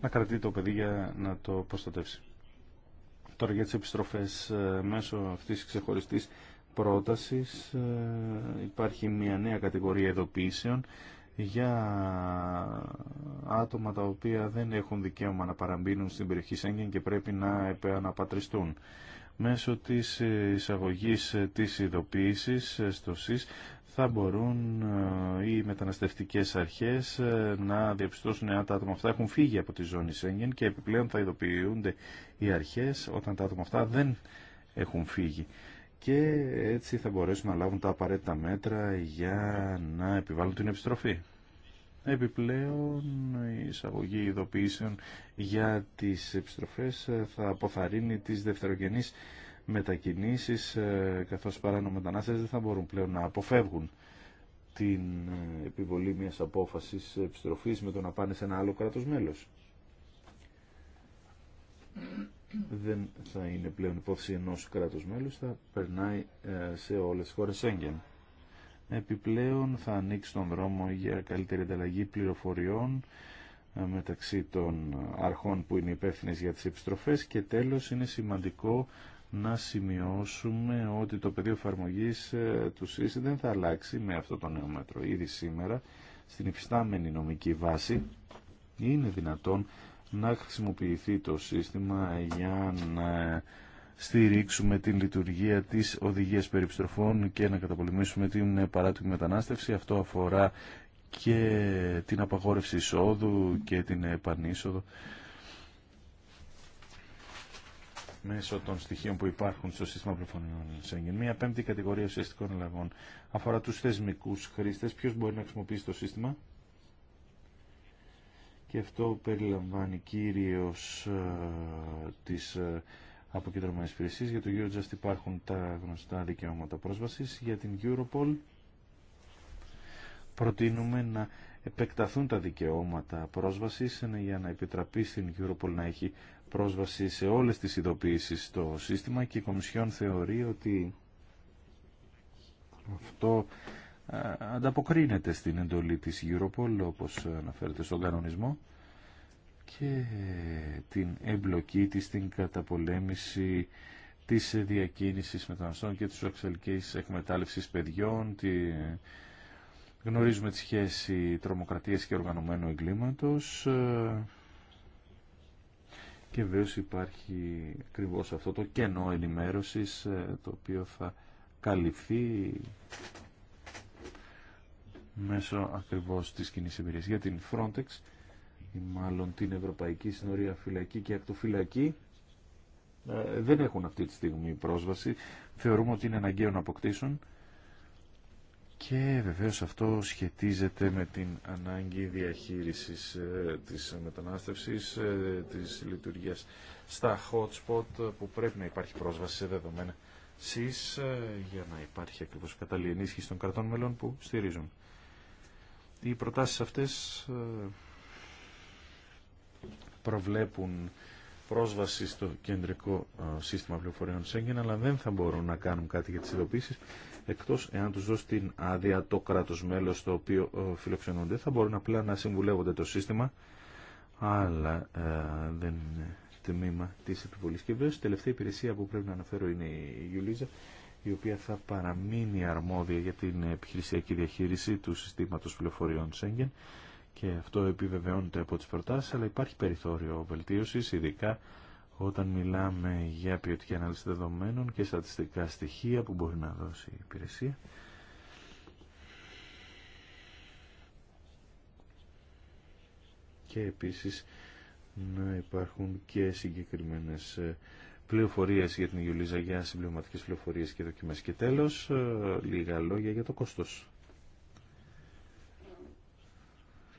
να κρατεί το παιδί για να το προστατεύσει. Τώρα για τις επιστροφές ε, μέσω αυτής της ξεχωριστής πρότασης ε, υπάρχει μια νέα κατηγορία ειδοποιήσεων για άτομα τα οποία δεν έχουν δικαίωμα να παραμπίνουν στην περιοχή Σέγγεν και πρέπει να επαναπατριστούν. Μέσω της εισαγωγής ε, της ειδοποίησης στο ΣΥΣ θα μπορούν ε, οι μεταναστευτικές αρχές ε, να διαπιστώσουν αν τα άτομα αυτά έχουν φύγει από τη ζώνη Σέγγεν και επιπλέον θα ειδοποιούνται οι αρχές όταν τα άτομα αυτά δεν έχουν φύγει. Και έτσι θα μπορέσουν να λάβουν τα απαραίτητα μέτρα για να επιβάλλουν την επιστροφή. Επιπλέον, η εισαγωγή ειδοποιήσεων για τις επιστροφές ε, θα αποθαρρύνει τις δευτερογενείς μετακινήσεις ε, καθώς παράνομοι μετανάστες δεν θα μπορούν πλέον να αποφεύγουν την ε, επιβολή μιας απόφασης επιστροφής με το να πάνε σε ένα άλλο κράτος μέλος. Δεν θα είναι πλέον υπόθεση ενός κράτος μέλους, θα περνάει ε, σε όλες τις χώρες έγκαιν. Επιπλέον θα ανοίξει τον δρόμο για καλύτερη ανταλλαγή πληροφοριών μεταξύ των αρχών που είναι υπεύθυνε για τις επιστροφές και τέλος είναι σημαντικό να σημειώσουμε ότι το πεδίο εφαρμογή ε, του ΣΥΣ δεν θα αλλάξει με αυτό το νέο μέτρο. Ήδη σήμερα, στην υφιστάμενη νομική βάση, είναι δυνατόν να χρησιμοποιηθεί το σύστημα για να ε, στηρίξουμε την λειτουργία της οδηγίας περιπιστροφών και να καταπολεμήσουμε την παράτυπη μετανάστευση. Αυτό αφορά και την απαγόρευση εισόδου και την επανείσοδο μέσω των στοιχείων που υπάρχουν στο σύστημα πληροφοριών Σέγγεν. Μία πέμπτη κατηγορία ουσιαστικών αλλαγών αφορά τους θεσμικούς χρήστες, ποιος μπορεί να χρησιμοποιήσει το σύστημα. Και αυτό περιλαμβάνει κύριος ε, τις ε, αποκεντρωμένες υπηρεσίες. Για το Eurojust υπάρχουν τα γνωστά δικαιώματα πρόσβασης. Για την Europol προτείνουμε να επεκταθούν τα δικαιώματα πρόσβασης ε, για να επιτραπεί στην Europol να έχει πρόσβαση σε όλες τις ειδοποιήσεις στο σύστημα και η Κομισιόν θεωρεί ότι αυτό ανταποκρίνεται στην εντολή της Europol όπως αναφέρεται στον κανονισμό και την εμπλοκή της στην καταπολέμηση της διακίνησης μεταναστών και της οξελικής εκμετάλλευσης παιδιών. Τη... Γνωρίζουμε τη σχέση τρομοκρατίας και οργανωμένου εγκλήματος και βέβαια υπάρχει ακριβώ αυτό το κενό ενημέρωση, ε, το οποίο θα καλυφθεί μέσω ακριβώς της κοινή εμπειρία για την Frontex ή μάλλον την Ευρωπαϊκή Συνορία Φυλακή και Ακτοφυλακή ε, δεν έχουν αυτή τη στιγμή πρόσβαση. Θεωρούμε ότι είναι αναγκαίο να αποκτήσουν και βεβαίως αυτό σχετίζεται με την ανάγκη διαχείρισης ε, της μετανάστευσης, ε, της λειτουργίας στα hot spot ε, που πρέπει να υπάρχει πρόσβαση σε δεδομένα ΣΥΣ για να υπάρχει ακριβώς κατάλληλη ενίσχυση των κρατών μελών που στηρίζουν. Οι προτάσεις αυτές προβλέπουν πρόσβαση στο κεντρικό σύστημα πληροφοριών Σέγγεν, αλλά δεν θα μπορούν να κάνουν κάτι για τις ειδοποίησεις εκτός εάν τους δώσει την άδεια το κράτος μέλος το οποίο ε, φιλοξενούνται. Θα μπορούν απλά να συμβουλεύονται το σύστημα, αλλά ε, δεν είναι τμήμα της επιβολής. Και βέβαια, η τελευταία υπηρεσία που πρέπει να αναφέρω είναι η Γιουλίζα, η οποία θα παραμείνει αρμόδια για την επιχειρησιακή διαχείριση του συστήματος πληροφοριών Σέγγεν και αυτό επιβεβαιώνεται από τις προτάσεις, αλλά υπάρχει περιθώριο βελτίωσης, ειδικά όταν μιλάμε για ποιοτική ανάλυση δεδομένων και στατιστικά στοιχεία που μπορεί να δώσει η υπηρεσία. Και επίσης να υπάρχουν και συγκεκριμένες ε, πληροφορίες για την Ιουλίζα για συμπληρωματικές πληροφορίες και δοκιμές. Και τέλος, ε, λίγα λόγια για το κόστος.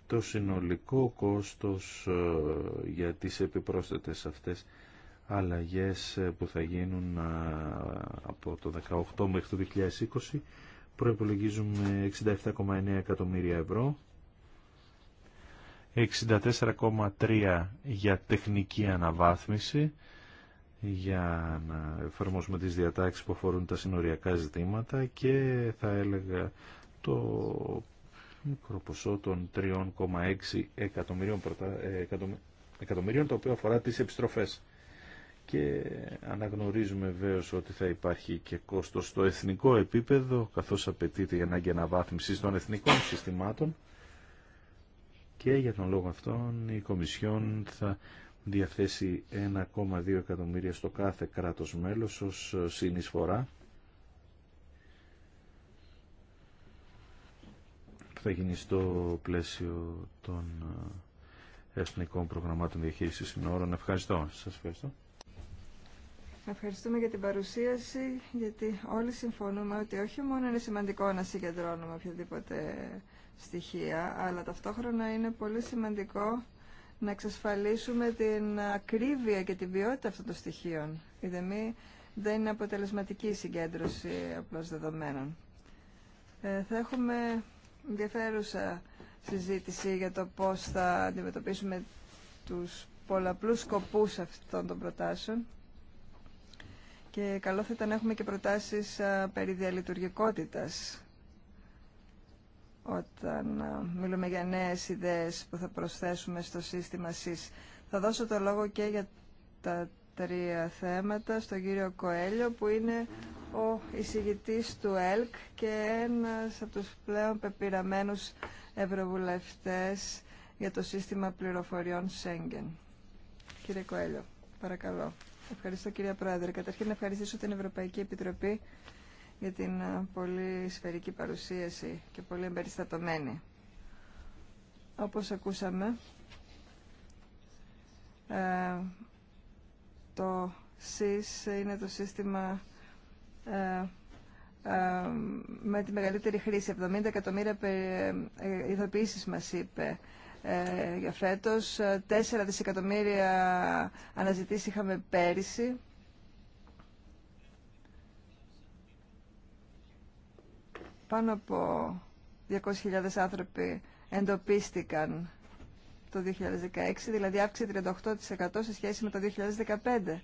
Το συνολικό κόστος ε, για τις επιπρόσθετες αυτές αλλαγές ε, που θα γίνουν ε, από το 18 μέχρι το 2020 προϋπολογίζουμε 67,9 εκατομμύρια ευρώ 64,3 για τεχνική αναβάθμιση για να εφαρμόσουμε τις διατάξεις που αφορούν τα συνοριακά ζητήματα και θα έλεγα το μικρό ποσό των 3,6 εκατομμυρίων, ε, εκατομμυρίων το οποίο αφορά τις επιστροφές και αναγνωρίζουμε βέβαιω ότι θα υπάρχει και κόστος στο εθνικό επίπεδο καθώς απαιτείται η ανάγκη αναβάθμισης των εθνικών συστημάτων και για τον λόγο αυτόν η Κομισιόν θα διαθέσει 1,2 εκατομμύρια στο κάθε κράτος μέλος ως συνεισφορά που θα γίνει στο πλαίσιο των εθνικών προγραμμάτων διαχείρισης συνόρων. Ευχαριστώ. Σας ευχαριστώ. Ευχαριστούμε για την παρουσίαση, γιατί όλοι συμφωνούμε ότι όχι μόνο είναι σημαντικό να συγκεντρώνουμε οποιαδήποτε στοιχεία, αλλά ταυτόχρονα είναι πολύ σημαντικό να εξασφαλίσουμε την ακρίβεια και την ποιότητα αυτών των στοιχείων. Η δεν είναι αποτελεσματική συγκέντρωση απλώς δεδομένων. Ε, θα έχουμε ενδιαφέρουσα συζήτηση για το πώς θα αντιμετωπίσουμε τους πολλαπλούς σκοπούς αυτών των προτάσεων και καλό θα ήταν να έχουμε και προτάσεις περί διαλειτουργικότητας όταν μιλούμε για νέες ιδέες που θα προσθέσουμε στο σύστημα ΣΥΣ. Θα δώσω το λόγο και για τα τρία θέματα στον κύριο Κοέλιο που είναι ο εισηγητής του ΕΛΚ και ένας από τους πλέον πεπειραμένους ευρωβουλευτές για το σύστημα πληροφοριών Σέγγεν. Κύριε Κοέλιο, παρακαλώ. Ευχαριστώ κυρία Πρόεδρε. Καταρχήν να ευχαριστήσω την Ευρωπαϊκή Επιτροπή για την πολύ σφαιρική παρουσίαση και πολύ εμπεριστατωμένη. Όπως ακούσαμε, ε, το ΣΥΣ είναι το σύστημα ε, ε, με τη μεγαλύτερη χρήση. 70 εκατομμύρια ειδοποιήσεις μας είπε ε, για φέτος. 4 ε, δισεκατομμύρια αναζητήσεις είχαμε πέρυσι. Πάνω από 200.000 άνθρωποι εντοπίστηκαν το 2016, δηλαδή αύξηση 38% σε σχέση με το 2015.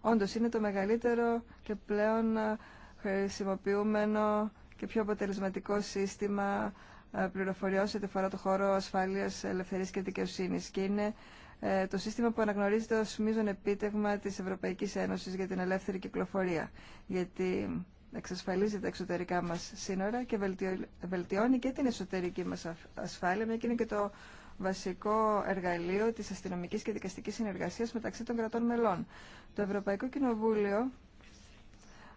Όντως είναι το μεγαλύτερο και πλέον ε, χρησιμοποιούμενο και πιο αποτελεσματικό σύστημα ε, πληροφοριών σε αφορά το χώρο ασφάλεια ελευθερία και δικαιοσύνη και είναι ε, το σύστημα που αναγνωρίζεται ω μείζον επίτευγμα τη Ευρωπαϊκή Ένωση για την ελεύθερη κυκλοφορία, γιατί εξασφαλίζει τα εξωτερικά μα σύνορα και βελτιώνει και την εσωτερική μα ασφάλεια, με και και το βασικό εργαλείο τη αστυνομική και δικαστική συνεργασία μεταξύ των κρατών μελών. Το Ευρωπαϊκό Κοινοβούλιο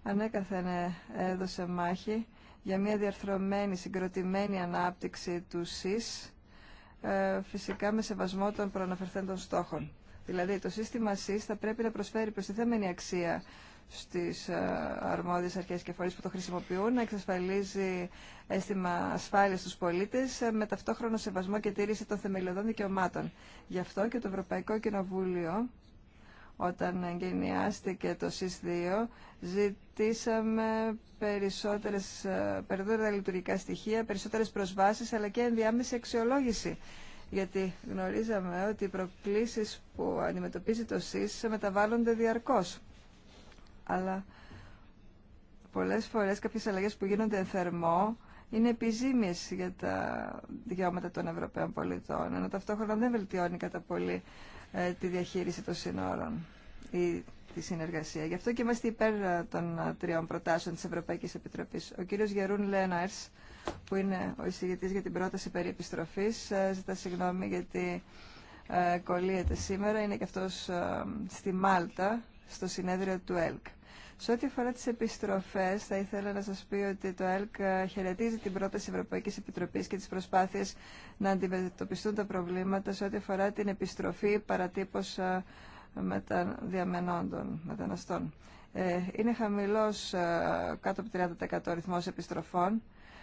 ανέκαθεν ε, έδωσε μάχη για μια διαρθρωμένη, συγκροτημένη ανάπτυξη του ΣΥΣ, ε, φυσικά με σεβασμό των προαναφερθέντων στόχων. Δηλαδή, το σύστημα ΣΥΣ θα πρέπει να προσφέρει προστιθέμενη αξία στις ε, αρμόδιες αρχές και φορείς που το χρησιμοποιούν, να εξασφαλίζει αίσθημα ασφάλειας στους πολίτες ε, με ταυτόχρονο σεβασμό και τήρηση των θεμελιωδών δικαιωμάτων. Γι' αυτό και το Ευρωπαϊκό Κοινοβούλιο όταν εγκαινιάστηκε το ΣΥΣ2 ζητήσαμε περισσότερες, ε, περισσότερα λειτουργικά στοιχεία, περισσότερες προσβάσεις αλλά και ενδιάμεση αξιολόγηση. Γιατί γνωρίζαμε ότι οι προκλήσεις που αντιμετωπίζει το ΣΥΣ μεταβάλλονται διαρκώς. Αλλά πολλές φορές κάποιες αλλαγές που γίνονται εν θερμό είναι επιζήμιες για τα δικαιώματα των Ευρωπαίων πολιτών, ενώ ταυτόχρονα δεν βελτιώνει κατά πολύ ε, τη διαχείριση των συνόρων ή τη συνεργασία. Γι' αυτό και είμαστε υπέρ ε, των ε, τριών προτάσεων της Ευρωπαϊκής Επιτροπής. Ο κύριος Γερούν Λέναρς, που είναι ο εισηγητής για την πρόταση περί επιστροφής, ζητά συγγνώμη γιατί κολλείεται σήμερα. Είναι και αυτός στη Μάλτα, στο συνέδριο του ΕΛΚ. Σε ό,τι αφορά τι επιστροφέ, θα ήθελα να σα πει ότι το ΕΛΚ χαιρετίζει την πρόταση Ευρωπαϊκή Επιτροπή και τι προσπάθειε να αντιμετωπιστούν τα προβλήματα σε ό,τι αφορά την επιστροφή παρατύπω ε, μεταδιαμενόντων, μεταναστών. Ε, είναι χαμηλό ε, κάτω από 30% ρυθμός επιστροφών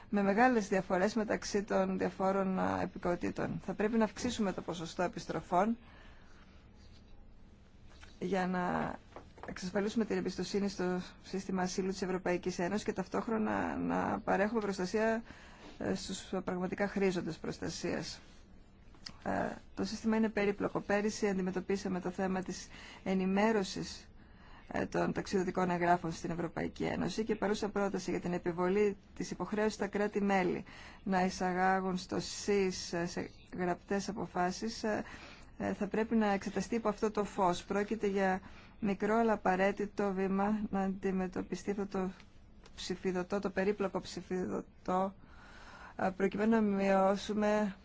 με μεγάλες διαφορές μεταξύ των διαφόρων επικοτήτων. Θα πρέπει να αυξήσουμε το ποσοστό επιστροφών για να εξασφαλίσουμε την εμπιστοσύνη στο σύστημα ασύλου της Ευρωπαϊκής Ένωσης και ταυτόχρονα να παρέχουμε προστασία ε, στους πραγματικά χρήζοντες προστασίας. Ε, το σύστημα είναι περίπλοκο. Πέρυσι αντιμετωπίσαμε το θέμα της ενημέρωσης ε, των ταξιδιωτικών εγγράφων στην Ευρωπαϊκή Ένωση και παρούσα πρόταση για την επιβολή της υποχρέωσης στα κράτη-μέλη να εισαγάγουν στο ΣΥΣ σε γραπτές αποφάσεις θα πρέπει να εξεταστεί από αυτό το φως. Πρόκειται για μικρό αλλά απαραίτητο βήμα να αντιμετωπιστεί αυτό το ψηφιδωτό, το περίπλοκο ψηφιδωτό, ε, προκειμένου να μειώσουμε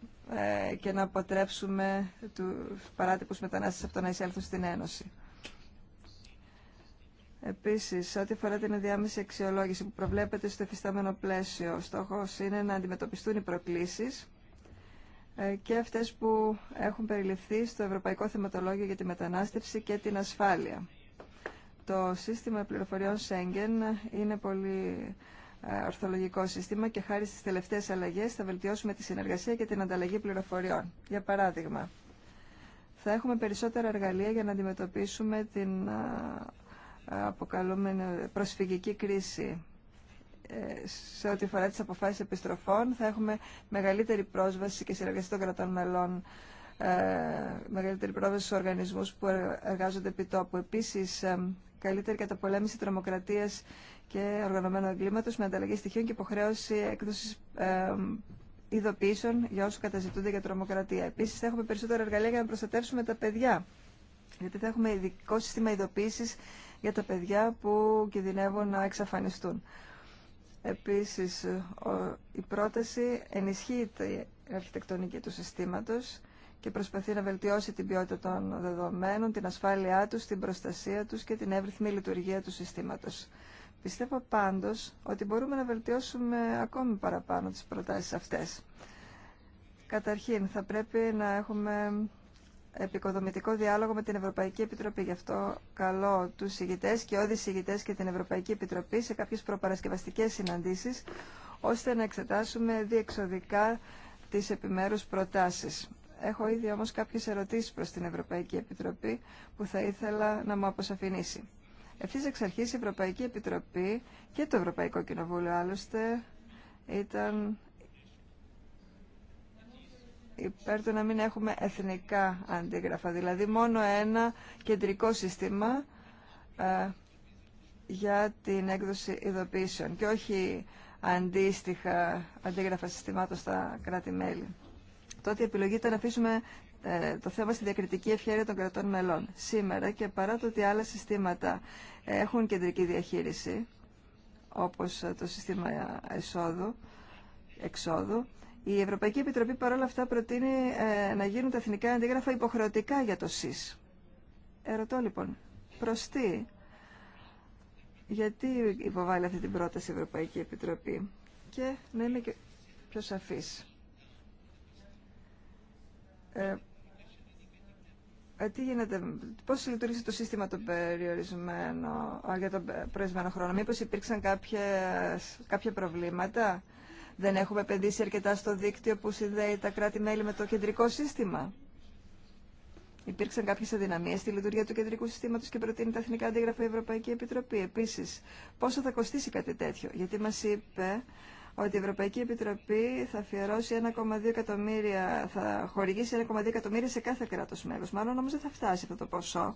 ε, και να αποτρέψουμε τους παράτυπους μετανάστες από το να εισέλθουν στην Ένωση. Επίση, ό,τι αφορά την ενδιάμεση αξιολόγηση που προβλέπεται στο εφιστάμενο πλαίσιο, ο στόχο είναι να αντιμετωπιστούν οι προκλήσει ε, και αυτές που έχουν περιληφθεί στο Ευρωπαϊκό Θεματολόγιο για τη Μετανάστευση και την Ασφάλεια. Το σύστημα πληροφοριών Σέγγεν είναι πολύ ε, ορθολογικό σύστημα και χάρη στις τελευταίες αλλαγές θα βελτιώσουμε τη συνεργασία και την ανταλλαγή πληροφοριών. Για παράδειγμα, θα έχουμε περισσότερα εργαλεία για να αντιμετωπίσουμε την ε, αποκαλούμενη προσφυγική κρίση ε, σε ό,τι αφορά τις αποφάσεις επιστροφών θα έχουμε μεγαλύτερη πρόσβαση και συνεργασία των κρατών μελών ε, μεγαλύτερη πρόσβαση στους οργανισμούς που εργάζονται επί τόπου. Επίσης, ε, καλύτερη καταπολέμηση τρομοκρατίας και οργανωμένου εγκλήματος με ανταλλαγή στοιχείων και υποχρέωση έκδοση ειδοποιήσεων για όσου καταζητούνται για τρομοκρατία. Επίσης, θα έχουμε περισσότερα εργαλεία για να προστατεύσουμε τα παιδιά. Γιατί θα έχουμε ειδικό σύστημα ειδοποίηση για τα παιδιά που κινδυνεύουν να εξαφανιστούν. Επίσης, η πρόταση ενισχύει την αρχιτεκτονική του συστήματος και προσπαθεί να βελτιώσει την ποιότητα των δεδομένων, την ασφάλειά τους, την προστασία τους και την εύρυθμη λειτουργία του συστήματος. Πιστεύω πάντως ότι μπορούμε να βελτιώσουμε ακόμη παραπάνω τις προτάσεις αυτές. Καταρχήν, θα πρέπει να έχουμε επικοδομητικό διάλογο με την Ευρωπαϊκή Επιτροπή. Γι' αυτό καλώ του ηγητέ και όδη ηγητέ και την Ευρωπαϊκή Επιτροπή σε κάποιε προπαρασκευαστικέ συναντήσει, ώστε να εξετάσουμε διεξοδικά τι επιμέρου προτάσει. Έχω ήδη όμω κάποιε ερωτήσει προ την Ευρωπαϊκή Επιτροπή που θα ήθελα να μου αποσαφηνήσει. Ευθύ εξ αρχή η Ευρωπαϊκή Επιτροπή και το Ευρωπαϊκό Κοινοβούλιο άλλωστε ήταν υπέρ του να μην έχουμε εθνικά αντίγραφα, δηλαδή μόνο ένα κεντρικό σύστημα ε, για την έκδοση ειδοποιήσεων και όχι αντίστοιχα αντίγραφα συστημάτων στα κράτη-μέλη. Τότε η επιλογή ήταν να αφήσουμε ε, το θέμα στη διακριτική ευχαίρεια των κρατών μελών. Σήμερα και παρά το ότι άλλα συστήματα έχουν κεντρική διαχείριση, όπως το σύστημα εισόδου, εξόδου, η Ευρωπαϊκή Επιτροπή παρόλα αυτά προτείνει ε, να γίνουν τα εθνικά αντίγραφα υποχρεωτικά για το ΣΥΣ. Ερωτώ λοιπόν, προς τι, γιατί υποβάλλει αυτή την πρόταση η Ευρωπαϊκή Επιτροπή και να είμαι και πιο σαφής. Ε, ε τι γίνεται, πώς λειτουργήσε το σύστημα το περιορισμένο, για τον ε, προορισμένο χρόνο. Μήπως υπήρξαν κάποια προβλήματα δεν έχουμε επενδύσει αρκετά στο δίκτυο που συνδέει τα κράτη-μέλη με το κεντρικό σύστημα. Υπήρξαν κάποιε αδυναμίε στη λειτουργία του κεντρικού συστήματο και προτείνει τα εθνικά αντίγραφα η Ευρωπαϊκή Επιτροπή. Επίση, πόσο θα κοστίσει κάτι τέτοιο, γιατί μα είπε ότι η Ευρωπαϊκή Επιτροπή θα αφιερώσει 1,2 εκατομμύρια, θα χορηγήσει 1,2 εκατομμύρια σε κάθε κράτο μέλο. Μάλλον όμω δεν θα φτάσει αυτό το ποσό.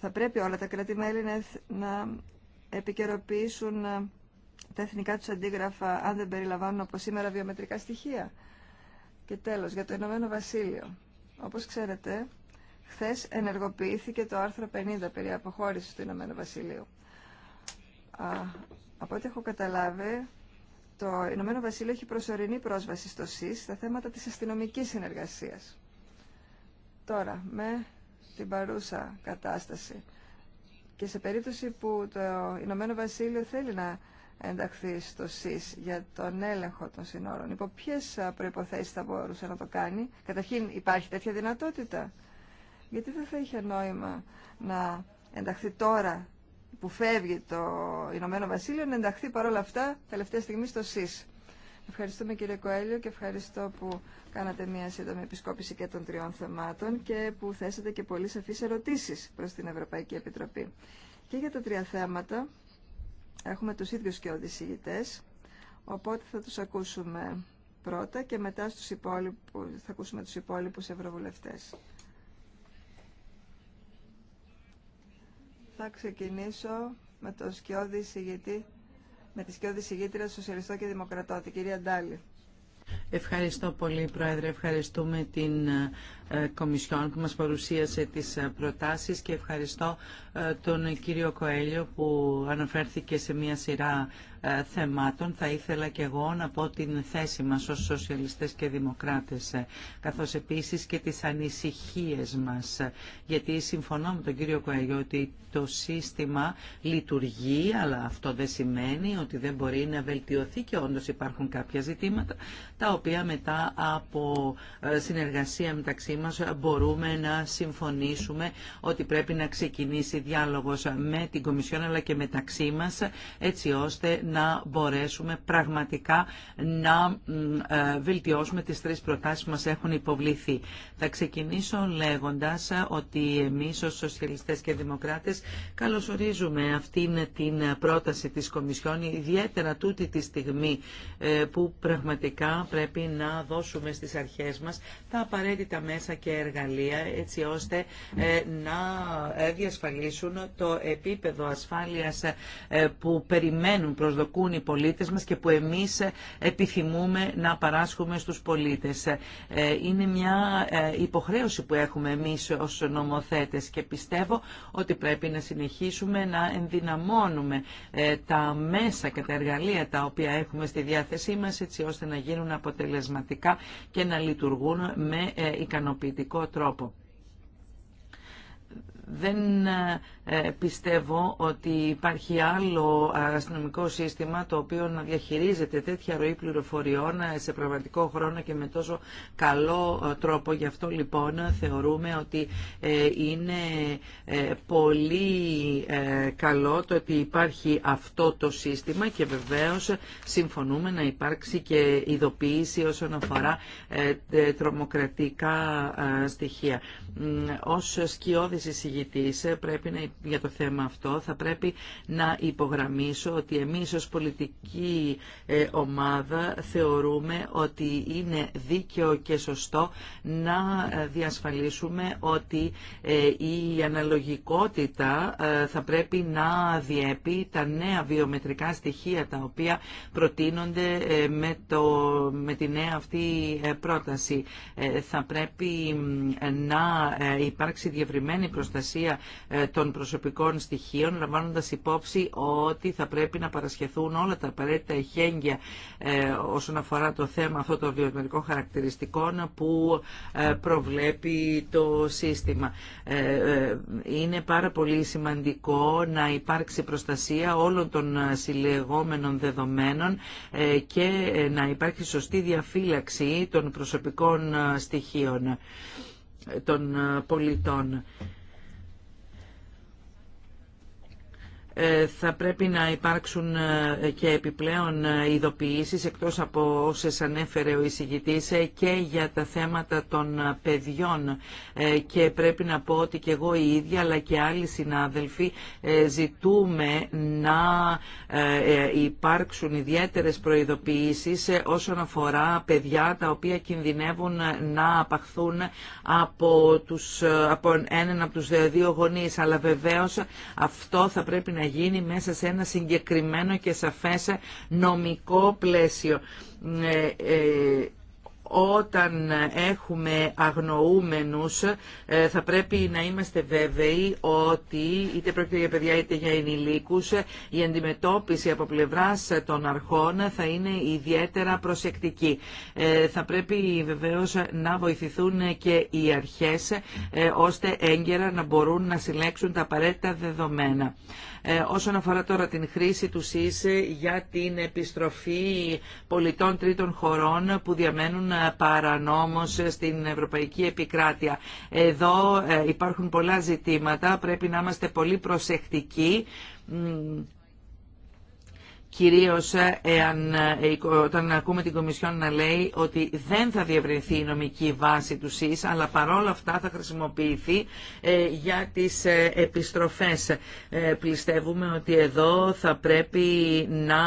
Θα πρέπει όλα τα κράτη-μέλη να επικαιροποιήσουν τα εθνικά του αντίγραφα αν δεν περιλαμβάνουν από σήμερα βιομετρικά στοιχεία. Και τέλος, για το Ηνωμένο Βασίλειο. Όπως ξέρετε, χθες ενεργοποιήθηκε το άρθρο 50 περί αποχώρησης του Ηνωμένου Βασιλείου. από ό,τι έχω καταλάβει, το Ηνωμένο Βασίλειο έχει προσωρινή πρόσβαση στο ΣΥΣ στα θέματα της αστυνομικής συνεργασίας. Τώρα, με την παρούσα κατάσταση και σε περίπτωση που το Ηνωμένο Βασίλειο θέλει να ενταχθεί στο ΣΥΣ για τον έλεγχο των συνόρων. Υπό ποιε προποθέσει θα μπορούσε να το κάνει, Καταρχήν, υπάρχει τέτοια δυνατότητα. Γιατί δεν θα είχε νόημα να ενταχθεί τώρα που φεύγει το Ηνωμένο Βασίλειο, να ενταχθεί παρόλα αυτά τελευταία στιγμή στο ΣΥΣ. Ευχαριστούμε κύριε Κοέλιο και ευχαριστώ που κάνατε μια σύντομη επισκόπηση και των τριών θεμάτων και που θέσατε και πολύ σαφείς ερωτήσεις προς την Ευρωπαϊκή Επιτροπή. Και για τα τρία θέματα Έχουμε τους ίδιους και οδησίγητες, οπότε θα τους ακούσουμε πρώτα και μετά στους υπόλοιπους, θα ακούσουμε τους υπόλοιπους ευρωβουλευτές. Θα ξεκινήσω με, το σκιώδη συγητή, με τη σκιώδη συγήτρια Σοσιαλιστό και Δημοκρατώτη, κυρία Ντάλη. Ευχαριστώ πολύ, Πρόεδρε. Ευχαριστούμε την ε, Κομισιόν που μας παρουσίασε τις ε, προτάσεις και ευχαριστώ ε, τον κύριο Κοέλιο που αναφέρθηκε σε μια σειρά ε, θεμάτων θα ήθελα και εγώ να πω την θέση μας ως σοσιαλιστές και δημοκράτες ε, καθώς επίσης και τις ανησυχίες μας γιατί συμφωνώ με τον κύριο Κοαγιώ ότι το σύστημα λειτουργεί αλλά αυτό δεν σημαίνει ότι δεν μπορεί να βελτιωθεί και όντως υπάρχουν κάποια ζητήματα τα οποία μετά από ε, συνεργασία μεταξύ μας μπορούμε να συμφωνήσουμε ότι πρέπει να ξεκινήσει διάλογος με την Κομισιόν αλλά και μεταξύ μας έτσι ώστε να μπορέσουμε πραγματικά να ε, βελτιώσουμε τις τρεις προτάσεις που μας έχουν υποβληθεί. Θα ξεκινήσω λέγοντας ότι εμείς ως σοσιαλιστές και δημοκράτες καλωσορίζουμε αυτήν την πρόταση της Κομισιόν, ιδιαίτερα τούτη τη στιγμή ε, που πραγματικά πρέπει να δώσουμε στις αρχές μας τα απαραίτητα μέσα και εργαλεία έτσι ώστε ε, να διασφαλίσουν το επίπεδο ασφάλειας που περιμένουν προς προσδοκούν οι πολίτες μας και που εμείς επιθυμούμε να παράσχουμε στους πολίτες. Ε, είναι μια ε, υποχρέωση που έχουμε εμείς ως νομοθέτες και πιστεύω ότι πρέπει να συνεχίσουμε να ενδυναμώνουμε ε, τα μέσα και τα εργαλεία τα οποία έχουμε στη διάθεσή μας έτσι ώστε να γίνουν αποτελεσματικά και να λειτουργούν με ικανοποιητικό τρόπο. Δεν ε, πιστεύω ότι υπάρχει άλλο αστυνομικό σύστημα το οποίο να διαχειρίζεται τέτοια ροή πληροφοριών ε, σε πραγματικό χρόνο και με τόσο καλό ε, τρόπο. Γι' αυτό λοιπόν θεωρούμε ότι είναι πολύ καλό το ότι υπάρχει αυτό το σύστημα και βεβαίως συμφωνούμε να υπάρξει και ειδοποίηση όσον αφορά τρομοκρατικά στοιχεία. Ως σκιώδης ε, πρέπει να, για το θέμα αυτό θα πρέπει να υπογραμμίσω ότι εμείς ως πολιτική ε, ομάδα θεωρούμε ότι είναι δίκαιο και σωστό να ε, διασφαλίσουμε ότι η αναλογικότητα θα πρέπει να διέπει τα νέα βιομετρικά στοιχεία τα οποία προτείνονται με, το, με τη νέα αυτή πρόταση. Θα πρέπει να υπάρξει διευρυμένη προστασία προστασία ε, των προσωπικών στοιχείων, λαμβάνοντας υπόψη ότι θα πρέπει να παρασχεθούν όλα τα απαραίτητα εχέγγυα ε, όσον αφορά το θέμα αυτό των βιομετρικών χαρακτηριστικών που ε, προβλέπει το σύστημα. Είναι πάρα πολύ σημαντικό να υπάρξει προστασία όλων των συλλεγόμενων δεδομένων και να υπάρχει σωστή διαφύλαξη των προσωπικών στοιχείων των πολιτών. Ε, θα πρέπει να υπάρξουν ε, και επιπλέον ε, ειδοποιήσεις εκτός από όσες ανέφερε ο εισηγητής και για τα θέματα των παιδιών και πρέπει να πω ότι και εγώ η ίδια αλλά και άλλοι συνάδελφοι ζητούμε να υπάρξουν ιδιαίτερες προειδοποιήσεις όσον αφορά παιδιά τα οποία κινδυνεύουν να απαχθούν από, τους, από έναν από τους δύο γονείς αλλά βεβαίως αυτό θα πρέπει να γίνει μέσα σε ένα συγκεκριμένο και σαφές νομικό πλαίσιο ε, ε, όταν έχουμε αγνοούμενους ε, θα πρέπει να είμαστε βέβαιοι ότι είτε πρόκειται για παιδιά είτε για ενηλίκους η αντιμετώπιση από πλευράς των αρχών θα είναι ιδιαίτερα προσεκτική. Θα πρέπει βεβαίως να βοηθηθούν και οι αρχές ώστε έγκαιρα να μπορούν να συλλέξουν τα απαραίτητα δεδομένα. Ε, όσον αφορά τώρα την χρήση του ΣΥΣΕ για την επιστροφή πολιτών τρίτων χωρών που διαμένουν ε, παρανόμως στην Ευρωπαϊκή Επικράτεια. Εδώ ε, υπάρχουν πολλά ζητήματα, πρέπει να είμαστε πολύ προσεκτικοί κυρίως ε, εάν, ε, όταν ακούμε την Κομισιόν να λέει ότι δεν θα διευρυνθεί η νομική βάση του ΣΥΣ, αλλά παρόλα αυτά θα χρησιμοποιηθεί ε, για τις επιστροφές. Πιστεύουμε ότι εδώ θα πρέπει να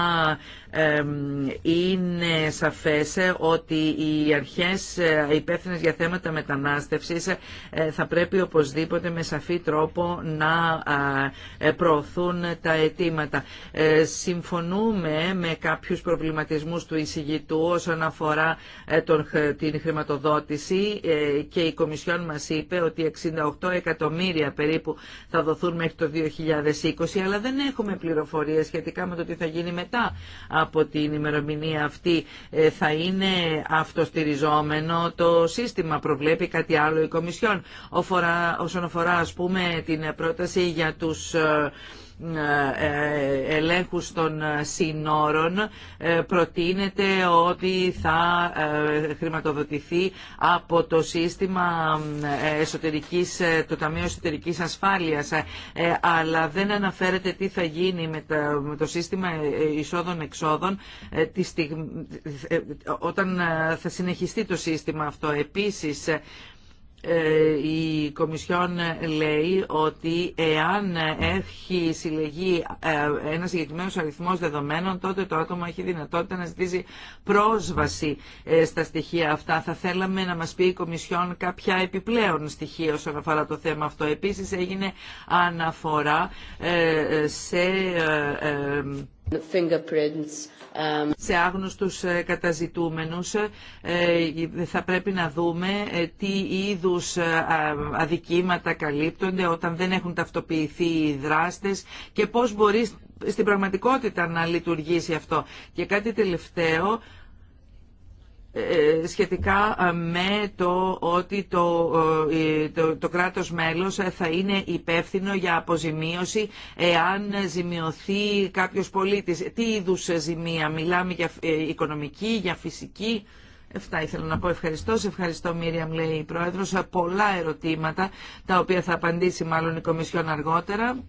είναι σαφές ότι οι αρχές ε, υπεύθυνε για θέματα μετανάστευσης ε, θα πρέπει οπωσδήποτε με σαφή τρόπο να ε, προωθούν τα αιτήματα. Συμφωνούμε με κάποιους προβληματισμούς του εισηγητού όσον αφορά τον, την χρηματοδότηση και η Κομισιόν μας είπε ότι 68 εκατομμύρια περίπου θα δοθούν μέχρι το 2020 αλλά δεν έχουμε πληροφορίες σχετικά με το τι θα γίνει μετά από την ημερομηνία αυτή ε, θα είναι αυτοστηριζόμενο. Το σύστημα προβλέπει κάτι άλλο η Κομισιόν. Όσον αφορά ας πούμε την πρόταση για τους ε, ε, ελέγχους των ε, συνόρων ε, προτείνεται ότι θα χρηματοδοτηθεί από το σύστημα εσωτερικής, το Ταμείο Εσωτερικής Ασφάλειας αλλά δεν αναφέρεται τι θα γίνει με το σύστημα εισόδων-εξόδων όταν θα συνεχιστεί το σύστημα αυτό. Επίσης ε, η Κομισιόν λέει ότι εάν έχει συλλεγεί ε, ένα συγκεκριμένο αριθμός δεδομένων, τότε το άτομο έχει δυνατότητα να ζητήσει πρόσβαση ε, στα στοιχεία αυτά. Θα θέλαμε να μας πει η Κομισιόν κάποια επιπλέον στοιχεία όσον αφορά το θέμα αυτό. Επίσης έγινε αναφορά σε... Fingerprints σε άγνωστους ε, καταζητούμενους ε, ε, θα πρέπει να δούμε τι είδους αδικήματα καλύπτονται όταν δεν έχουν ταυτοποιηθεί οι δράστες και πώς μπορεί στην πραγματικότητα να λειτουργήσει αυτό. Και κάτι τελευταίο ε, σχετικά ε, με το ότι το, ε, το, το κράτος μέλος θα είναι υπεύθυνο για αποζημίωση εάν ζημιωθεί κάποιος πολίτης. Τι είδους ζημία, μιλάμε για οικονομική, για φυσική. Αυτά ήθελα να πω. Ευχαριστώ. Σε ευχαριστώ, Μίριαμ, λέει η Πρόεδρος. Πολλά ερωτήματα, τα οποία θα απαντήσει μάλλον η Κομισιόν αργότερα.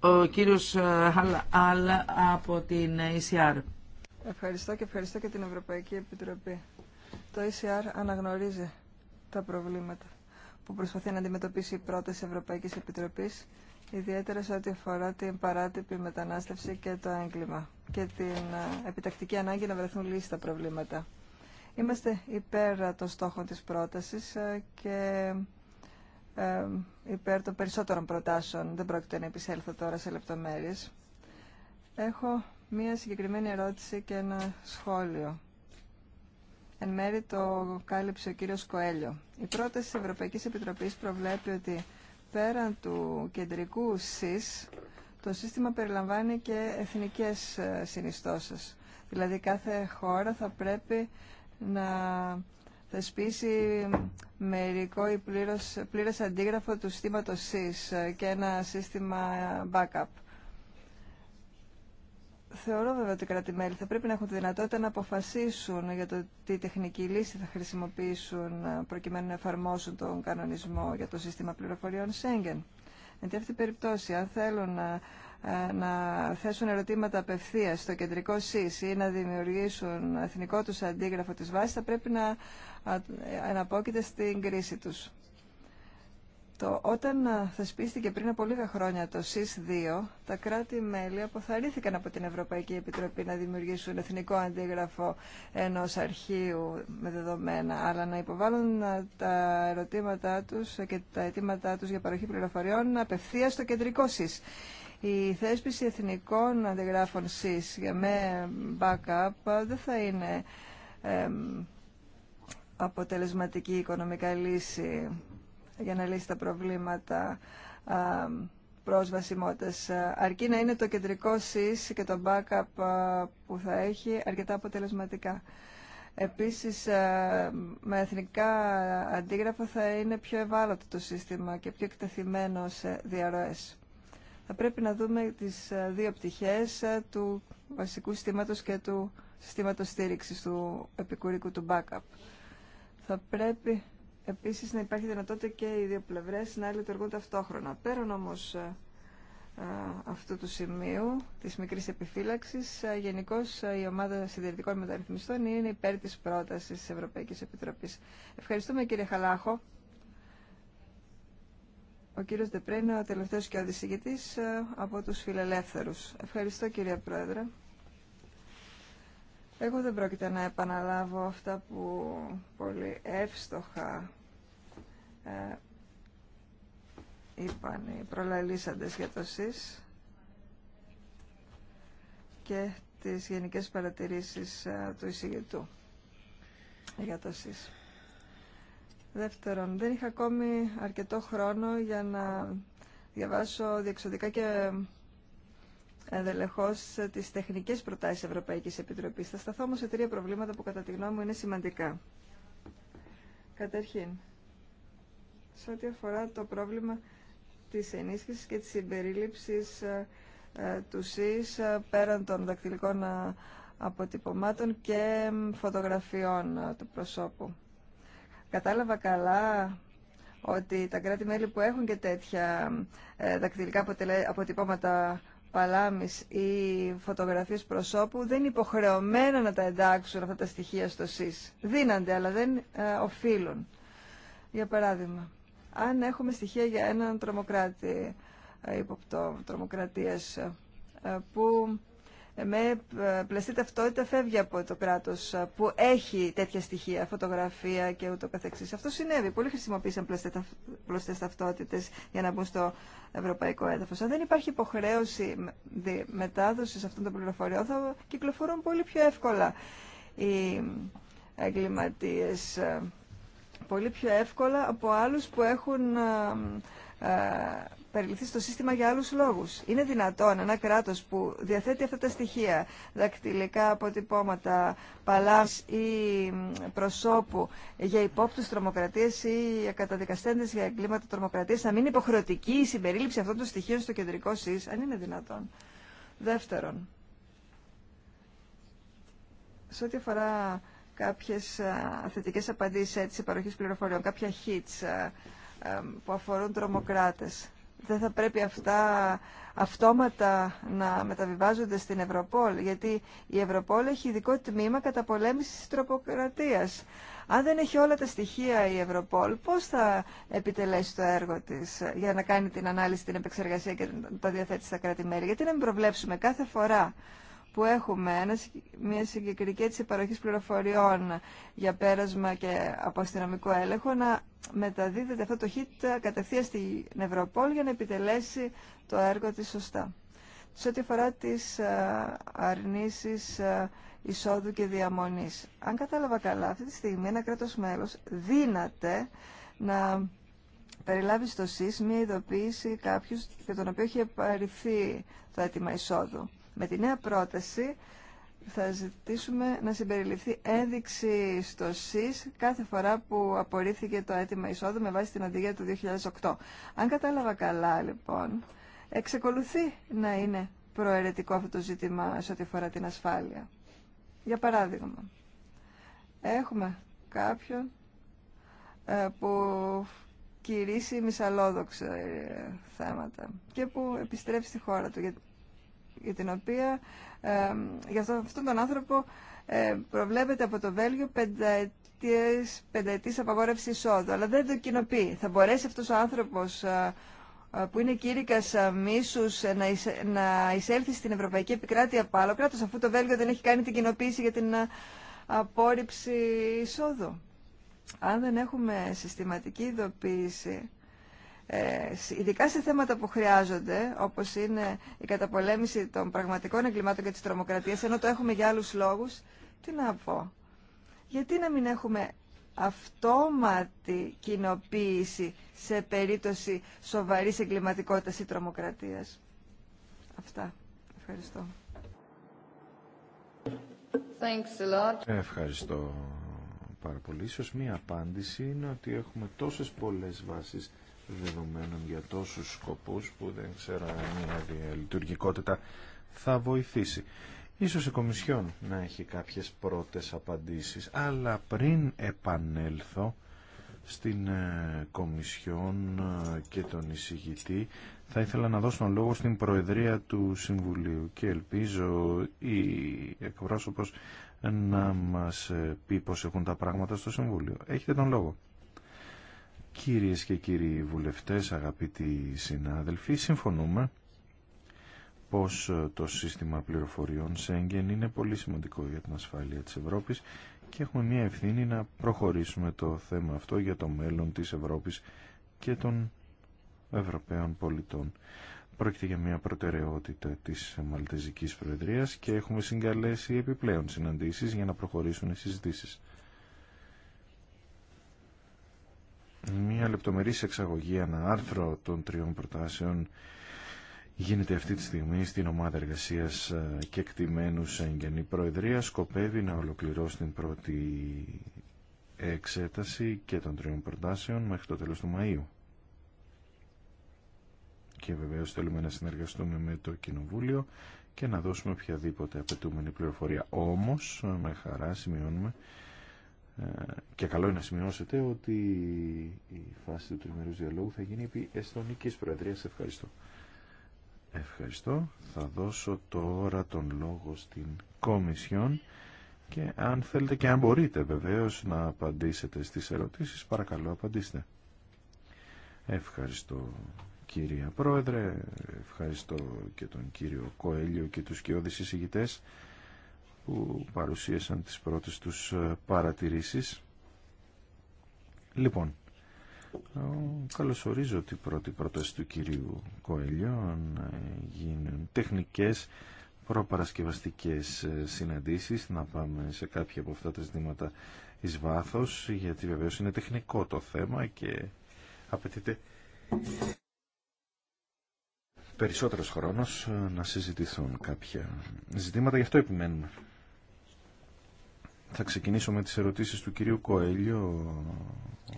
Ο κύριος Άλλα από την ECR. Ευχαριστώ και ευχαριστώ και την Ευρωπαϊκή Επιτροπή. Το ECR αναγνωρίζει τα προβλήματα που προσπαθεί να αντιμετωπίσει η πρόταση Ευρωπαϊκής Επιτροπής, ιδιαίτερα σε ό,τι αφορά την παράτυπη μετανάστευση και το έγκλημα και την ε, επιτακτική ανάγκη να βρεθούν λύσει στα προβλήματα. Είμαστε υπέρ των στόχων της πρότασης ε, και ε, υπέρ των περισσότερων προτάσεων. Δεν πρόκειται να επισέλθω τώρα σε λεπτομέρειε. Έχω μία συγκεκριμένη ερώτηση και ένα σχόλιο. Εν μέρη το κάλυψε ο κύριος Κοέλιο. Η πρόταση της Ευρωπαϊκής Επιτροπής προβλέπει ότι πέραν του κεντρικού ΣΥΣ, το σύστημα περιλαμβάνει και εθνικές ε, συνιστώσεις. Δηλαδή κάθε χώρα θα πρέπει να θεσπίσει μερικό ή πλήρως, πλήρες αντίγραφο του συστήματος ΣΥΣ ε, και ένα σύστημα ε, backup. Θεωρώ βέβαια ότι οι κράτη-μέλη θα πρέπει να έχουν τη δυνατότητα να αποφασίσουν για το τι τεχνική λύση θα χρησιμοποιήσουν ε, προκειμένου να εφαρμόσουν τον κανονισμό για το σύστημα πληροφοριών Σέγγεν. Εν τη αυτή περιπτώσει, αν θέλουν να, ε, να θέσουν ερωτήματα απευθεία στο κεντρικό ΣΥΣ ή να δημιουργήσουν εθνικό του αντίγραφο τη βάση, θα πρέπει να ε, εναπόκειται στην κρίση του. Όταν θεσπίστηκε πριν από λίγα χρόνια το ΣΥΣ 2, τα κράτη-μέλη αποθαρρύνθηκαν από την Ευρωπαϊκή Επιτροπή να δημιουργήσουν εθνικό αντίγραφο ενός αρχείου με δεδομένα, αλλά να υποβάλουν τα ερωτήματά τους και τα αιτήματά του για παροχή πληροφοριών απευθεία στο κεντρικό ΣΥΣ. Η θέσπιση εθνικών αντιγράφων ΣΥΣ για με backup δεν θα είναι αποτελεσματική οικονομικά λύση για να λύσει τα προβλήματα πρόσβασιμότητας. Αρκεί να είναι το κεντρικό ΣΥΣ και το backup που θα έχει αρκετά αποτελεσματικά. Επίσης, με εθνικά αντίγραφα θα είναι πιο ευάλωτο το σύστημα και πιο εκτεθειμένο σε διαρροές. Θα πρέπει να δούμε τις δύο πτυχές του βασικού συστήματος και του συστήματος στήριξης του επικουρικού του backup. Θα πρέπει επίσης να υπάρχει δυνατότητα και οι δύο πλευρές να λειτουργούν ταυτόχρονα. Πέραν όμως ε, ε, αυτού του σημείου της μικρής επιφύλαξης, ε, γενικώ η ομάδα συντηρητικών μεταρρυθμιστών είναι υπέρ της πρότασης της Ευρωπαϊκής Επιτροπής. Ευχαριστούμε κύριε Χαλάχο. Ο κύριος Δεπρέ είναι ο τελευταίος και ο από τους φιλελεύθερους. Ευχαριστώ κύριε Πρόεδρε. Εγώ δεν πρόκειται να επαναλάβω αυτά που πολύ εύστοχα ε, είπαν οι προλαλήσαντες για το ΣΥΣ και τις γενικές παρατηρήσεις ε, του εισηγητού για το ΣΥΣ. Δεύτερον, δεν είχα ακόμη αρκετό χρόνο για να διαβάσω διεξοδικά και ενδελεχώ τι τεχνικέ προτάσει Ευρωπαϊκή Επιτροπή. Θα σταθώ όμω σε τρία προβλήματα που κατά τη γνώμη μου είναι σημαντικά. Καταρχήν, σε ό,τι αφορά το πρόβλημα τη ενίσχυσης και τη συμπεριλήψή ε, ε, του ΣΥΣ ε, πέραν των δακτυλικών αποτυπωμάτων και φωτογραφιών του προσώπου. Κατάλαβα καλά ότι τα κράτη-μέλη που έχουν και τέτοια δακτυλικά αποτυπώματα παλάμης ή φωτογραφίες προσώπου δεν είναι υποχρεωμένα να τα εντάξουν αυτά τα στοιχεία στο ΣΥΣ. Δίνανται, αλλά δεν ε, οφείλουν. Για παράδειγμα, αν έχουμε στοιχεία για έναν τρομοκράτη ε, υποπτώ τρομοκρατίας ε, που με ε, πλαστή ταυτότητα φεύγει από το κράτος ε, που έχει τέτοια στοιχεία, φωτογραφία και ούτω καθεξής. Αυτό συνέβη. Πολλοί χρησιμοποίησαν πλαστές ταυτότητες για να μπουν στο ευρωπαϊκό έδαφος. Αν δεν υπάρχει υποχρέωση μετάδοσης αυτών των πληροφοριών θα κυκλοφορούν πολύ πιο εύκολα οι εγκληματίες. Ε, πολύ πιο εύκολα από άλλους που έχουν περιληφθεί στο σύστημα για άλλους λόγους. Είναι δυνατόν ένα κράτος που διαθέτει αυτά τα στοιχεία, δακτυλικά αποτυπώματα, παλάς ή προσώπου για υπόπτους τρομοκρατίες ή για καταδικαστέντες για εγκλήματα τρομοκρατίες, να μην είναι υποχρεωτική η συμπερίληψη αυτών των στοιχείων στο κεντρικό ΣΥΣ, αν είναι δυνατόν. Δεύτερον, σε ό,τι αφορά κάποιες θετικές απαντήσεις, τη παροχής πληροφοριών, κάποια hits, που αφορούν τρομοκράτες δεν θα πρέπει αυτά αυτόματα να μεταβιβάζονται στην Ευρωπόλ, γιατί η Ευρωπόλ έχει ειδικό τμήμα κατά πολέμηση της τροποκρατίας. Αν δεν έχει όλα τα στοιχεία η Ευρωπόλ, πώς θα επιτελέσει το έργο της για να κάνει την ανάλυση, την επεξεργασία και να το διαθέτει στα κράτη-μέλη. Γιατί να μην προβλέψουμε κάθε φορά που έχουμε, μια συγκεκριτική έτσι παροχής πληροφοριών για πέρασμα και από αστυνομικό έλεγχο, να μεταδίδεται αυτό το hit κατευθείαν στην Ευρωπόλ για να επιτελέσει το έργο της σωστά. Σε ό,τι αφορά τις ε, αρνήσεις ε, εισόδου και διαμονής. Αν κατάλαβα καλά, αυτή τη στιγμή ένα κράτος μέλος δύναται να περιλάβει στο ΣΥΣ μια ειδοποίηση κάποιους για τον οποίο έχει το αίτημα εισόδου. Με τη νέα πρόταση θα ζητήσουμε να συμπεριληφθεί ένδειξη στο ΣΥΣ κάθε φορά που απορρίφθηκε το αίτημα εισόδου με βάση την οδηγία του 2008. Αν κατάλαβα καλά, λοιπόν, εξεκολουθεί να είναι προαιρετικό αυτό το ζήτημα σε ό,τι αφορά την ασφάλεια. Για παράδειγμα, έχουμε κάποιον ε, που κηρύσσει μυσαλόδοξα ε, θέματα και που επιστρέφει στη χώρα του για την οποία ε, για αυτόν τον άνθρωπο ε, προβλέπεται από το Βέλγιο πενταετής, πενταετής απαγόρευση εισόδου. Αλλά δεν το κοινοποιεί. Θα μπορέσει αυτός ο άνθρωπος ε, ε, που είναι κήρυκας ε, μίσους να, να εισέλθει στην Ευρωπαϊκή Επικράτεια από άλλο κράτος, αφού το Βέλγιο δεν έχει κάνει την κοινοποίηση για την απόρριψη εισόδου. Αν δεν έχουμε συστηματική ειδοποίηση ε, ειδικά σε θέματα που χρειάζονται, όπως είναι η καταπολέμηση των πραγματικών εγκλημάτων και της τρομοκρατίας, ενώ το έχουμε για άλλους λόγους, τι να πω. Γιατί να μην έχουμε αυτόματη κοινοποίηση σε περίπτωση σοβαρής εγκληματικότητας ή τρομοκρατίας. Αυτά. Ευχαριστώ. Thanks a lot. Ευχαριστώ πάρα πολύ. Ίσως μία απάντηση είναι ότι έχουμε τόσες πολλές βάσεις δεδομένων για τόσους σκοπούς που δεν ξέρω αν η λειτουργικότητα θα βοηθήσει. Ίσως η Κομισιόν να έχει κάποιες πρώτες απαντήσεις, αλλά πριν επανέλθω στην ε, Κομισιόν ε, και τον εισηγητή, θα ήθελα να δώσω τον λόγο στην Προεδρία του Συμβουλίου και ελπίζω η εκπρόσωπος να μας ε, πει πώς έχουν τα πράγματα στο Συμβούλιο. Έχετε τον λόγο. Κυρίες και κύριοι βουλευτές, αγαπητοί συνάδελφοι, συμφωνούμε πως το σύστημα πληροφοριών Σέγγεν είναι πολύ σημαντικό για την ασφάλεια της Ευρώπης και έχουμε μια ευθύνη να προχωρήσουμε το θέμα αυτό για το μέλλον της Ευρώπης και των Ευρωπαίων πολιτών. Πρόκειται για μια προτεραιότητα της Μαλτεζικής Προεδρίας και έχουμε συγκαλέσει επιπλέον συναντήσεις για να προχωρήσουν οι συζητήσεις. Μία λεπτομερής εξαγωγή ένα άρθρο των τριών προτάσεων γίνεται αυτή τη στιγμή στην ομάδα εργασίας ε, και εκτιμένου σε Η Προεδρία σκοπεύει να ολοκληρώσει την πρώτη εξέταση και των τριών προτάσεων μέχρι το τέλος του Μαΐου. Και βεβαίως θέλουμε να συνεργαστούμε με το Κοινοβούλιο και να δώσουμε οποιαδήποτε απαιτούμενη πληροφορία. Όμως, ε, με χαρά σημειώνουμε ε, και καλό είναι να σημειώσετε ότι η φάση του τριμερούς διαλόγου θα γίνει επί Εσθονικής Προεδρίας. Ευχαριστώ. Ευχαριστώ. Θα δώσω τώρα τον λόγο στην Κομισιόν και αν θέλετε και αν μπορείτε βεβαίως να απαντήσετε στις ερωτήσεις, παρακαλώ απαντήστε. Ευχαριστώ κυρία Πρόεδρε, ευχαριστώ και τον κύριο Κοέλιο και τους κοιόδης εισηγητές που παρουσίασαν τις πρώτες τους ε, παρατηρήσεις. Λοιπόν, ε, καλωσορίζω την πρώτη πρόταση του κυρίου Κοέλιο να ε, γίνουν τεχνικές προπαρασκευαστικές συναντήσεις, να πάμε σε κάποια από αυτά τα ζητήματα εις βάθος, γιατί βεβαίως είναι τεχνικό το θέμα και απαιτείται περισσότερος χρόνος να συζητηθούν κάποια ζητήματα, γι' αυτό επιμένουμε. Θα ξεκινήσω με τις ερωτήσεις του κυρίου Κοέλιο, ο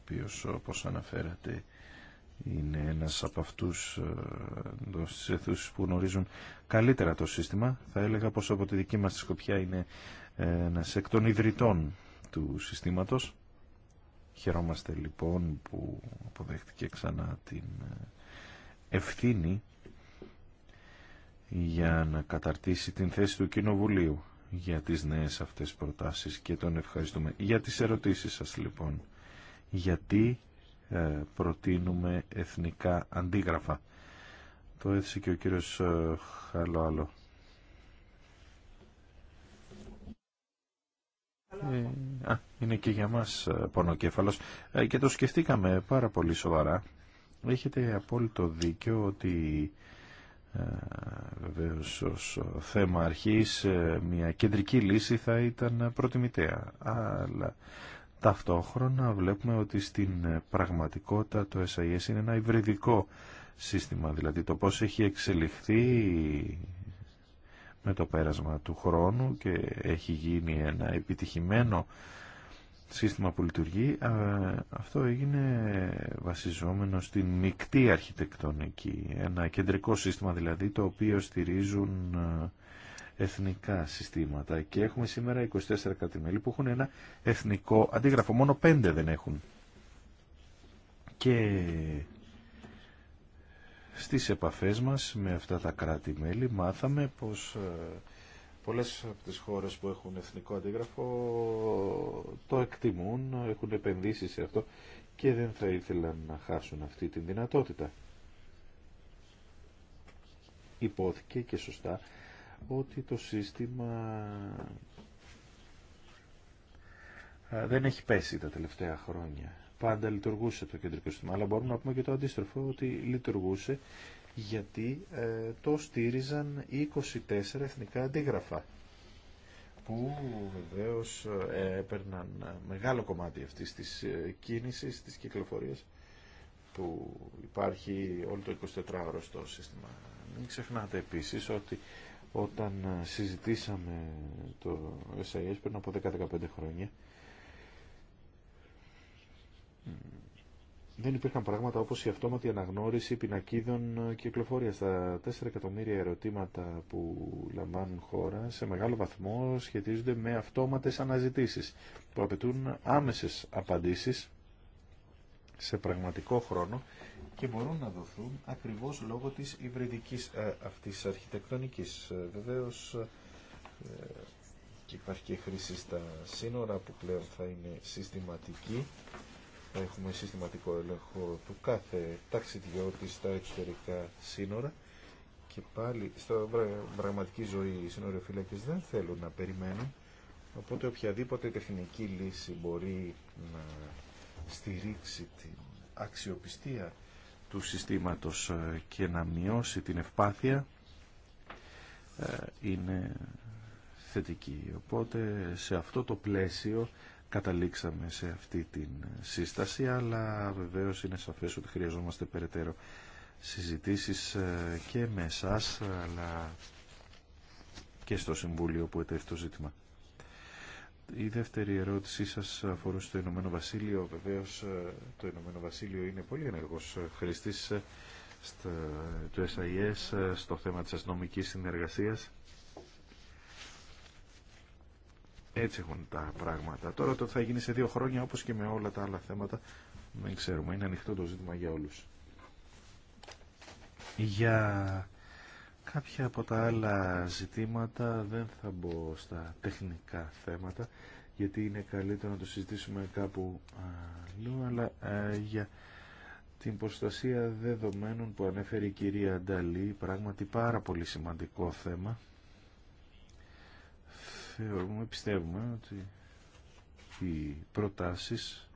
οποίος όπως αναφέρατε είναι ένας από αυτούς ε, τους αιθούσεις που γνωρίζουν καλύτερα το σύστημα. Θα έλεγα πως από τη δική μας Σκοπιά είναι ε, ένας εκ των ιδρυτών του συστήματος. Χαιρόμαστε λοιπόν που αποδέχτηκε ξανά την ε, ευθύνη για να καταρτήσει την θέση του Κοινοβουλίου για τις νέες αυτές προτάσεις και τον ευχαριστούμε. Για τις ερωτήσεις σας λοιπόν, γιατί ε, προτείνουμε εθνικά αντίγραφα. Το έθεσε και ο κύριος ε, Χαλοάλο. Ε, α, είναι και για μας ε, πονοκέφαλος και το σκεφτήκαμε πάρα πολύ σοβαρά έχετε απόλυτο δίκιο ότι ε, Βεβαίω ω θέμα αρχής ε, μια κεντρική λύση θα ήταν προτιμητέα αλλά ταυτόχρονα βλέπουμε ότι στην πραγματικότητα το SIS είναι ένα υβριδικό σύστημα δηλαδή το πώ έχει εξελιχθεί με το πέρασμα του χρόνου και έχει γίνει ένα επιτυχημένο σύστημα που λειτουργεί, αυτό έγινε βασιζόμενο στην μεικτή αρχιτεκτονική, ένα κεντρικό σύστημα δηλαδή το οποίο στηρίζουν εθνικά συστήματα και έχουμε σήμερα 24 κατημέλη που έχουν ένα εθνικό αντίγραφο, μόνο 5 δεν έχουν. Και στις επαφές μας με αυτά τα κράτη-μέλη μάθαμε πως πολλές από τις χώρες που έχουν εθνικό αντίγραφο το εκτιμούν, έχουν επενδύσει σε αυτό και δεν θα ήθελαν να χάσουν αυτή τη δυνατότητα. Υπόθηκε και σωστά ότι το σύστημα δεν έχει πέσει τα τελευταία χρόνια. Πάντα λειτουργούσε το κεντρικό σύστημα, αλλά μπορούμε να πούμε και το αντίστροφο ότι λειτουργούσε γιατί ε, το στήριζαν 24 εθνικά αντίγραφα που βεβαίως ε, έπαιρναν ε, μεγάλο κομμάτι αυτής της κίνησης, της κυκλοφορίας που υπάρχει όλο το 24ωρο στο σύστημα. Μην ξεχνάτε επίσης ότι όταν συζητήσαμε το SIS πριν από 10-15 χρόνια δεν υπήρχαν πράγματα όπως η αυτόματη αναγνώριση πινακίδων κυκλοφορίας. Τα 4 εκατομμύρια ερωτήματα που λαμβάνουν χώρα σε μεγάλο βαθμό σχετίζονται με αυτόματες αναζητήσεις που απαιτούν άμεσες απαντήσεις σε πραγματικό χρόνο και μπορούν να δοθούν ακριβώς λόγω της υβριδικής ε, αυτής αρχιτεκτονικής. Βεβαίως ε, και υπάρχει και χρήση στα σύνορα που πλέον θα είναι συστηματική θα έχουμε συστηματικό έλεγχο του κάθε ταξιδιώτη στα εξωτερικά σύνορα και πάλι στα πραγματική ζωή οι σύνοριοφύλακες δεν θέλουν να περιμένουν οπότε οποιαδήποτε τεχνική λύση μπορεί να στηρίξει την αξιοπιστία του συστήματος ε, και να μειώσει την ευπάθεια ε, είναι θετική. Οπότε σε αυτό το πλαίσιο καταλήξαμε σε αυτή την σύσταση, αλλά βεβαίως είναι σαφές ότι χρειαζόμαστε περαιτέρω συζητήσεις ε, και με εσά, αλλά και στο Συμβούλιο που ετέθη το ζήτημα. Η δεύτερη ερώτησή σας αφορούσε το Ηνωμένο Βασίλειο. Βεβαίως ε, το Ηνωμένο Βασίλειο είναι πολύ ενεργός χρηστής ε, του SIS στο θέμα της αστυνομικής συνεργασίας Έτσι έχουν τα πράγματα. Τώρα το θα γίνει σε δύο χρόνια όπως και με όλα τα άλλα θέματα δεν ξέρουμε. Είναι ανοιχτό το ζήτημα για όλους. Για κάποια από τα άλλα ζητήματα δεν θα μπω στα τεχνικά θέματα γιατί είναι καλύτερο να το συζητήσουμε κάπου αλλού αλλά ε, για την προστασία δεδομένων που ανέφερε η κυρία Νταλή πράγματι πάρα πολύ σημαντικό θέμα θεωρούμε, πιστεύουμε ότι οι προτάσεις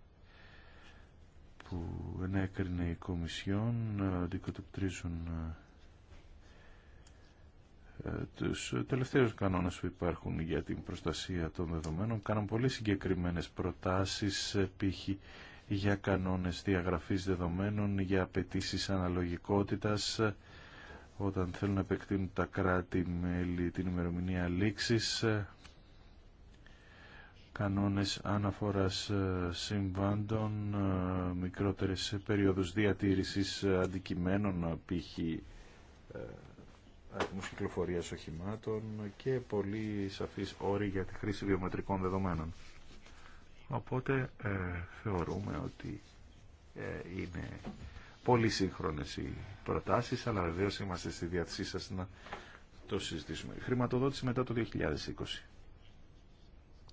που ενέκρινε η Κομισιόν αντικατοπτρίζουν ε, τους τελευταίους κανόνες που υπάρχουν για την προστασία των δεδομένων κάναν πολύ συγκεκριμένες προτάσεις ε, π.χ. για κανόνες διαγραφής δεδομένων για απαιτήσει αναλογικότητας ε, όταν θέλουν να επεκτείνουν τα κράτη-μέλη την ημερομηνία λήξης κανόνες αναφοράς ε, συμβάντων, ε, μικρότερες περίοδους διατήρησης ε, αντικειμένων, π.χ. αριθμούς κυκλοφορίας οχημάτων και πολύ σαφείς όροι για τη χρήση βιομετρικών δεδομένων. Οπότε θεωρούμε ότι ε, είναι πολύ σύγχρονες οι προτάσεις, αλλά βεβαίως είμαστε στη διάθεσή σας να το συζητήσουμε. Χρηματοδότηση μετά το 2020.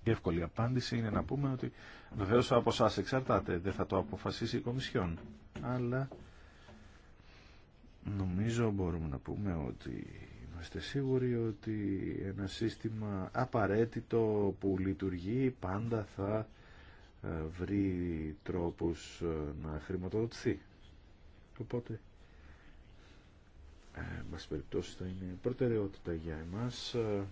Η εύκολη απάντηση είναι να πούμε ότι βεβαίως από εσά εξαρτάται, δεν θα το αποφασίσει η Κομισιόν. Αλλά νομίζω μπορούμε να πούμε ότι είμαστε σίγουροι ότι ένα σύστημα απαραίτητο που λειτουργεί πάντα θα ε, βρει τρόπους ε, να χρηματοδοτηθεί. Οπότε, ε, μας περιπτώσει θα είναι προτεραιότητα για εμάς ε,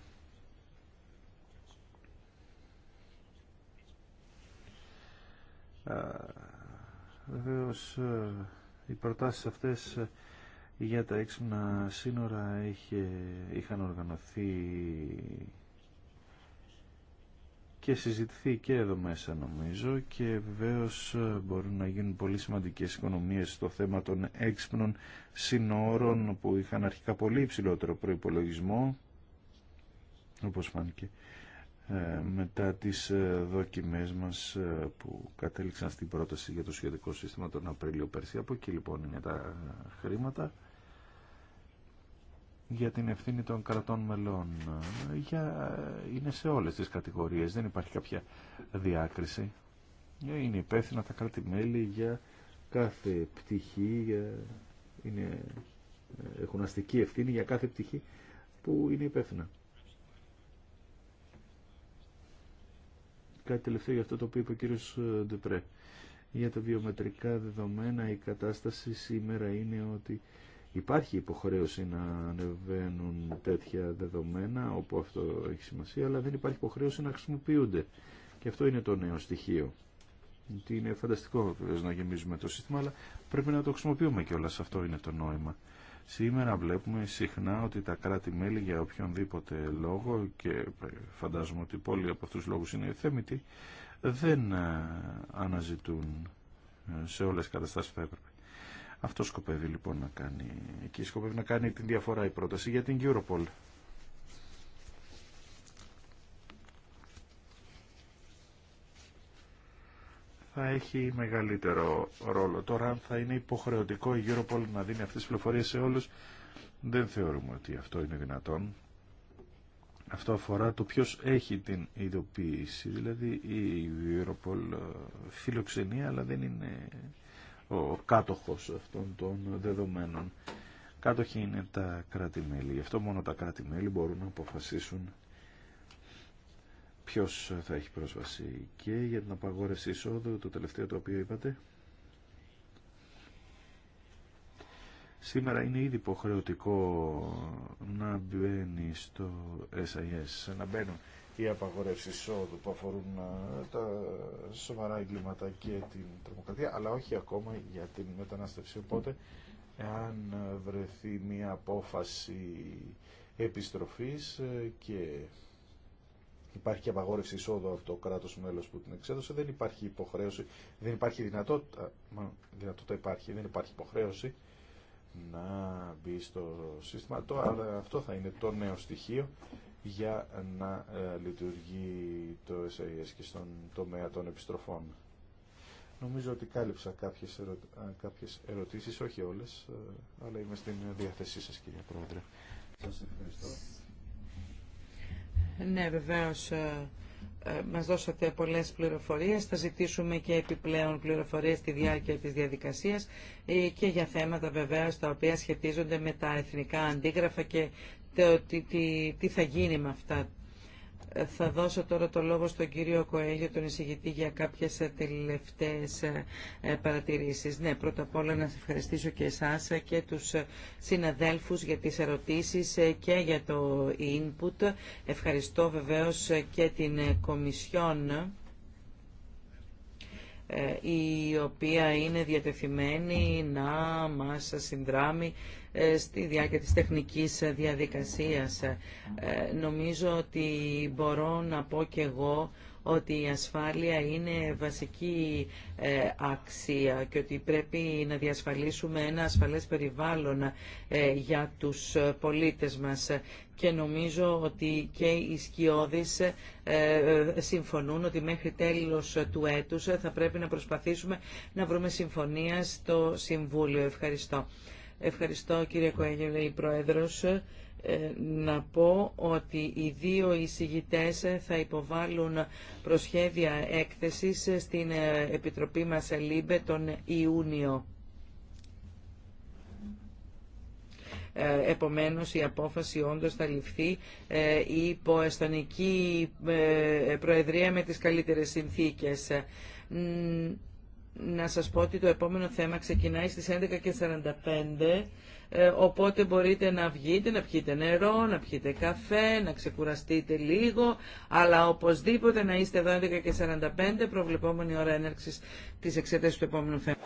Βεβαίω ε, οι προτάσεις αυτές ε, για τα έξυπνα σύνορα είχε, είχαν οργανωθεί και συζητηθεί και εδώ μέσα νομίζω και βεβαίως ε, μπορούν να γίνουν πολύ σημαντικές οικονομίες στο θέμα των έξυπνων συνόρων που είχαν αρχικά πολύ υψηλότερο προϋπολογισμό όπως φάνηκε ε, μετά τις ε, δοκιμές μας ε, που κατέληξαν στην πρόταση για το σχετικό σύστημα τον Απρίλιο πέρσι. Από εκεί λοιπόν είναι τα χρήματα για την ευθύνη των κρατών μελών. Για... Είναι σε όλες τις κατηγορίες, δεν υπάρχει κάποια διάκριση. Είναι υπεύθυνα τα κράτη-μέλη για κάθε πτυχή, για... είναι... έχουν αστική ευθύνη για κάθε πτυχή που είναι υπεύθυνα. κάτι τελευταίο για αυτό το οποίο είπε ο κύριος ε, Ντεπρέ. Για τα βιομετρικά δεδομένα η κατάσταση σήμερα είναι ότι υπάρχει υποχρέωση να ανεβαίνουν τέτοια δεδομένα όπου αυτό έχει σημασία αλλά δεν υπάρχει υποχρέωση να χρησιμοποιούνται. Και αυτό είναι το νέο στοιχείο. είναι φανταστικό να γεμίζουμε το σύστημα αλλά πρέπει να το χρησιμοποιούμε κιόλας. Αυτό είναι το νόημα. Σήμερα βλέπουμε συχνά ότι τα κράτη-μέλη για οποιονδήποτε λόγο και φαντάζομαι ότι πολλοί από αυτούς τους λόγους είναι θέμητοι δεν ε, αναζητούν ε, σε όλες τις καταστάσεις που έπρεπε. Αυτό σκοπεύει λοιπόν να κάνει. Και σκοπεύει να κάνει την διαφορά η πρόταση για την Europol. θα έχει μεγαλύτερο ρόλο. Τώρα, αν θα είναι υποχρεωτικό η Europol να δίνει αυτές τις πληροφορίες σε όλους, δεν θεωρούμε ότι αυτό είναι δυνατόν. Αυτό αφορά το ποιο έχει την ειδοποίηση. Δηλαδή, η Europol ε, φιλοξενεί, αλλά δεν είναι ο κάτοχος αυτών των δεδομένων. Κάτοχοι είναι τα κράτη-μέλη. Γι' αυτό μόνο τα κράτη-μέλη μπορούν να αποφασίσουν ποιος θα έχει πρόσβαση και για την απαγόρευση εισόδου, το τελευταίο το οποίο είπατε. Σήμερα είναι ήδη υποχρεωτικό να μπαίνει στο SIS, να μπαίνουν οι απαγορεύσει εισόδου που αφορούν ε, τα σοβαρά εγκλήματα και την τρομοκρατία, αλλά όχι ακόμα για την μετανάστευση. Οπότε, εάν βρεθεί μια απόφαση επιστροφής ε, και υπάρχει και απαγόρευση εισόδου από το κράτο μέλο που την εξέδωσε, δεν υπάρχει υποχρέωση, δεν υπάρχει δυνατότητα, δυνατότητα υπάρχει, δεν υπάρχει υποχρέωση να μπει στο σύστημα. Το, αυτό θα είναι το νέο στοιχείο για να ε, λειτουργεί το SAS και στον τομέα των επιστροφών. Νομίζω ότι κάλυψα κάποιες, ερω... κάποιες ερωτήσεις, όχι όλες, ε, αλλά είμαι στην διάθεσή σας κύριε Πρόεδρε. Σας ευχαριστώ. Ναι, βεβαίως ε, ε, μας δώσατε πολλές πληροφορίες. Θα ζητήσουμε και επιπλέον πληροφορίες στη διάρκεια της διαδικασίας ε, και για θέματα βεβαίως τα οποία σχετίζονται με τα εθνικά αντίγραφα και το, τι, τι, τι θα γίνει με αυτά θα δώσω τώρα το λόγο στον κύριο Κοέλιο, τον εισηγητή, για κάποιες ε, τελευταίες ε, ε, παρατηρήσεις. Ναι, πρώτα απ' όλα να σας ευχαριστήσω και εσάς και τους συναδέλφους για τις ερωτήσεις και για το input. Ευχαριστώ βεβαίως και την Κομισιόν η οποία είναι διατεθειμένη να μας συνδράμει ε, στη διάρκεια της τεχνικής διαδικασίας. Ε, νομίζω ότι μπορώ να πω και εγώ ότι η ασφάλεια είναι βασική ε, αξία και ότι πρέπει να διασφαλίσουμε ένα ασφαλές περιβάλλον για τους πολίτες μας. Και νομίζω ότι και οι σκιώδεις συμφωνούν ότι μέχρι τέλος του έτους θα πρέπει να προσπαθήσουμε να βρούμε συμφωνία στο Συμβούλιο. Ευχαριστώ. Ευχαριστώ κύριε Κοέγελε, η Πρόεδρος. Ε, να πω ότι οι δύο εισηγητές θα υποβάλουν προσχέδια έκθεσης στην ε, Επιτροπή μας ε, ΛΥΜΠΕ τον Ιούνιο. Επομένως, η απόφαση όντως θα ληφθεί υπό Εστονική Προεδρία με τις καλύτερες συνθήκες να σας πω ότι το επόμενο θέμα ξεκινάει στις 11.45, ε, οπότε μπορείτε να βγείτε, να πιείτε νερό, να πιείτε καφέ, να ξεκουραστείτε λίγο, αλλά οπωσδήποτε να είστε εδώ 11.45, προβλεπόμενη ώρα έναρξης της εξέτασης του επόμενου θέματος.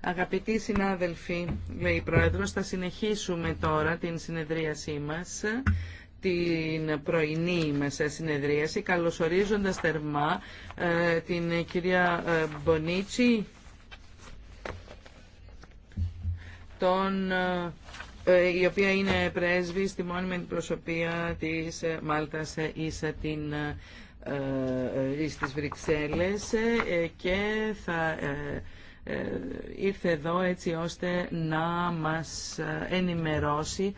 Αγαπητοί συνάδελφοι, λέει η Πρόεδρος, θα συνεχίσουμε τώρα την συνεδρίασή μας, την πρωινή μας συνεδρίαση, καλωσορίζοντας θερμά ε, την κυρία ε, Μπονίτσι, ε, ε, η οποία είναι πρέσβη στη μόνιμη προσωπία της Μάλτας ίσα την στις ε, ε, Βρυξέλλες ε, και θα ήρθε εδώ έτσι ώστε να μας ενημερώσει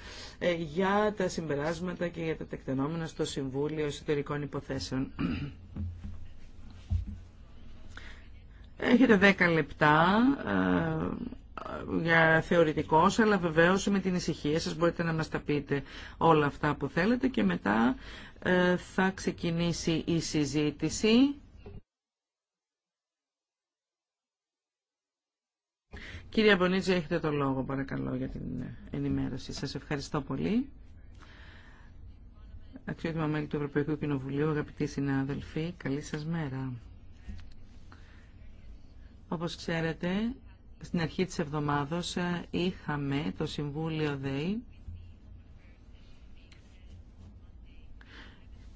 για τα συμπεράσματα και για τα τεκτενόμενα στο Συμβούλιο Εσωτερικών Υποθέσεων. Έχετε 10 λεπτά για θεωρητικός, αλλά βεβαίως με την ησυχία σας μπορείτε να μας τα πείτε όλα αυτά που θέλετε και μετά ε, θα ξεκινήσει η συζήτηση. Κύρια Μπονίτζη, έχετε το λόγο παρακαλώ για την ενημέρωση. Σας ευχαριστώ πολύ. Αξιότιμα μέλη του Ευρωπαϊκού Κοινοβουλίου, αγαπητοί συνάδελφοι, καλή σας μέρα. Όπως ξέρετε, στην αρχή της εβδομάδος ε, είχαμε το Συμβούλιο ΔΕΗ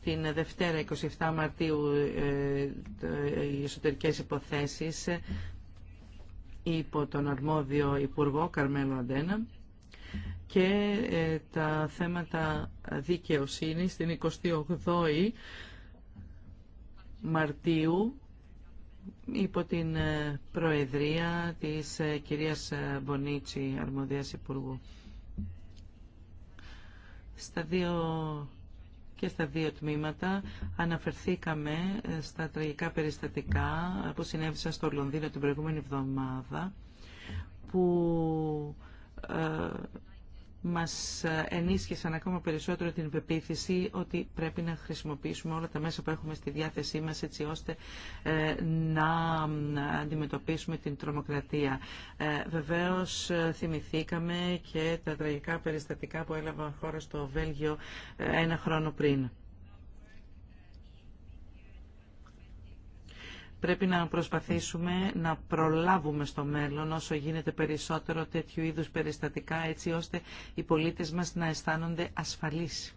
την Δευτέρα 27 Μαρτίου ε, οι εσωτερικές υποθέσεις ε, υπό τον αρμόδιο Υπουργό Καρμέλο Αντένα και τα θέματα δικαιοσύνης την 28 Μαρτίου υπό την ε, Προεδρία της ε, κυρίας ε, Μπονίτσι, αρμοδίας Υπουργού. Στα δύο και στα δύο τμήματα αναφερθήκαμε στα τραγικά περιστατικά που συνέβησαν στο Λονδίνο την προηγούμενη εβδομάδα που μας ενίσχυσαν ακόμα περισσότερο την πεποίθηση ότι πρέπει να χρησιμοποιήσουμε όλα τα μέσα που έχουμε στη διάθεσή μας έτσι ώστε ε, να αντιμετωπίσουμε την τρομοκρατία. Ε, βεβαίως ε, θυμηθήκαμε και τα τραγικά περιστατικά που έλαβαν χώρα στο Βέλγιο ένα χρόνο πριν. πρέπει να προσπαθήσουμε να προλάβουμε στο μέλλον όσο γίνεται περισσότερο τέτοιου είδους περιστατικά έτσι ώστε οι πολίτες μας να αισθάνονται ασφαλείς.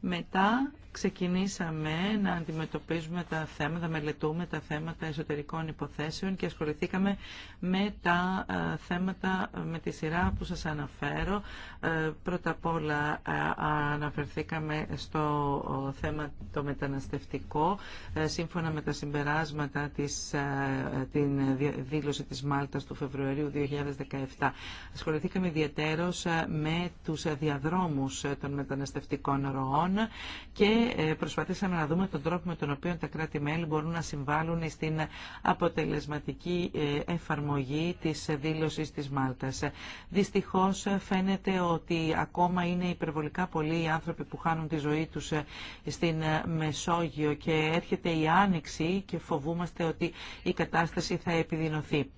Μετά ξεκινήσαμε να αντιμετωπίζουμε τα θέματα, μελετούμε τα θέματα εσωτερικών υποθέσεων και ασχοληθήκαμε με τα ε, θέματα με τη σειρά που σας αναφέρω. Ε, πρώτα απ' όλα ε, αναφερθήκαμε στο θέμα το μεταναστευτικό σύμφωνα με τα συμπεράσματα της την δήλωση της Μάλτας του Φεβρουαρίου 2017. Ασχοληθήκαμε ιδιαίτερως με τους διαδρόμους των μεταναστευτικών ροών και ε, προσπαθήσαμε να δούμε τον τρόπο με τον οποίο τα κράτη-μέλη μπορούν να συμβάλλουν στην αποτελεσματική ε, εφαρμογή της δήλωσης της Μάλτας. Δυστυχώς ε, φαίνεται ότι ακόμα είναι υπερβολικά πολλοί οι άνθρωποι που χάνουν τη ζωή τους στην Μεσόγειο και έρχεται η Άνοιξη και φοβούμαστε ότι η κατάσταση θα επιδεινωθεί.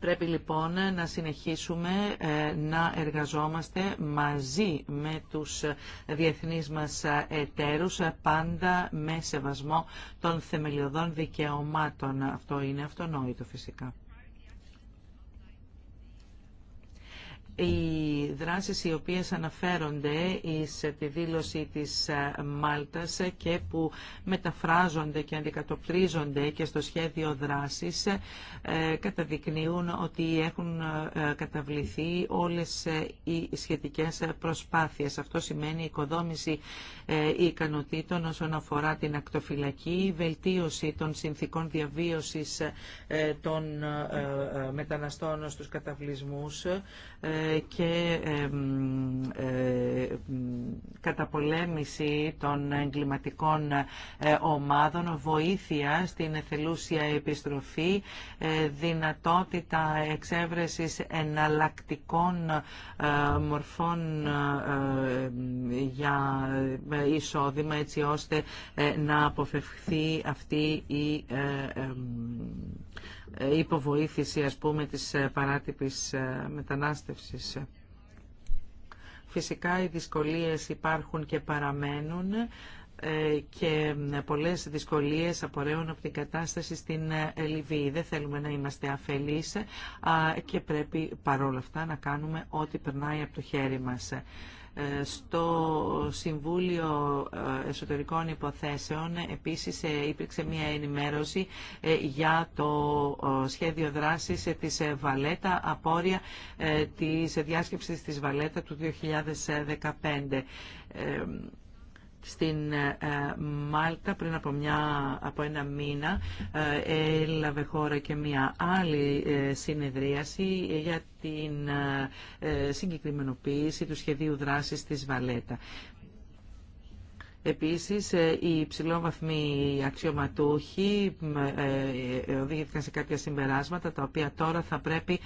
Πρέπει λοιπόν να συνεχίσουμε ε, να εργαζόμαστε μαζί με τους διεθνείς μας εταίρους, πάντα με σεβασμό των θεμελιωδών δικαιωμάτων. Αυτό είναι αυτονόητο φυσικά. οι δράσεις οι οποίες αναφέρονται σε τη δήλωση της ε, Μάλτας και που μεταφράζονται και αντικατοπτρίζονται και στο σχέδιο δράσης ε, καταδεικνύουν ότι έχουν ε, καταβληθεί όλες οι σχετικές προσπάθειες. Αυτό σημαίνει οικοδόμηση ικανοτήτων όσον αφορά την ακτοφυλακή, βελτίωση των συνθήκων διαβίωσης των μεταναστών στους καταβλισμούς, και ε, καταπολέμηση των εγκληματικών ε, ομάδων, βοήθεια στην εθελούσια επιστροφή, ε, δυνατότητα εξέβρεσης εναλλακτικών μορφών για εισόδημα έτσι ώστε να αποφευχθεί αυτή η ε, υποβοήθηση ας πούμε της ε, παράτυπης ε, μετανάστευσης. Φυσικά οι δυσκολίες υπάρχουν και παραμένουν και πολλές δυσκολίες απορρέουν από την κατάσταση στην Λιβύη. Δεν θέλουμε να είμαστε αφελείς και πρέπει παρόλα αυτά να κάνουμε ό,τι περνάει από το χέρι μας. Ε, στο Συμβούλιο ε, Εσωτερικών Υποθέσεων επίσης ε, υπήρξε μια ενημέρωση για το σχέδιο δράσης της Βαλέτα, απόρρια της διάσκεψης της Βαλέτα του 2015 στην ε, ε, Μάλτα πριν από, από ένα μήνα ε, έλαβε χώρα και μια άλλη συνεδρίαση για την συγκεκριμενοποίηση του σχεδίου δράσης της Βαλέτα. Επίσης, οι υψηλόβαθμοι αξιωματούχοι οδήγηθηκαν σε κάποια συμπεράσματα, τα οποία τώρα θα πρέπει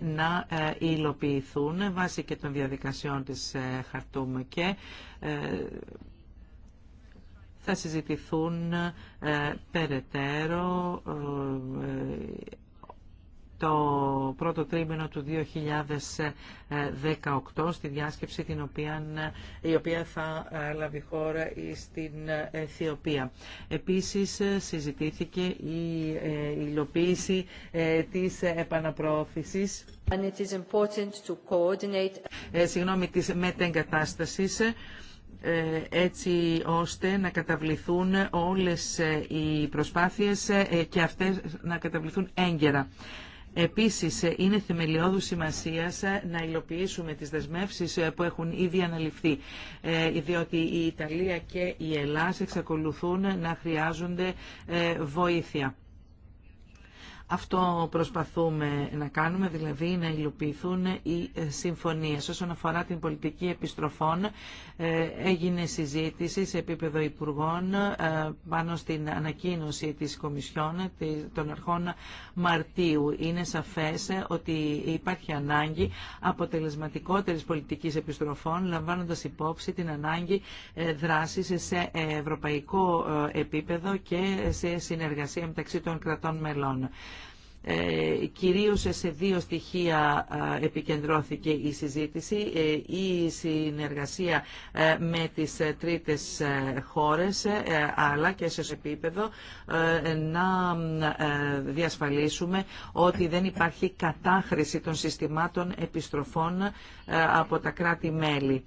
να υλοποιηθούν βάσει και των διαδικασιών της Χαρτούμ και θα συζητηθούν ε, περαιτέρω ε, το πρώτο τρίμηνο του 2018 στη διάσκεψη την οποία, η οποία θα ε, λάβει χώρα στην Αιθιοπία. Επίσης συζητήθηκε η υλοποίηση της επαναπρόθεσης And συγγνώμη, της μετεγκατάστασης ε, έτσι ώστε να καταβληθούν όλες ε, οι προσπάθειες ε, και αυτές να καταβληθούν έγκαιρα. Επίσης, είναι θεμελιώδου σημασία να υλοποιήσουμε τις δεσμεύσεις που έχουν ήδη αναλυφθεί, διότι η Ιταλία και η Ελλάδα εξακολουθούν να χρειάζονται βοήθεια. Αυτό προσπαθούμε να κάνουμε, δηλαδή να υλοποιηθούν οι συμφωνίες. Όσον αφορά την πολιτική επιστροφών, ε, έγινε συζήτηση σε επίπεδο Υπουργών ε, πάνω στην ανακοίνωση της Κομισιόν των αρχών Μαρτίου. Είναι σαφές ότι υπάρχει ανάγκη αποτελεσματικότερης πολιτικής επιστροφών, λαμβάνοντας υπόψη την ανάγκη ε, δράσης σε ευρωπαϊκό επίπεδο και σε συνεργασία μεταξύ των κρατών μελών. Ε, κυρίως σε δύο στοιχεία επικεντρώθηκε η συζήτηση. Ε, η συνεργασία ε, με τις τρίτες χώρες, αλλά και σε επίπεδο να διασφαλίσουμε ότι δεν υπάρχει κατάχρηση των συστημάτων επιστροφών από τα κράτη-μέλη.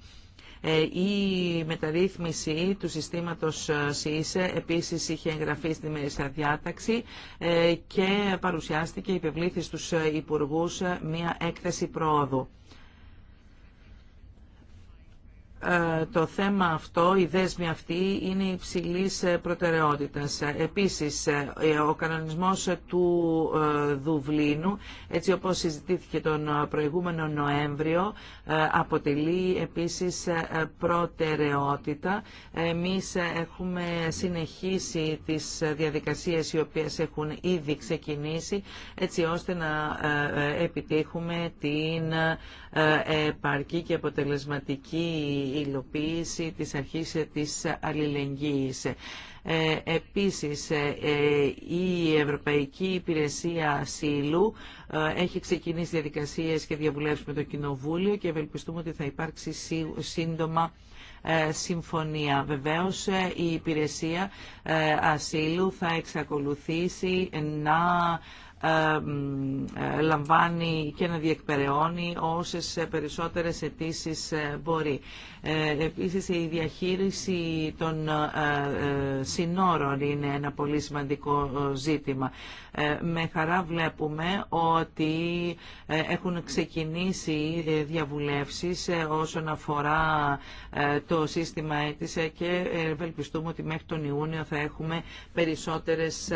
Ε, η μεταρρύθμιση του συστήματος ε, ΣΥΙΣΕ επίσης είχε εγγραφεί στη μέσα Διάταξη ε, και παρουσιάστηκε, υπευλήθη στους υπουργούς μια έκθεση πρόοδου. Ε, το θέμα αυτό, η δέσμη αυτή είναι υψηλή ε, προτεραιότητα, Επίσης, ε, ο κανονισμός του Δουβλίνου, έτσι όπως συζητήθηκε τον προηγούμενο Νοέμβριο, αποτελεί επίσης προτεραιότητα. Εμεί έχουμε συνεχίσει τις διαδικασίες οι οποίες έχουν ήδη ξεκινήσει, έτσι ώστε να επιτύχουμε την ε, επαρκή και αποτελεσματική υλοποίηση της αρχής της αλληλεγγύης. Ε, επίσης, ε, η Ευρωπαϊκή Υπηρεσία Ασύλου έχει ξεκινήσει διαδικασίες και διαβουλεύσει με το Κοινοβούλιο και ευελπιστούμε ότι θα υπάρξει σύντομα συμφωνία. Βεβαίως η υπηρεσία ασύλου θα εξακολουθήσει να ε, λαμβάνει και να διεκπεραιώνει όσες περισσότερες αιτήσει ε, μπορεί. Ε, επίσης η διαχείριση των συνόρων είναι ένα πολύ σημαντικό ζήτημα. Με χαρά βλέπουμε ότι έχουν ξεκινήσει διαβουλεύσεις όσον αφορά το σύστημα αίτηση και ευελπιστούμε ότι μέχρι τον Ιούνιο θα έχουμε περισσότερες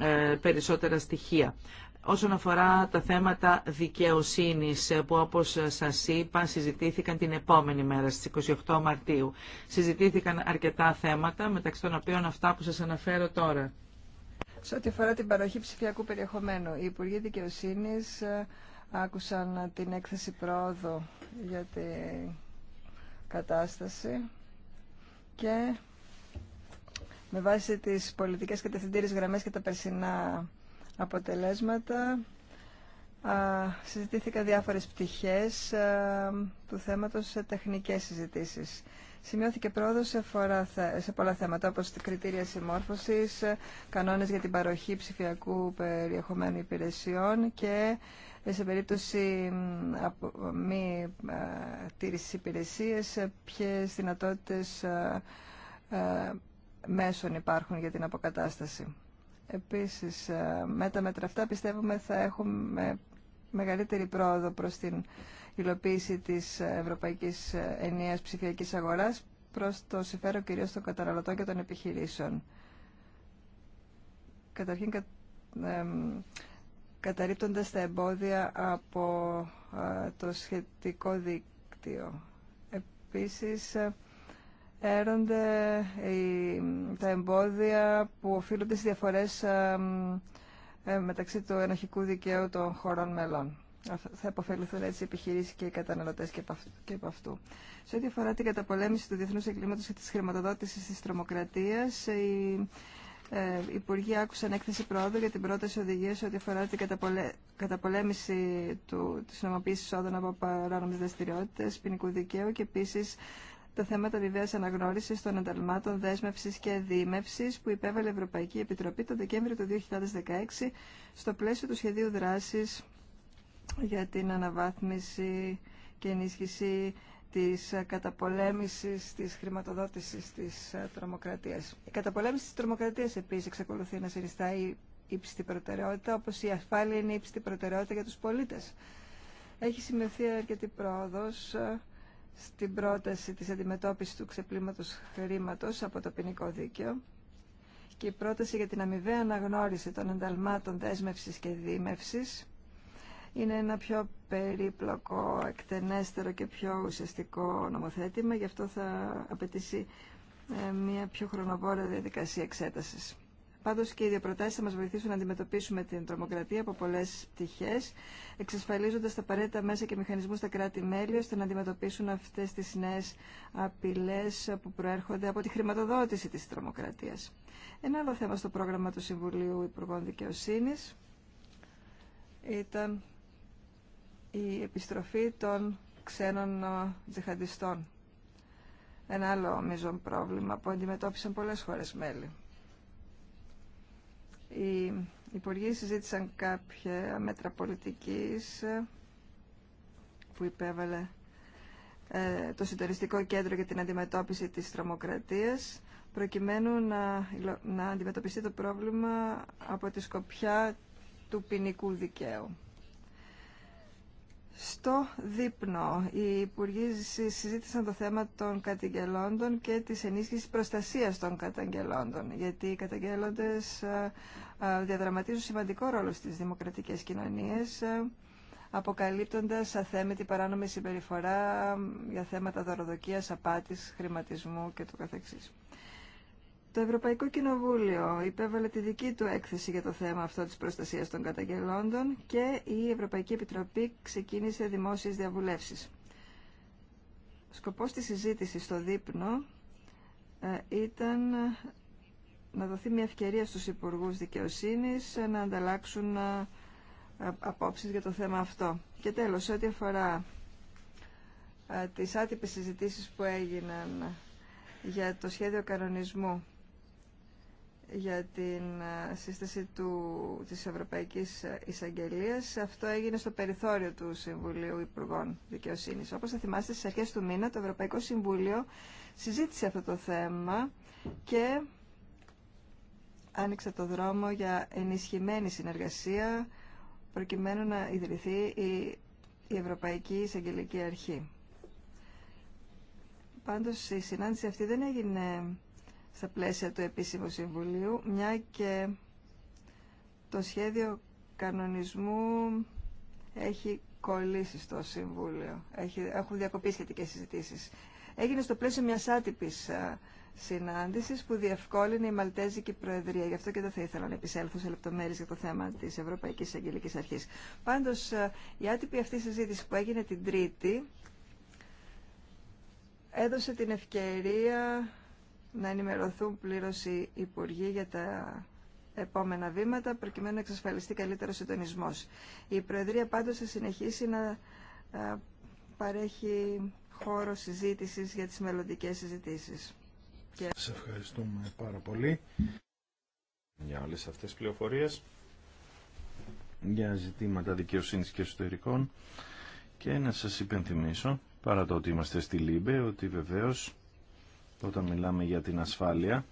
ε, περισσότερα στοιχεία. Όσον αφορά τα θέματα δικαιοσύνης ε, που όπως σας είπα συζητήθηκαν την επόμενη μέρα στις 28 Μαρτίου. Συζητήθηκαν αρκετά θέματα μεταξύ των οποίων αυτά που σας αναφέρω τώρα. Σε ό,τι αφορά την παροχή ψηφιακού περιεχομένου, οι Υπουργοί Δικαιοσύνη ε, άκουσαν την έκθεση πρόοδο για την κατάσταση και με βάση τις πολιτικές κατευθυντήριες γραμμές και τα περσινά αποτελέσματα α, συζητήθηκαν διάφορες πτυχές του θέματος σε τεχνικές συζητήσεις. Σημειώθηκε πρόοδος σε, φορά, σε πολλά θέματα όπως κριτήρια συμμόρφωσης, κανόνες για την παροχή ψηφιακού περιεχομένου υπηρεσιών και σε περίπτωση μη τήρησης υπηρεσίες ποιες δυνατότητες μέσων υπάρχουν για την αποκατάσταση. Επίσης, ε, με τα μέτρα αυτά πιστεύουμε θα έχουμε μεγαλύτερη πρόοδο προς την υλοποίηση της Ευρωπαϊκής ε, Ενίας Ψηφιακής Αγοράς προς το συμφέρον κυρίως των καταναλωτών και των επιχειρήσεων. Καταρχήν, κα, τα εμπόδια από ε, το σχετικό δίκτυο. Επίσης, έρονται τα εμπόδια που οφείλονται στις διαφορές μεταξύ του ενοχικού δικαίου των χωρών μελών. Θα υποφεληθούν έτσι οι επιχειρήσει και οι καταναλωτέ και από αυτού. Σε ό,τι αφορά την καταπολέμηση του διεθνού εγκλήματο και τη χρηματοδότηση τη τρομοκρατία, οι ε, υπουργοί άκουσαν έκθεση πρόοδου για την πρόταση οδηγία σε ό,τι αφορά την καταπολέμηση τη νομοποίηση όδων από παράνομε δραστηριότητε, ποινικού δικαίου και επίση τα θέματα βιβαία αναγνώριση των ανταλμάτων δέσμευση και δίμευση που υπέβαλε η Ευρωπαϊκή Επιτροπή τον Δεκέμβριο του 2016 στο πλαίσιο του σχεδίου δράση για την αναβάθμιση και ενίσχυση της καταπολέμησης της χρηματοδότησης της ε, τρομοκρατίας. Η καταπολέμηση της τρομοκρατίας επίσης εξακολουθεί να συνιστά η προτεραιότητα, όπως η ασφάλεια είναι η ύψιστη προτεραιότητα για τους πολίτες. Έχει σημειωθεί αρκετή πρόοδος ε, στην πρόταση της αντιμετώπισης του ξεπλήματος χρήματος από το ποινικό δίκαιο και η πρόταση για την αμοιβαία αναγνώριση των ενταλμάτων δέσμευσης και δίμευσης είναι ένα πιο περίπλοκο, εκτενέστερο και πιο ουσιαστικό νομοθέτημα, γι' αυτό θα απαιτήσει ε, μια πιο χρονοβόρα διαδικασία εξέτασης. Πάντω και οι δύο προτάσεις θα μα βοηθήσουν να αντιμετωπίσουμε την τρομοκρατία από πολλέ πτυχέ, εξασφαλίζοντα τα απαραίτητα μέσα και μηχανισμού στα κράτη-μέλη, ώστε να αντιμετωπίσουν αυτέ τι νέε απειλέ που προέρχονται από τη χρηματοδότηση τη τρομοκρατία. Ένα άλλο θέμα στο πρόγραμμα του Συμβουλίου Υπουργών Δικαιοσύνη ήταν η επιστροφή των ξένων ε, τζιχαντιστών. Ένα άλλο μείζον πρόβλημα που αντιμετώπισαν πολλές χώρες μέλη. Οι υπουργοί συζήτησαν κάποια μέτρα πολιτικής ε, που υπέβαλε ε, το Συντοριστικό Κέντρο για την Αντιμετώπιση της Τρομοκρατίας προκειμένου να, να αντιμετωπιστεί το πρόβλημα από τη σκοπιά του ποινικού δικαίου. Στο δείπνο, οι υπουργοί συζήτησαν το θέμα των καταγγελόντων και της ενίσχυσης προστασίας των καταγγελόντων, γιατί οι καταγγέλοντες ε, ε, διαδραματίζουν σημαντικό ρόλο στις δημοκρατικές κοινωνίες, ε, αποκαλύπτοντας αθέμητη παράνομη συμπεριφορά για θέματα δωροδοκίας, απάτης, χρηματισμού και του καθεξής. Το Ευρωπαϊκό Κοινοβούλιο υπέβαλε τη δική του έκθεση για το θέμα αυτό της προστασίας των καταγγελόντων και η Ευρωπαϊκή Επιτροπή ξεκίνησε δημόσιες διαβουλεύσεις. σκοπός της συζήτησης στο δείπνο ε, ήταν να δοθεί μια ευκαιρία στους Υπουργούς Δικαιοσύνης να ανταλλάξουν ε, απόψεις για το θέμα αυτό. Και τέλος, ό,τι αφορά ε, τις άτυπες συζητήσεις που έγιναν για το σχέδιο κανονισμού για την ε, σύσταση του, της Ευρωπαϊκής Εισαγγελίας. Αυτό έγινε στο περιθώριο του Συμβουλίου Υπουργών Δικαιοσύνης. Όπως θα θυμάστε, στις αρχές του μήνα το Ευρωπαϊκό Συμβούλιο συζήτησε αυτό το θέμα και άνοιξε το δρόμο για ενισχυμένη συνεργασία προκειμένου να ιδρυθεί η, η Ευρωπαϊκή Εισαγγελική Αρχή. Πάντως η συνάντηση αυτή δεν έγινε στα πλαίσια του επίσημου συμβουλίου, μια και το σχέδιο κανονισμού έχει κολλήσει στο Συμβούλιο. Έχει, έχουν διακοπεί σχετικέ συζητήσεις. Έγινε στο πλαίσιο μια άτυπη συνάντηση που διευκόλυνε η Μαλτέζικη Προεδρία. Γι' αυτό και δεν θα ήθελα να επισέλθω σε λεπτομέρειε για το θέμα τη Ευρωπαϊκή Αγγελική Αρχή. Πάντω, η άτυπη αυτή συζήτηση που έγινε την Τρίτη έδωσε την ευκαιρία να ενημερωθούν πλήρως οι Υπουργοί για τα επόμενα βήματα προκειμένου να εξασφαλιστεί καλύτερο συντονισμό. Η Προεδρία πάντως θα συνεχίσει να ε, παρέχει χώρο συζήτησης για τις μελλοντικέ συζητήσεις. Και... ευχαριστούμε πάρα πολύ για όλες αυτές τις πληροφορίες για ζητήματα δικαιοσύνης και εσωτερικών και να σας υπενθυμίσω παρά το ότι είμαστε στη ΛΥΜΠΕ ότι βεβαίως όταν μιλάμε για την ασφάλεια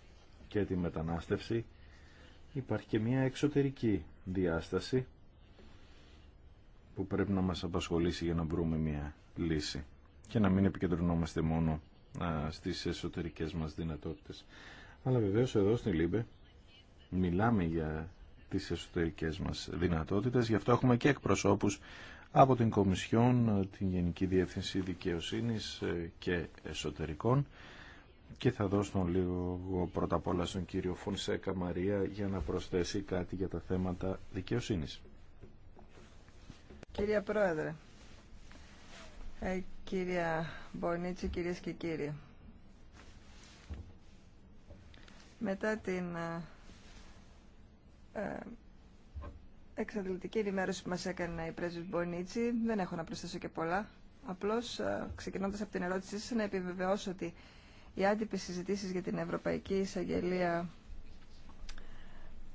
και τη μετανάστευση υπάρχει και μια εξωτερική διάσταση που πρέπει να μας απασχολήσει για να βρούμε μια λύση και να μην επικεντρωνόμαστε μόνο στις εσωτερικές μας δυνατότητες. Αλλά βεβαίως εδώ στην Λίμπε μιλάμε για τις εσωτερικές μας δυνατότητες, γι' αυτό έχουμε και εκπροσώπους από την Κομισιόν, την Γενική Διεύθυνση Δικαιοσύνης ε, και Εσωτερικών και θα δώσω λίγο πρώτα απ' όλα στον κύριο Φωνσέκα Μαρία για να προσθέσει κάτι για τα θέματα δικαιοσύνης. Κυρία Πρόεδρε, ε, κυρία Μπονίτσι, κυρίες και κύριοι, μετά την ε, ε εξαντλητική ενημέρωση που μας έκανε η πρέσβη Μπονίτσι, δεν έχω να προσθέσω και πολλά. Απλώς, ε, ξεκινώντας από την ερώτησή σας, να επιβεβαιώσω ότι οι άτυπε συζητήσει για την Ευρωπαϊκή Εισαγγελία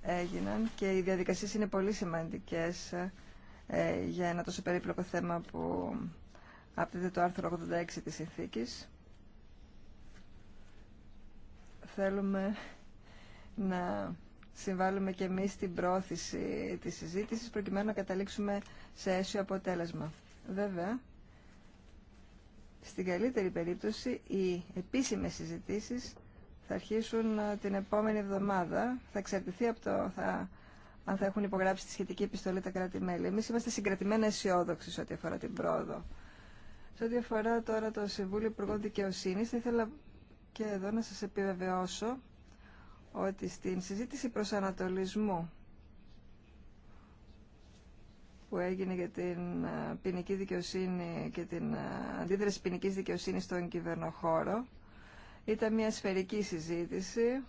έγιναν και οι διαδικασίες είναι πολύ σημαντικές ε, για ένα τόσο περίπλοκο θέμα που άπτεται το άρθρο 86 της συνθήκης. Θέλουμε να συμβάλλουμε και εμείς στην πρόθεση της συζήτησης προκειμένου να καταλήξουμε σε αίσιο αποτέλεσμα. Βέβαια, στην καλύτερη περίπτωση οι επίσημες συζητήσεις θα αρχίσουν ε, την επόμενη εβδομάδα. Θα εξαρτηθεί από το θα, αν θα έχουν υπογράψει τη σχετική επιστολή τα κράτη-μέλη. Εμείς είμαστε συγκρατημένα αισιόδοξοι σε ό,τι αφορά την πρόοδο. Σε ό,τι αφορά τώρα το Συμβούλιο Υπουργών Δικαιοσύνη, θα ήθελα και εδώ να σας επιβεβαιώσω ότι στην συζήτηση ανατολισμού που έγινε για την ε, ποινική δικαιοσύνη και την ε, αντίδραση ποινική δικαιοσύνη στον κυβερνοχώρο. Ήταν μια σφαιρική συζήτηση,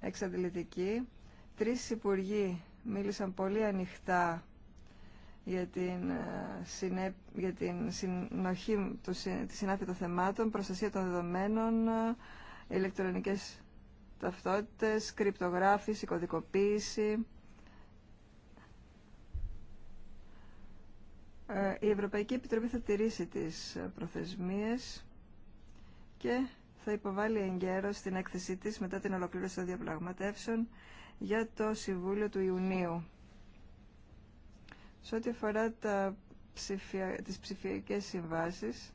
εξαντλητική. Τρεις υπουργοί μίλησαν πολύ ανοιχτά για την, ε, για την συνοχή, το... τη συνάφεια των θεμάτων, προστασία των δεδομένων, ηλεκτρονικές ταυτότητες, κρυπτογράφηση, κωδικοποίηση Ε, η Ευρωπαϊκή Επιτροπή θα τηρήσει τις προθεσμίες και θα υποβάλει εγκαίρως την έκθεσή της μετά την ολοκλήρωση των διαπραγματεύσεων για το Συμβούλιο του Ιουνίου. Σε ό,τι αφορά τα τις ψηφιακές συμβάσεις,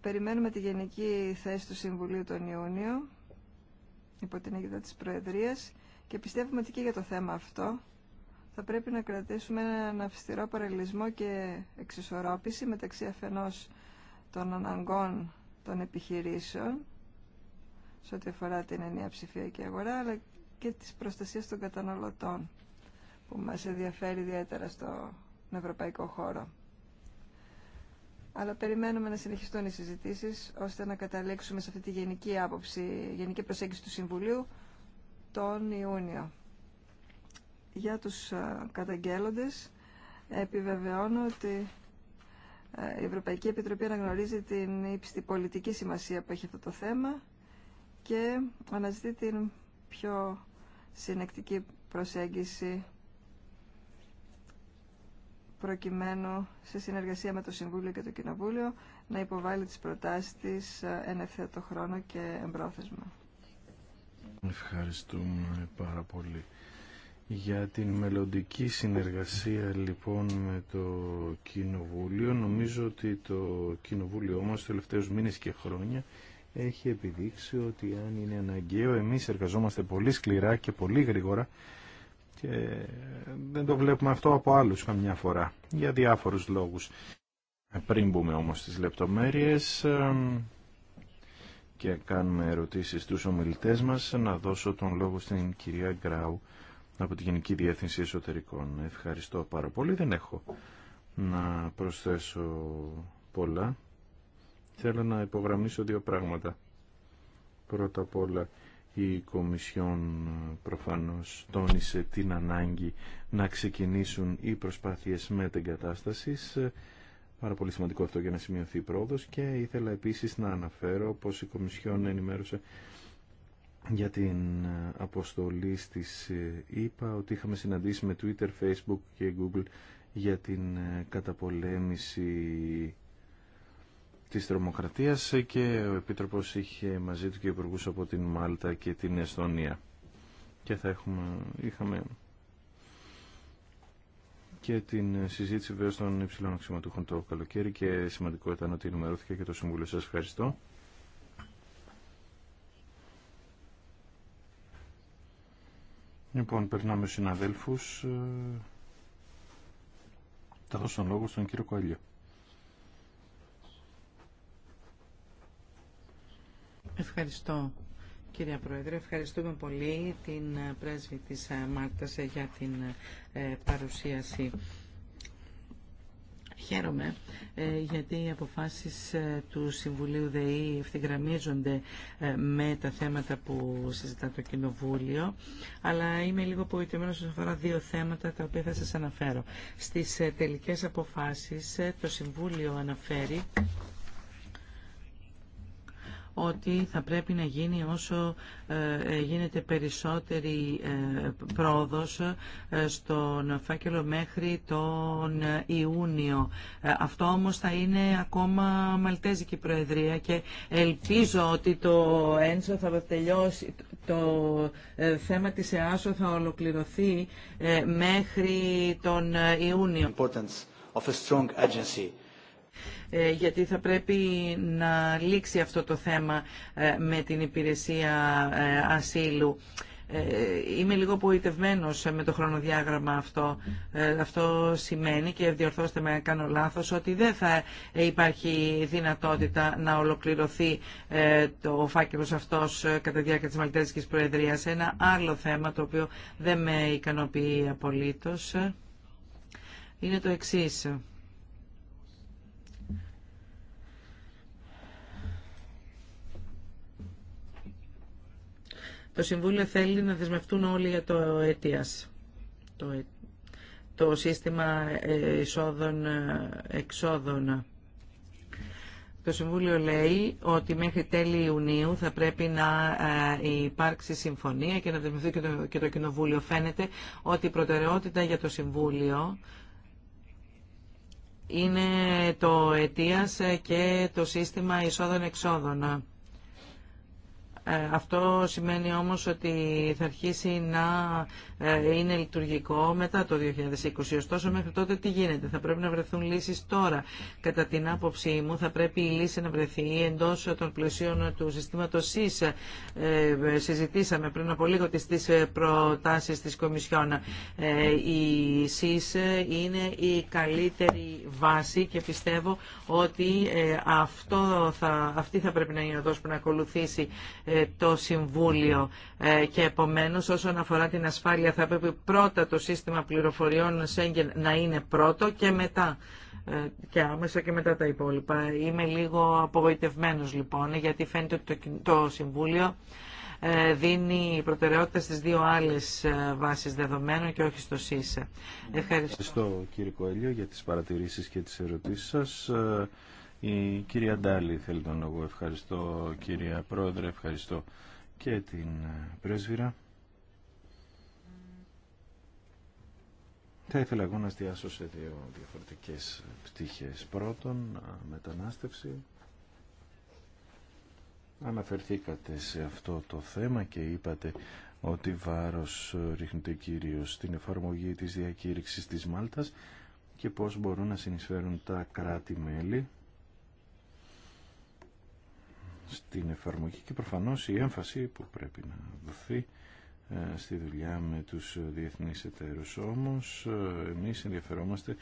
περιμένουμε τη γενική θέση του Συμβουλίου τον Ιούνιο υπό την αιγυδά της Προεδρίας και πιστεύουμε ότι και για το θέμα αυτό θα πρέπει να κρατήσουμε έναν αυστηρό παραλληλισμό και εξισορρόπηση μεταξύ αφενός των αναγκών των επιχειρήσεων σε ό,τι αφορά την ενιαία ψηφιακή αγορά αλλά και της προστασίας των καταναλωτών που μας ενδιαφέρει ιδιαίτερα στον ευρωπαϊκό χώρο. Αλλά περιμένουμε να συνεχιστούν οι συζητήσεις ώστε να καταλήξουμε σε αυτή τη γενική άποψη, γενική προσέγγιση του Συμβουλίου τον Ιούνιο για τους ε, καταγγέλλοντες επιβεβαιώνω ότι ε, η Ευρωπαϊκή Επιτροπή αναγνωρίζει την ύψιστη πολιτική σημασία που έχει αυτό το θέμα και αναζητεί την πιο συνεκτική προσέγγιση προκειμένου σε συνεργασία με το Συμβούλιο και το Κοινοβούλιο να υποβάλει τις προτάσεις της ε, εν ευθέτω χρόνο και εμπρόθεσμα. Ευχαριστούμε πάρα πολύ. Για την μελλοντική συνεργασία λοιπόν με το Κοινοβούλιο, νομίζω ότι το Κοινοβούλιο μας τελευταίους μήνες και χρόνια έχει επιδείξει ότι αν είναι αναγκαίο εμείς εργαζόμαστε πολύ σκληρά και πολύ γρήγορα και δεν το βλέπουμε αυτό από άλλους καμιά φορά για διάφορους λόγους. Πριν μπούμε όμως στις λεπτομέρειες και κάνουμε ερωτήσεις στους ομιλητές μας να δώσω τον λόγο στην κυρία Γκράου από τη Γενική Διεύθυνση Εσωτερικών. Ευχαριστώ πάρα πολύ. Δεν έχω να προσθέσω πολλά. Θέλω να υπογραμμίσω δύο πράγματα. Πρώτα απ' όλα η Κομισιόν προφανώς τόνισε την ανάγκη να ξεκινήσουν οι προσπάθειες μετεγκατάστασης. Πάρα πολύ σημαντικό αυτό για να σημειωθεί η πρόοδος και ήθελα επίσης να αναφέρω πως η Κομισιόν ενημέρωσε για την ε, αποστολή στις ΕΠΑ ότι είχαμε συναντήσει με Twitter, Facebook και Google για την ε, καταπολέμηση της τρομοκρατίας και ο Επίτροπος είχε μαζί του και υπουργούς από την Μάλτα και την Εστονία. Και θα έχουμε, είχαμε και την ε, συζήτηση βέβαια των υψηλών αξιωματούχων το καλοκαίρι και σημαντικό ήταν ότι ενημερώθηκε και το Συμβούλιο. Σας ευχαριστώ. Λοιπόν, περνάμε στους συναδέλφους. Ε, θα δώσω τον λόγο στον κύριο Κοέλιο. Ευχαριστώ. Κύριε Πρόεδρε, ευχαριστούμε πολύ την πρέσβη της Μάρτας για την ε, παρουσίαση. Χαίρομαι ε, γιατί οι αποφάσεις ε, του Συμβουλίου ΔΕΗ ευθυγραμμίζονται ε, με τα θέματα που συζητά το Κοινοβούλιο, αλλά είμαι λίγο απογοητευμένος όσον αφορά δύο θέματα τα οποία θα σας αναφέρω. Στις τελικές αποφάσεις το Συμβούλιο αναφέρει ότι θα πρέπει να γίνει όσο ε, ε, γίνεται περισσότερη ε, πρόοδος στον φάκελο μέχρι τον Ιούνιο. Αυτό όμως θα είναι ακόμα Μαλτέζικη Προεδρία και ελπίζω ότι το ένσο θα τελειώσει, το θέμα της ΕΑΣΟ θα ολοκληρωθεί μέχρι τον Ιούνιο. Ε, γιατί θα πρέπει να λήξει αυτό το θέμα ε, με την υπηρεσία ε, ασύλου. Είμαι λίγο απογοητευμένος με το χρονοδιάγραμμα αυτό. Αυτό σημαίνει και διορθώστε με αν κάνω λάθος ότι δεν θα υπάρχει δυνατότητα να ολοκληρωθεί το φάκελος αυτός κατά τη διάρκεια της Μαλτέζικης Προεδρίας. Ένα άλλο θέμα το οποίο δεν με ικανοποιεί απολύτως είναι το εξής. Το Συμβούλιο θέλει να δεσμευτούν όλοι για το αιτίας, το, το σύστημα ε, εισόδων-εξόδων. Ε, το Συμβούλιο λέει ότι μέχρι τέλη Ιουνίου θα πρέπει να ε, υπάρξει συμφωνία και να δεσμευτεί και το, και το Κοινοβούλιο. Φαίνεται ότι η προτεραιότητα για το Συμβούλιο είναι το αιτίας και το σύστημα εισόδων-εξόδων. Ε, αυτό σημαίνει όμως ότι θα αρχίσει να ε, είναι λειτουργικό μετά το 2020. Ωστόσο μέχρι τότε τι γίνεται. Θα πρέπει να βρεθούν λύσεις τώρα. Κατά την άποψή μου θα πρέπει η λύση να βρεθεί εντός των πλαισίων του συστήματος ΣΥΣ. Ε, συζητήσαμε πριν από λίγο τις, προτάσεις της Κομισιόνα. η ΣΥΣ είναι η καλύτερη βάση και πιστεύω ότι αυτό θα, αυτή θα πρέπει να είναι ο που να ακολουθήσει ε, το Συμβούλιο ε, και επομένως όσον αφορά την ασφάλεια θα πρέπει πρώτα το σύστημα πληροφοριών Σέγγεν να είναι πρώτο και μετά ε, και άμεσα και μετά τα υπόλοιπα. Είμαι λίγο απογοητευμένος λοιπόν γιατί φαίνεται ότι το Συμβούλιο δίνει προτεραιότητα στις δύο άλλες βάσεις δεδομένων και όχι στο ΣΥΣΕ. Ευχαριστώ. Ευχαριστώ κύριε Κοέλιο για τις παρατηρήσεις και τις ερωτήσεις σας. Η κυρία Ντάλη θέλει τον λόγο. Ευχαριστώ κυρία Πρόεδρε, ευχαριστώ και την ε, πρέσβυρα. Θα ήθελα εγώ να εστιάσω σε δύο διαφορετικές πτυχές. Πρώτον, μετανάστευση. Αναφερθήκατε σε αυτό το θέμα και είπατε ότι βάρος ε, ρίχνεται κυρίως στην εφαρμογή της διακήρυξης της Μάλτας και πώς μπορούν να συνεισφέρουν τα κράτη-μέλη στην εφαρμογή και προφανώς η έμφαση που πρέπει να δοθεί ε, στη δουλειά με τους διεθνείς εταίρους. Όμως ε, εμείς ενδιαφερόμαστε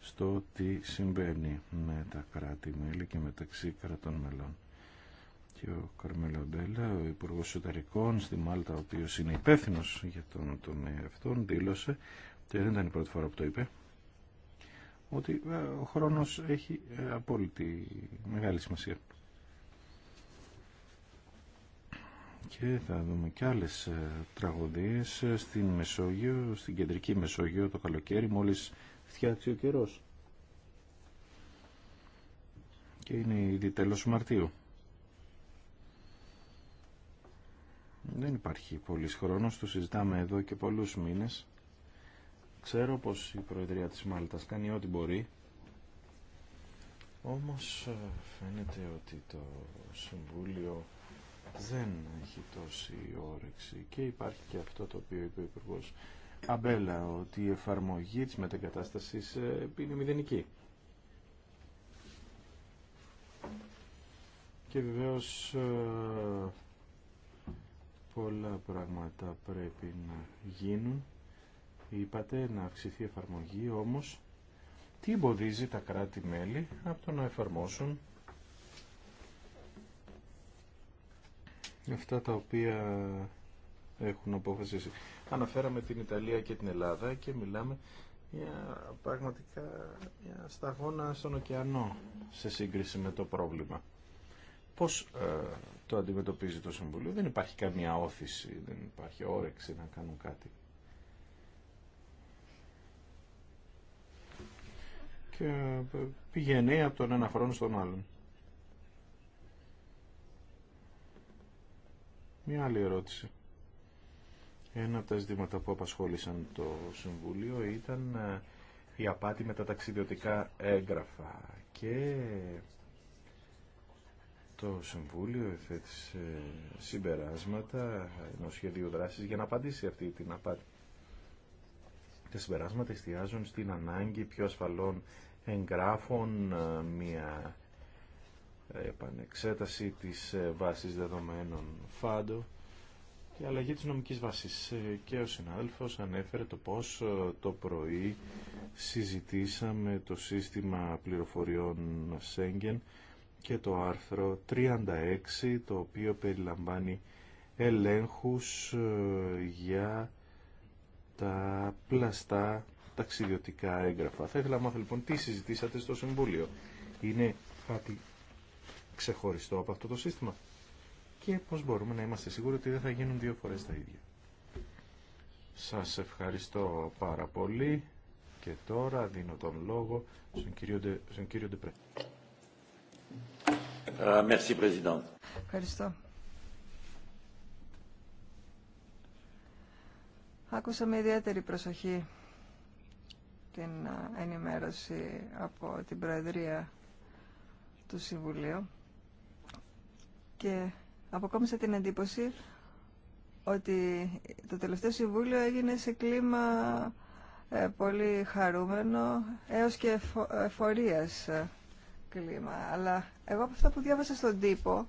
στο τι συμβαίνει με τα κράτη-μέλη και μεταξύ κρατών μελών. Και ο Καρμελοντέλα, ο Υπουργός Εσωτερικών στη Μάλτα, ο οποίος είναι υπεύθυνο για τον τομέα αυτόν, δήλωσε, και δεν ήταν η πρώτη φορά που το είπε, ότι ε, ο χρόνος έχει απόλυτη μεγάλη σημασία. και θα δούμε και άλλες ε, τραγωδίες ε, στην Μεσόγειο, στην κεντρική Μεσόγειο το καλοκαίρι μόλις φτιάξει ο καιρός. Και είναι ήδη τέλος Μαρτίου. Δεν υπάρχει πολύς χρόνος, το συζητάμε εδώ και πολλούς μήνες. Ξέρω πως η Προεδρία της Μάλτας κάνει ό,τι μπορεί. Όμως ε, φαίνεται ότι το Συμβούλιο δεν έχει τόση όρεξη και υπάρχει και αυτό το οποίο είπε ο υπουργό Αμπέλα ότι η εφαρμογή της μετεγκατάστασης ε, είναι μηδενική. Και βεβαίως ε, πολλά πράγματα πρέπει να γίνουν. Είπατε να αυξηθεί η εφαρμογή, όμως τι εμποδίζει τα κράτη-μέλη από το να εφαρμόσουν αυτά τα οποία έχουν αποφασίσει. Αναφέραμε την Ιταλία και την Ελλάδα και μιλάμε για πραγματικά μια σταγόνα στον ωκεανό σε σύγκριση με το πρόβλημα. Πώς ε, το αντιμετωπίζει το Συμβουλίο. Δεν υπάρχει καμία όθηση, δεν υπάρχει όρεξη να κάνουν κάτι. Και ε, πηγαίνει από τον ένα χρόνο στον άλλον. Μια άλλη ερώτηση. Ένα από τα ζητήματα που απασχόλησαν το Συμβούλιο ήταν ε, η απάτη με τα ταξιδιωτικά έγγραφα και το Συμβούλιο εφέτησε συμπεράσματα ενό σχεδίου δράσης για να απαντήσει αυτή την απάτη. Τα συμπεράσματα εστιάζουν στην ανάγκη πιο ασφαλών εγγράφων, ε, μια επανεξέταση της ε, βάσης δεδομένων φάντο και αλλαγή της νομικής βάσης. Ε, και ο συνάδελφος ανέφερε το πώς ε, το πρωί συζητήσαμε το σύστημα πληροφοριών Σέγγεν και το άρθρο 36 το οποίο περιλαμβάνει ελέγχους για τα πλαστά ταξιδιωτικά έγγραφα. Θα ήθελα να μάθω λοιπόν τι συζητήσατε στο Συμβούλιο. Είναι κάτι ξεχωριστό από αυτό το σύστημα και πώς μπορούμε να είμαστε σίγουροι ότι δεν θα γίνουν δύο φορές τα ίδια. Σας ευχαριστώ πάρα πολύ και τώρα δίνω τον λόγο στον κύριο, στον κύριο Ντεπρέ. Ε, ευχαριστώ. Άκουσα με ιδιαίτερη προσοχή την ε, ενημέρωση από την Προεδρία του Συμβουλίου και αποκόμισα την εντύπωση ότι το τελευταίο συμβούλιο έγινε σε κλίμα ε, πολύ χαρούμενο έως και εφο, εφορίας ε, κλίμα. Αλλά εγώ από αυτά που διάβασα στον τύπο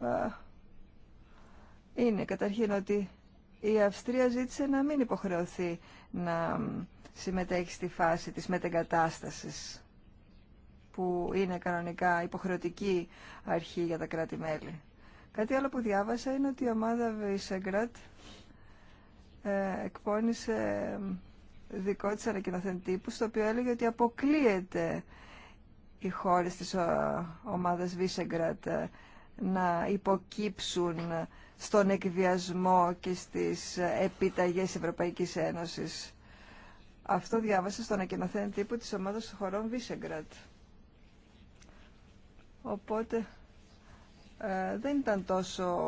ε, είναι καταρχήν ότι η Αυστρία ζήτησε να μην υποχρεωθεί να συμμετέχει στη φάση της μετεγκατάστασης που είναι κανονικά υποχρεωτική αρχή για τα κράτη-μέλη. Κάτι άλλο που διάβασα είναι ότι η ομάδα Βεϊσεγκράτ ε, εκπώνησε δικό της ανακοινωθέν τύπου, στο οποίο έλεγε ότι αποκλείεται οι χώρες της ε, ομάδας Βίσεγκρατ ε, να υποκύψουν στον εκβιασμό και στις επιταγές Ευρωπαϊκής Ένωσης. Αυτό διάβασα στον ανακοινωθέν τύπου της ομάδας των χωρών Βίσεγκρατ. Οπότε ε, δεν ήταν τόσο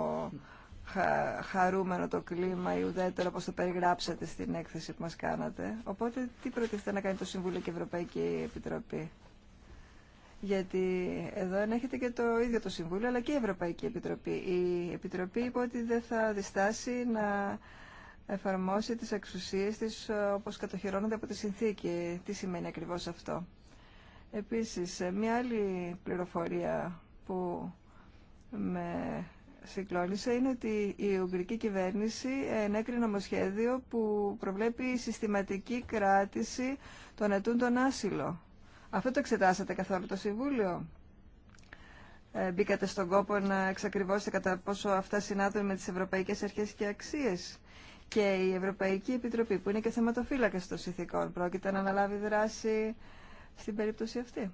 χα, χαρούμενο το κλίμα ή ουδέτερο όπως το περιγράψατε στην έκθεση που μας κάνατε. Οπότε τι προτείνετε να κάνει το Συμβούλιο και η Ευρωπαϊκή Επιτροπή. Γιατί εδώ ενέχεται και το ίδιο το Συμβούλιο αλλά και η Ευρωπαϊκή Επιτροπή. Η Επιτροπή είπε ότι δεν θα διστάσει να εφαρμόσει τις εξουσίες της ε, όπως κατοχυρώνονται από τη συνθήκη. Τι σημαίνει ακριβώς αυτό. Επίσης, ε, μια άλλη πληροφορία που με συγκλώνησε είναι ότι η Ουγγρική κυβέρνηση ενέκρινε νομοσχέδιο που προβλέπει συστηματική κράτηση των ετούντων άσυλο. Αυτό το εξετάσατε καθόλου το Συμβούλιο. Ε, μπήκατε στον κόπο να εξακριβώσετε κατά πόσο αυτά συνάδουν με τις ευρωπαϊκές αρχές και αξίες. Και η Ευρωπαϊκή Επιτροπή, που είναι και θεματοφύλακα των συνθήκων, πρόκειται να αναλάβει δράση στην περίπτωση αυτή.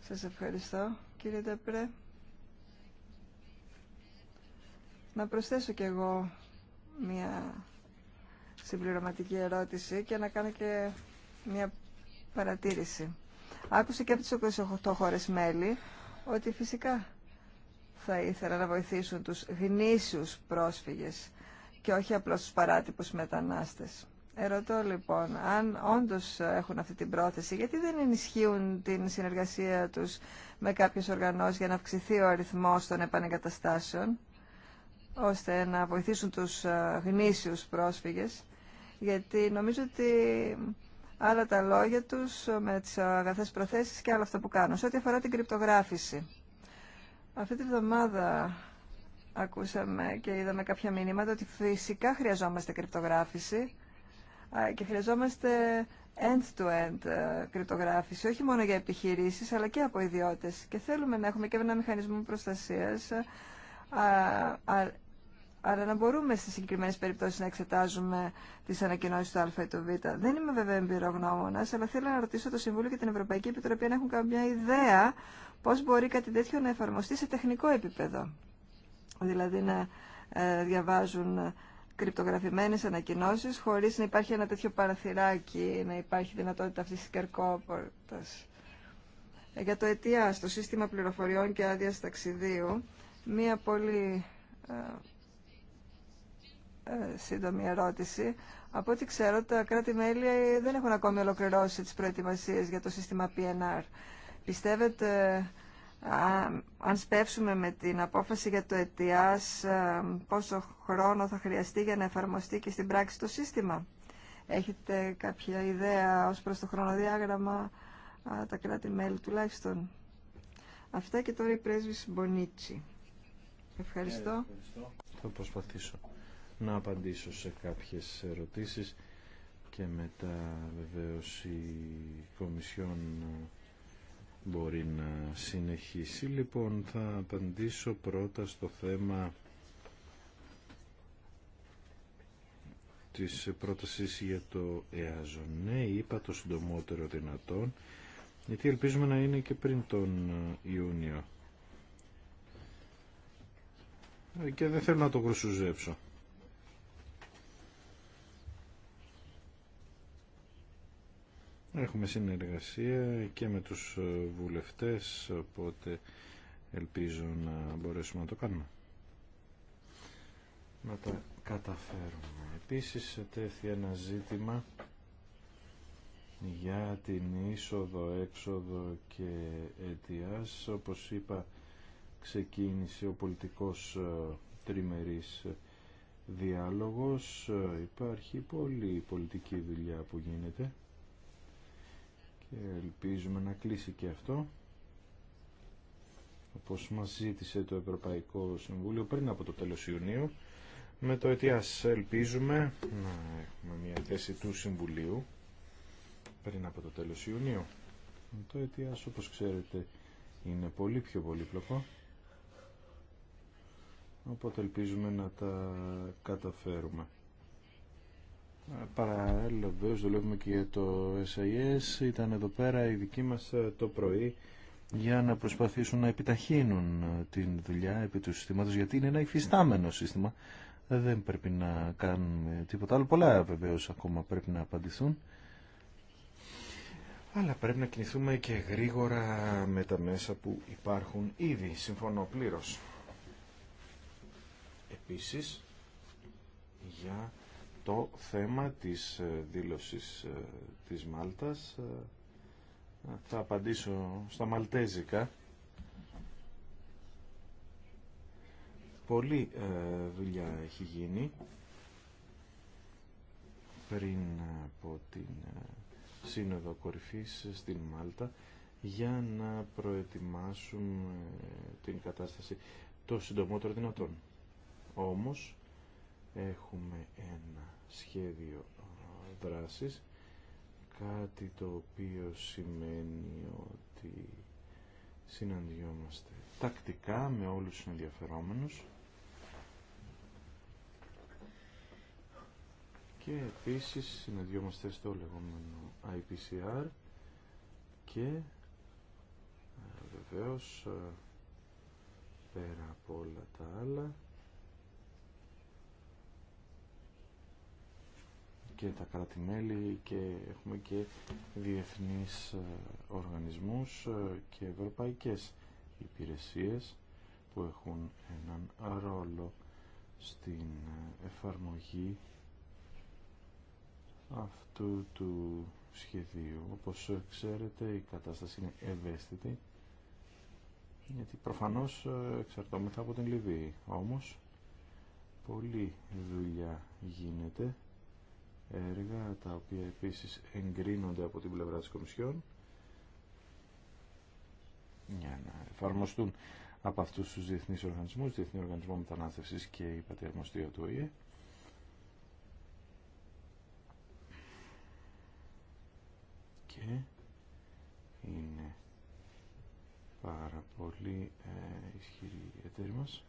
Σας ευχαριστώ κύριε Ταπρέ. Να προσθέσω κι εγώ μια συμπληρωματική ερώτηση και να κάνω και μια παρατήρηση. Άκουσα και από τις 28 χώρες μέλη ότι φυσικά θα ήθελα να βοηθήσουν τους γνήσιους πρόσφυγες και όχι απλώς τους παράτυπους μετανάστες. Ερωτώ λοιπόν, αν όντως έχουν αυτή την πρόθεση, γιατί δεν ενισχύουν την συνεργασία τους με κάποιες οργανώσεις για να αυξηθεί ο αριθμός των επανεγκαταστάσεων, ώστε να βοηθήσουν τους ε, γνήσιους πρόσφυγες, γιατί νομίζω ότι άλλα τα λόγια τους με τις αγαθές προθέσεις και άλλα αυτά που κάνουν. Σε ό,τι αφορά την κρυπτογράφηση, αυτή τη βδομάδα ακούσαμε και είδαμε κάποια μηνύματα ότι φυσικά χρειαζόμαστε κρυπτογράφηση, και χρειαζόμαστε end-to-end -end ε, κρυπτογράφηση, όχι μόνο για επιχειρήσεις, αλλά και από ιδιώτες. Και θέλουμε να έχουμε και ένα μηχανισμό προστασίας, ε, αλλά να μπορούμε στις συγκεκριμένες περιπτώσεις να εξετάζουμε τις ανακοινώσεις του Α ή του Β. Δεν είμαι βέβαια εμπειρογνώμονας, αλλά θέλω να ρωτήσω το Συμβούλιο και την Ευρωπαϊκή Επιτροπή αν έχουν καμιά ιδέα πώς μπορεί κάτι τέτοιο να εφαρμοστεί σε τεχνικό επίπεδο. Δηλαδή να ε, διαβάζουν κρυπτογραφημένες ανακοινώσεις χωρίς να υπάρχει ένα τέτοιο παραθυράκι, να υπάρχει δυνατότητα αυτής της κερκόπορτας. Ε, για το αιτία στο σύστημα πληροφοριών και άδεια ταξιδίου, μία πολύ ε, ε, σύντομη ερώτηση. Από ό,τι ξέρω, τα κράτη-μέλη δεν έχουν ακόμη ολοκληρώσει τις προετοιμασίες για το σύστημα PNR. Πιστεύετε αν σπεύσουμε με την απόφαση για το ΕΤΙΑΣ ε, πόσο χρόνο θα χρειαστεί για να εφαρμοστεί και στην πράξη το σύστημα. Έχετε κάποια ιδέα ως προς το χρονοδιάγραμμα τα κράτη-μέλη τουλάχιστον. Αυτά και τώρα η πρέσβη Μπονίτσι. Ευχαριστώ. Θα προσπαθήσω να απαντήσω σε κάποιες ερωτήσεις και μετά βεβαίως η Κομισιόν μπορεί να συνεχίσει. Λοιπόν, θα απαντήσω πρώτα στο θέμα της πρότασης για το ΕΑΖΟ. Ναι, είπα το συντομότερο δυνατόν, γιατί ελπίζουμε να είναι και πριν τον ε, Ιούνιο. Ε, και δεν θέλω να το προσουζέψω. Έχουμε συνεργασία και με τους ε, βουλευτές, οπότε ελπίζω να μπορέσουμε να το κάνουμε. Να τα καταφέρουμε. Επίσης τέθη ένα ζήτημα για την είσοδο, έξοδο και αιτιάς. Όπως είπα, ξεκίνησε ο πολιτικός ε, τριμερής ε, διάλογος. Υπάρχει πολλή πολιτική δουλειά που γίνεται και ελπίζουμε να κλείσει και αυτό όπως μας ζήτησε το Ευρωπαϊκό Συμβούλιο πριν από το τέλος Ιουνίου με το αιτίας ελπίζουμε να έχουμε μια θέση του Συμβουλίου πριν από το τέλος Ιουνίου με το αιτίας όπως ξέρετε είναι πολύ πιο πολύπλοκο οπότε ελπίζουμε να τα καταφέρουμε Παράλληλα βεβαίως δουλεύουμε και για το SIS. Ήταν εδώ πέρα οι δικοί μας ε, το πρωί για να προσπαθήσουν να επιταχύνουν ε, την δουλειά επί του συστήματος γιατί είναι ένα υφιστάμενο σύστημα. Δεν πρέπει να κάνουμε τίποτα άλλο. Πολλά βεβαίω ακόμα πρέπει να απαντηθούν. Αλλά πρέπει να κινηθούμε και γρήγορα με τα μέσα που υπάρχουν ήδη. Συμφωνώ πλήρως. Επίσης, για το θέμα της ε, δήλωσης ε, της Μάλτας. Ε, θα απαντήσω στα Μαλτέζικα. Πολύ δουλειά έχει γίνει πριν από την Σύνοδο Κορυφής στην Μάλτα για να προετοιμάσουμε την κατάσταση το συντομότερο δυνατόν. Όμως, έχουμε ένα σχέδιο δράσης κάτι το οποίο σημαίνει ότι συναντιόμαστε τακτικά με όλους τους ενδιαφερόμενους και επίσης συναντιόμαστε στο λεγόμενο IPCR και ε, βεβαίως ε, πέρα από όλα τα άλλα και τα κράτη-μέλη και έχουμε και διεθνείς ε, οργανισμούς ε, και ευρωπαϊκές υπηρεσίες που έχουν έναν ρόλο στην ε, εφαρμογή αυτού του σχεδίου. Όπως ξέρετε η κατάσταση είναι ευαίσθητη γιατί προφανώς εξαρτώμεθα από την Λιβύη. Όμως, πολλή δουλειά γίνεται έργα, τα οποία επίσης εγκρίνονται από την πλευρά της Κομισιόν για να εφαρμοστούν από αυτούς τους διεθνείς οργανισμούς, Διεθνή Οργανισμό Μετανάστευσης και η Πατερμοστία του ΟΗΕ. Και είναι πάρα πολύ ε, ισχυρή η εταίρη μας.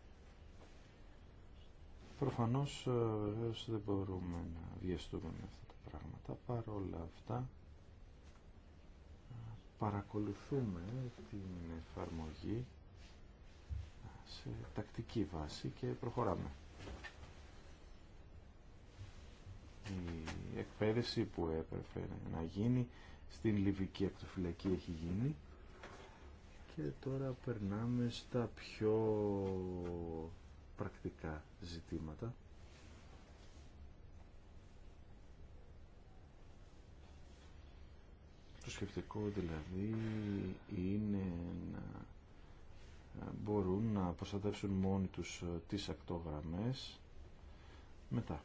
Προφανώς βεβαίως δεν μπορούμε να βιαστούμε με αυτά τα πράγματα. Παρόλα αυτά παρακολουθούμε την εφαρμογή σε τακτική βάση και προχωράμε. Η εκπαίδευση που έπρεπε να γίνει στην Λιβική Ακτοφυλακή έχει γίνει και τώρα περνάμε στα πιο πρακτικά ζητήματα Το σκεφτικό δηλαδή είναι να ε, μπορούν να προστατεύσουν μόνοι τους ε, τις ακτογραμμές μετά.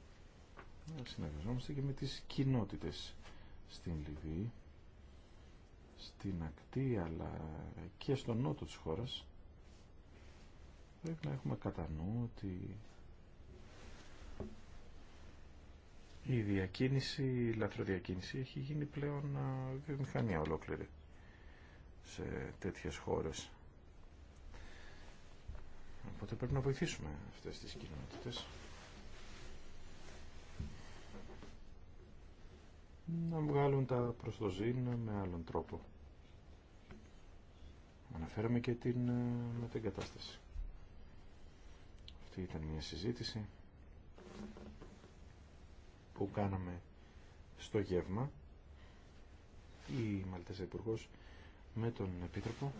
Συνεργαζόμαστε και με τις κοινότητες στην Λιβύη, στην ακτή αλλά και στον νότο της χώρας πρέπει να έχουμε κατά νου ότι η διακίνηση, η λαθροδιακίνηση έχει γίνει πλέον βιομηχανία ολόκληρη σε τέτοιες χώρες. Οπότε πρέπει να βοηθήσουμε αυτές τις κοινότητες. Να βγάλουν τα προστοζήν με άλλον τρόπο. Αναφέραμε και την μετεγκατάσταση ήταν μια συζήτηση που κάναμε στο γεύμα η Μαλτέζα υπουργό με τον Επίτροπο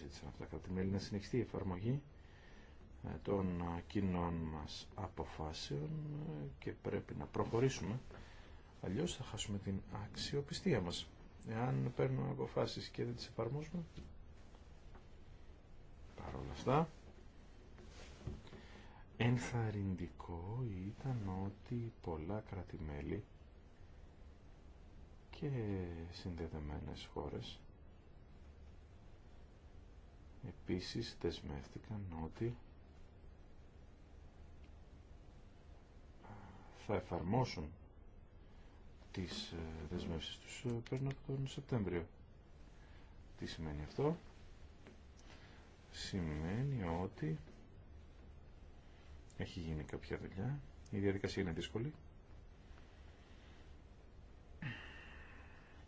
ζήτησαν αυτά τα κράτη-μέλη να συνεχιστεί η εφαρμογή ε, των ε, κοινών μας αποφάσεων ε, και πρέπει να προχωρήσουμε αλλιώς θα χάσουμε την αξιοπιστία μας εάν παίρνουμε αποφάσεις και δεν τις εφαρμόζουμε παρόλα αυτά ενθαρρυντικό ήταν ότι πολλά κρατημέλη και συνδεδεμένες χώρες επίσης δεσμεύτηκαν ότι θα εφαρμόσουν τις ε, δεσμεύσεις τους ε, πριν από τον Σεπτέμβριο. Τι σημαίνει αυτό? σημαίνει ότι έχει γίνει κάποια δουλειά. Η διαδικασία είναι δύσκολη.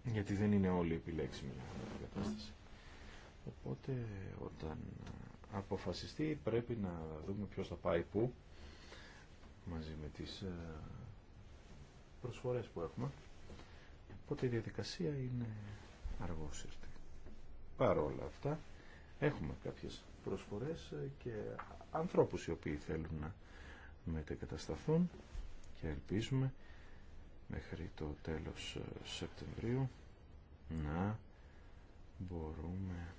Γιατί δεν είναι όλοι επιλέξιμοι για κατάσταση. Οπότε όταν αποφασιστεί πρέπει να δούμε ποιος θα πάει πού μαζί με τις ε, προσφορές που έχουμε. Οπότε η διαδικασία είναι αργόσυρτη. παρόλα αυτά Έχουμε κάποιες προσφορές ε, και ανθρώπους οι οποίοι θέλουν να μετεκατασταθούν και ελπίζουμε μέχρι το τέλος ε, Σεπτεμβρίου να μπορούμε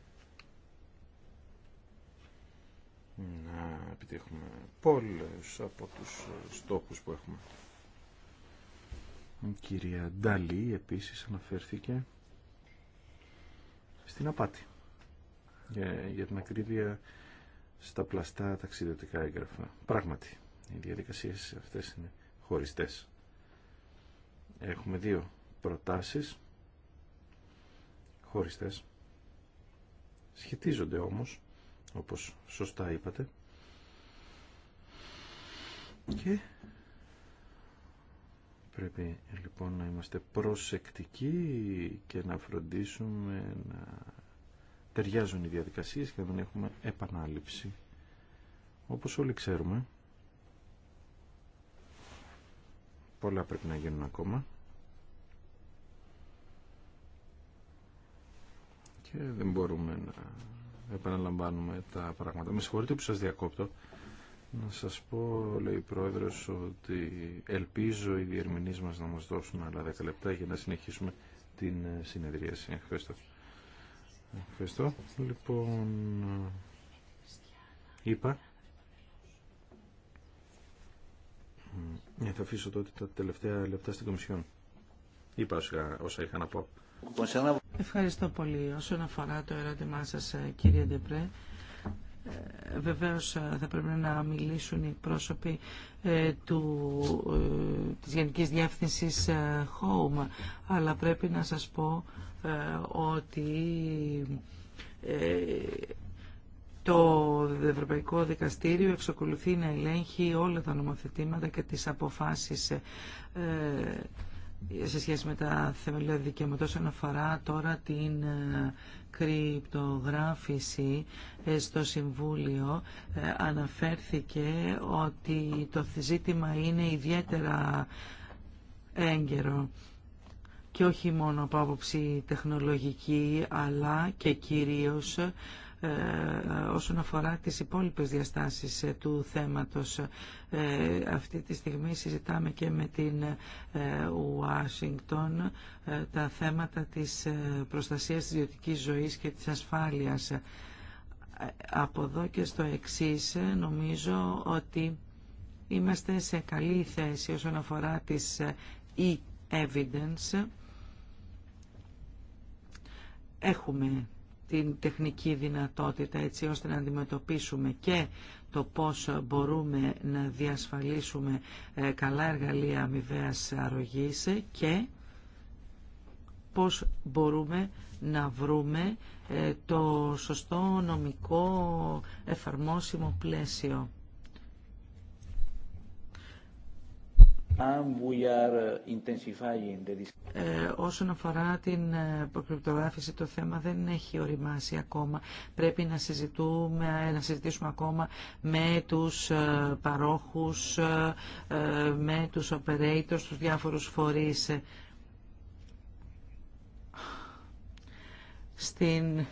να επιτύχουμε πολλούς από τους ε, στόχους που έχουμε. Η κυρία Νταλή επίσης αναφέρθηκε στην απάτη για την ακρίβεια στα πλαστά ταξιδιωτικά έγγραφα. Πράγματι, οι διαδικασίες αυτές είναι χωριστές. Έχουμε δύο προτάσεις χωριστές. Σχετίζονται όμως, όπως σωστά είπατε, και πρέπει λοιπόν να είμαστε προσεκτικοί και να φροντίσουμε να ταιριάζουν οι διαδικασίες και δεν έχουμε επανάληψη. Όπως όλοι ξέρουμε, πολλά πρέπει να γίνουν ακόμα. Και δεν μπορούμε να επαναλαμβάνουμε τα πράγματα. Με συγχωρείτε που σας διακόπτω. Να σας πω, λέει η Πρόεδρος, ότι ελπίζω οι διερμηνείς μας να μας δώσουν άλλα 10 λεπτά για να συνεχίσουμε την συνεδρίαση. Ευχαριστώ. Ευχαριστώ. Λοιπόν, είπα. Ναι, θα αφήσω τότε τα τελευταία λεπτά στην Κομισιόν. Είπα όσα είχα να πω. Ευχαριστώ πολύ. Όσον αφορά το ερώτημά σας, ε, κύριε Ντεπρέ, ε, βεβαίως ε, θα πρέπει να μιλήσουν οι πρόσωποι ε, του, της Γενικής Διεύθυνσης Home, αλλά πρέπει να σας πω ότι το Ευρωπαϊκό Δικαστήριο εξακολουθεί να ελέγχει όλα τα νομοθετήματα και τις αποφάσεις σε σχέση με τα θεμελιώδη δικαιώματα αναφορά τώρα την κρυπτογράφηση ε, στο Συμβούλιο ε, αναφέρθηκε ότι το ζήτημα είναι ιδιαίτερα έγκαιρο και όχι μόνο από άποψη τεχνολογική αλλά και κυρίως ε, όσον αφορά τις υπόλοιπες διαστάσεις ε, του θέματος. Ε, αυτή τη στιγμή συζητάμε και με την Ουάσιγκτον τα θέματα της προστασίας της ιδιωτικής ζωής και της ασφάλειας. Από εδώ και στο εξής νομίζω ότι είμαστε σε καλή θέση όσον αφορά τις e-evidence. Έχουμε την τεχνική δυνατότητα έτσι ώστε να αντιμετωπίσουμε και το πώς μπορούμε να διασφαλίσουμε ε, καλά εργαλεία αμοιβαίας αρρωγής και πώς μπορούμε να βρούμε ε, το σωστό νομικό εφαρμόσιμο πλαίσιο. Uh, ε, όσον αφορά την ε, προκρυπτογράφηση, το θέμα δεν έχει οριμάσει ακόμα. Πρέπει να, συζητούμε, να συζητήσουμε ακόμα με τους ε, παρόχους, με τους operators, τους διάφορους φορείς. Στην...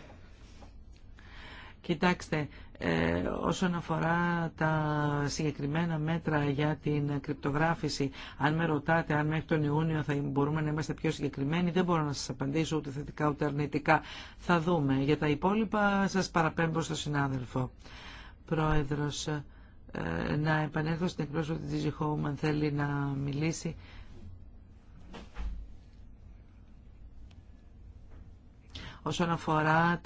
Κοιτάξτε, ε, όσον αφορά τα συγκεκριμένα μέτρα για την κρυπτογράφηση, αν με ρωτάτε αν μέχρι τον Ιούνιο θα μπορούμε να είμαστε πιο συγκεκριμένοι, δεν μπορώ να σας απαντήσω ούτε θετικά ούτε αρνητικά. Θα δούμε. Για τα υπόλοιπα σας παραπέμπω στο συνάδελφο. Πρόεδρος, ε, να επανέλθω στην εκπρόσωπο της DG Home, αν θέλει να μιλήσει. όσον αφορά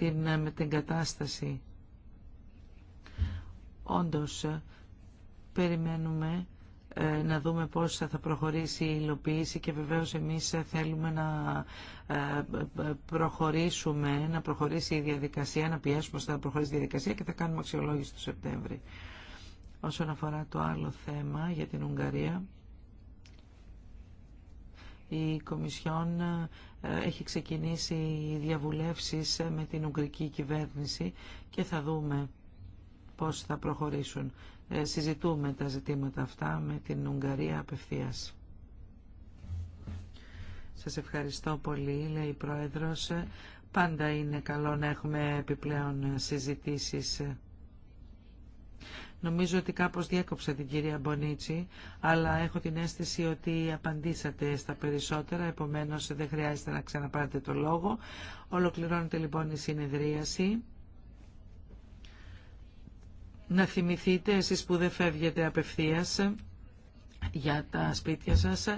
την κατάσταση. Όντως, ε, περιμένουμε ε, να δούμε πώς θα προχωρήσει η υλοποίηση και βεβαίως εμείς ε, θέλουμε να προχωρήσουμε, να προχωρήσει η διαδικασία, να πιέσουμε ώστε να προχωρήσει η διαδικασία και θα κάνουμε αξιολόγηση το Σεπτέμβρη. Όσον αφορά το άλλο θέμα για την Ουγγαρία, η Κομισιόν έχει ξεκινήσει διαβουλεύσεις με την Ουγγρική κυβέρνηση και θα δούμε πώς θα προχωρήσουν. Ε, συζητούμε τα ζητήματα αυτά με την Ουγγαρία απευθείας. Σας ευχαριστώ πολύ, λέει η Πρόεδρος. Πάντα είναι καλό να έχουμε επιπλέον συζητήσεις. Νομίζω ότι κάπως διέκοψα την κυρία Μπονίτσι, αλλά έχω την αίσθηση ότι απαντήσατε στα περισσότερα, επομένως δεν χρειάζεται να ξαναπάρετε το λόγο. Ολοκληρώνεται λοιπόν η συνεδρίαση να θυμηθείτε εσείς που δεν φεύγετε απευθείας για τα σπίτια σας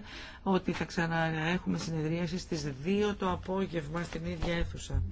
ότι θα ξαναέχουμε συνεδρίαση στις 2 το απόγευμα στην ίδια αίθουσα.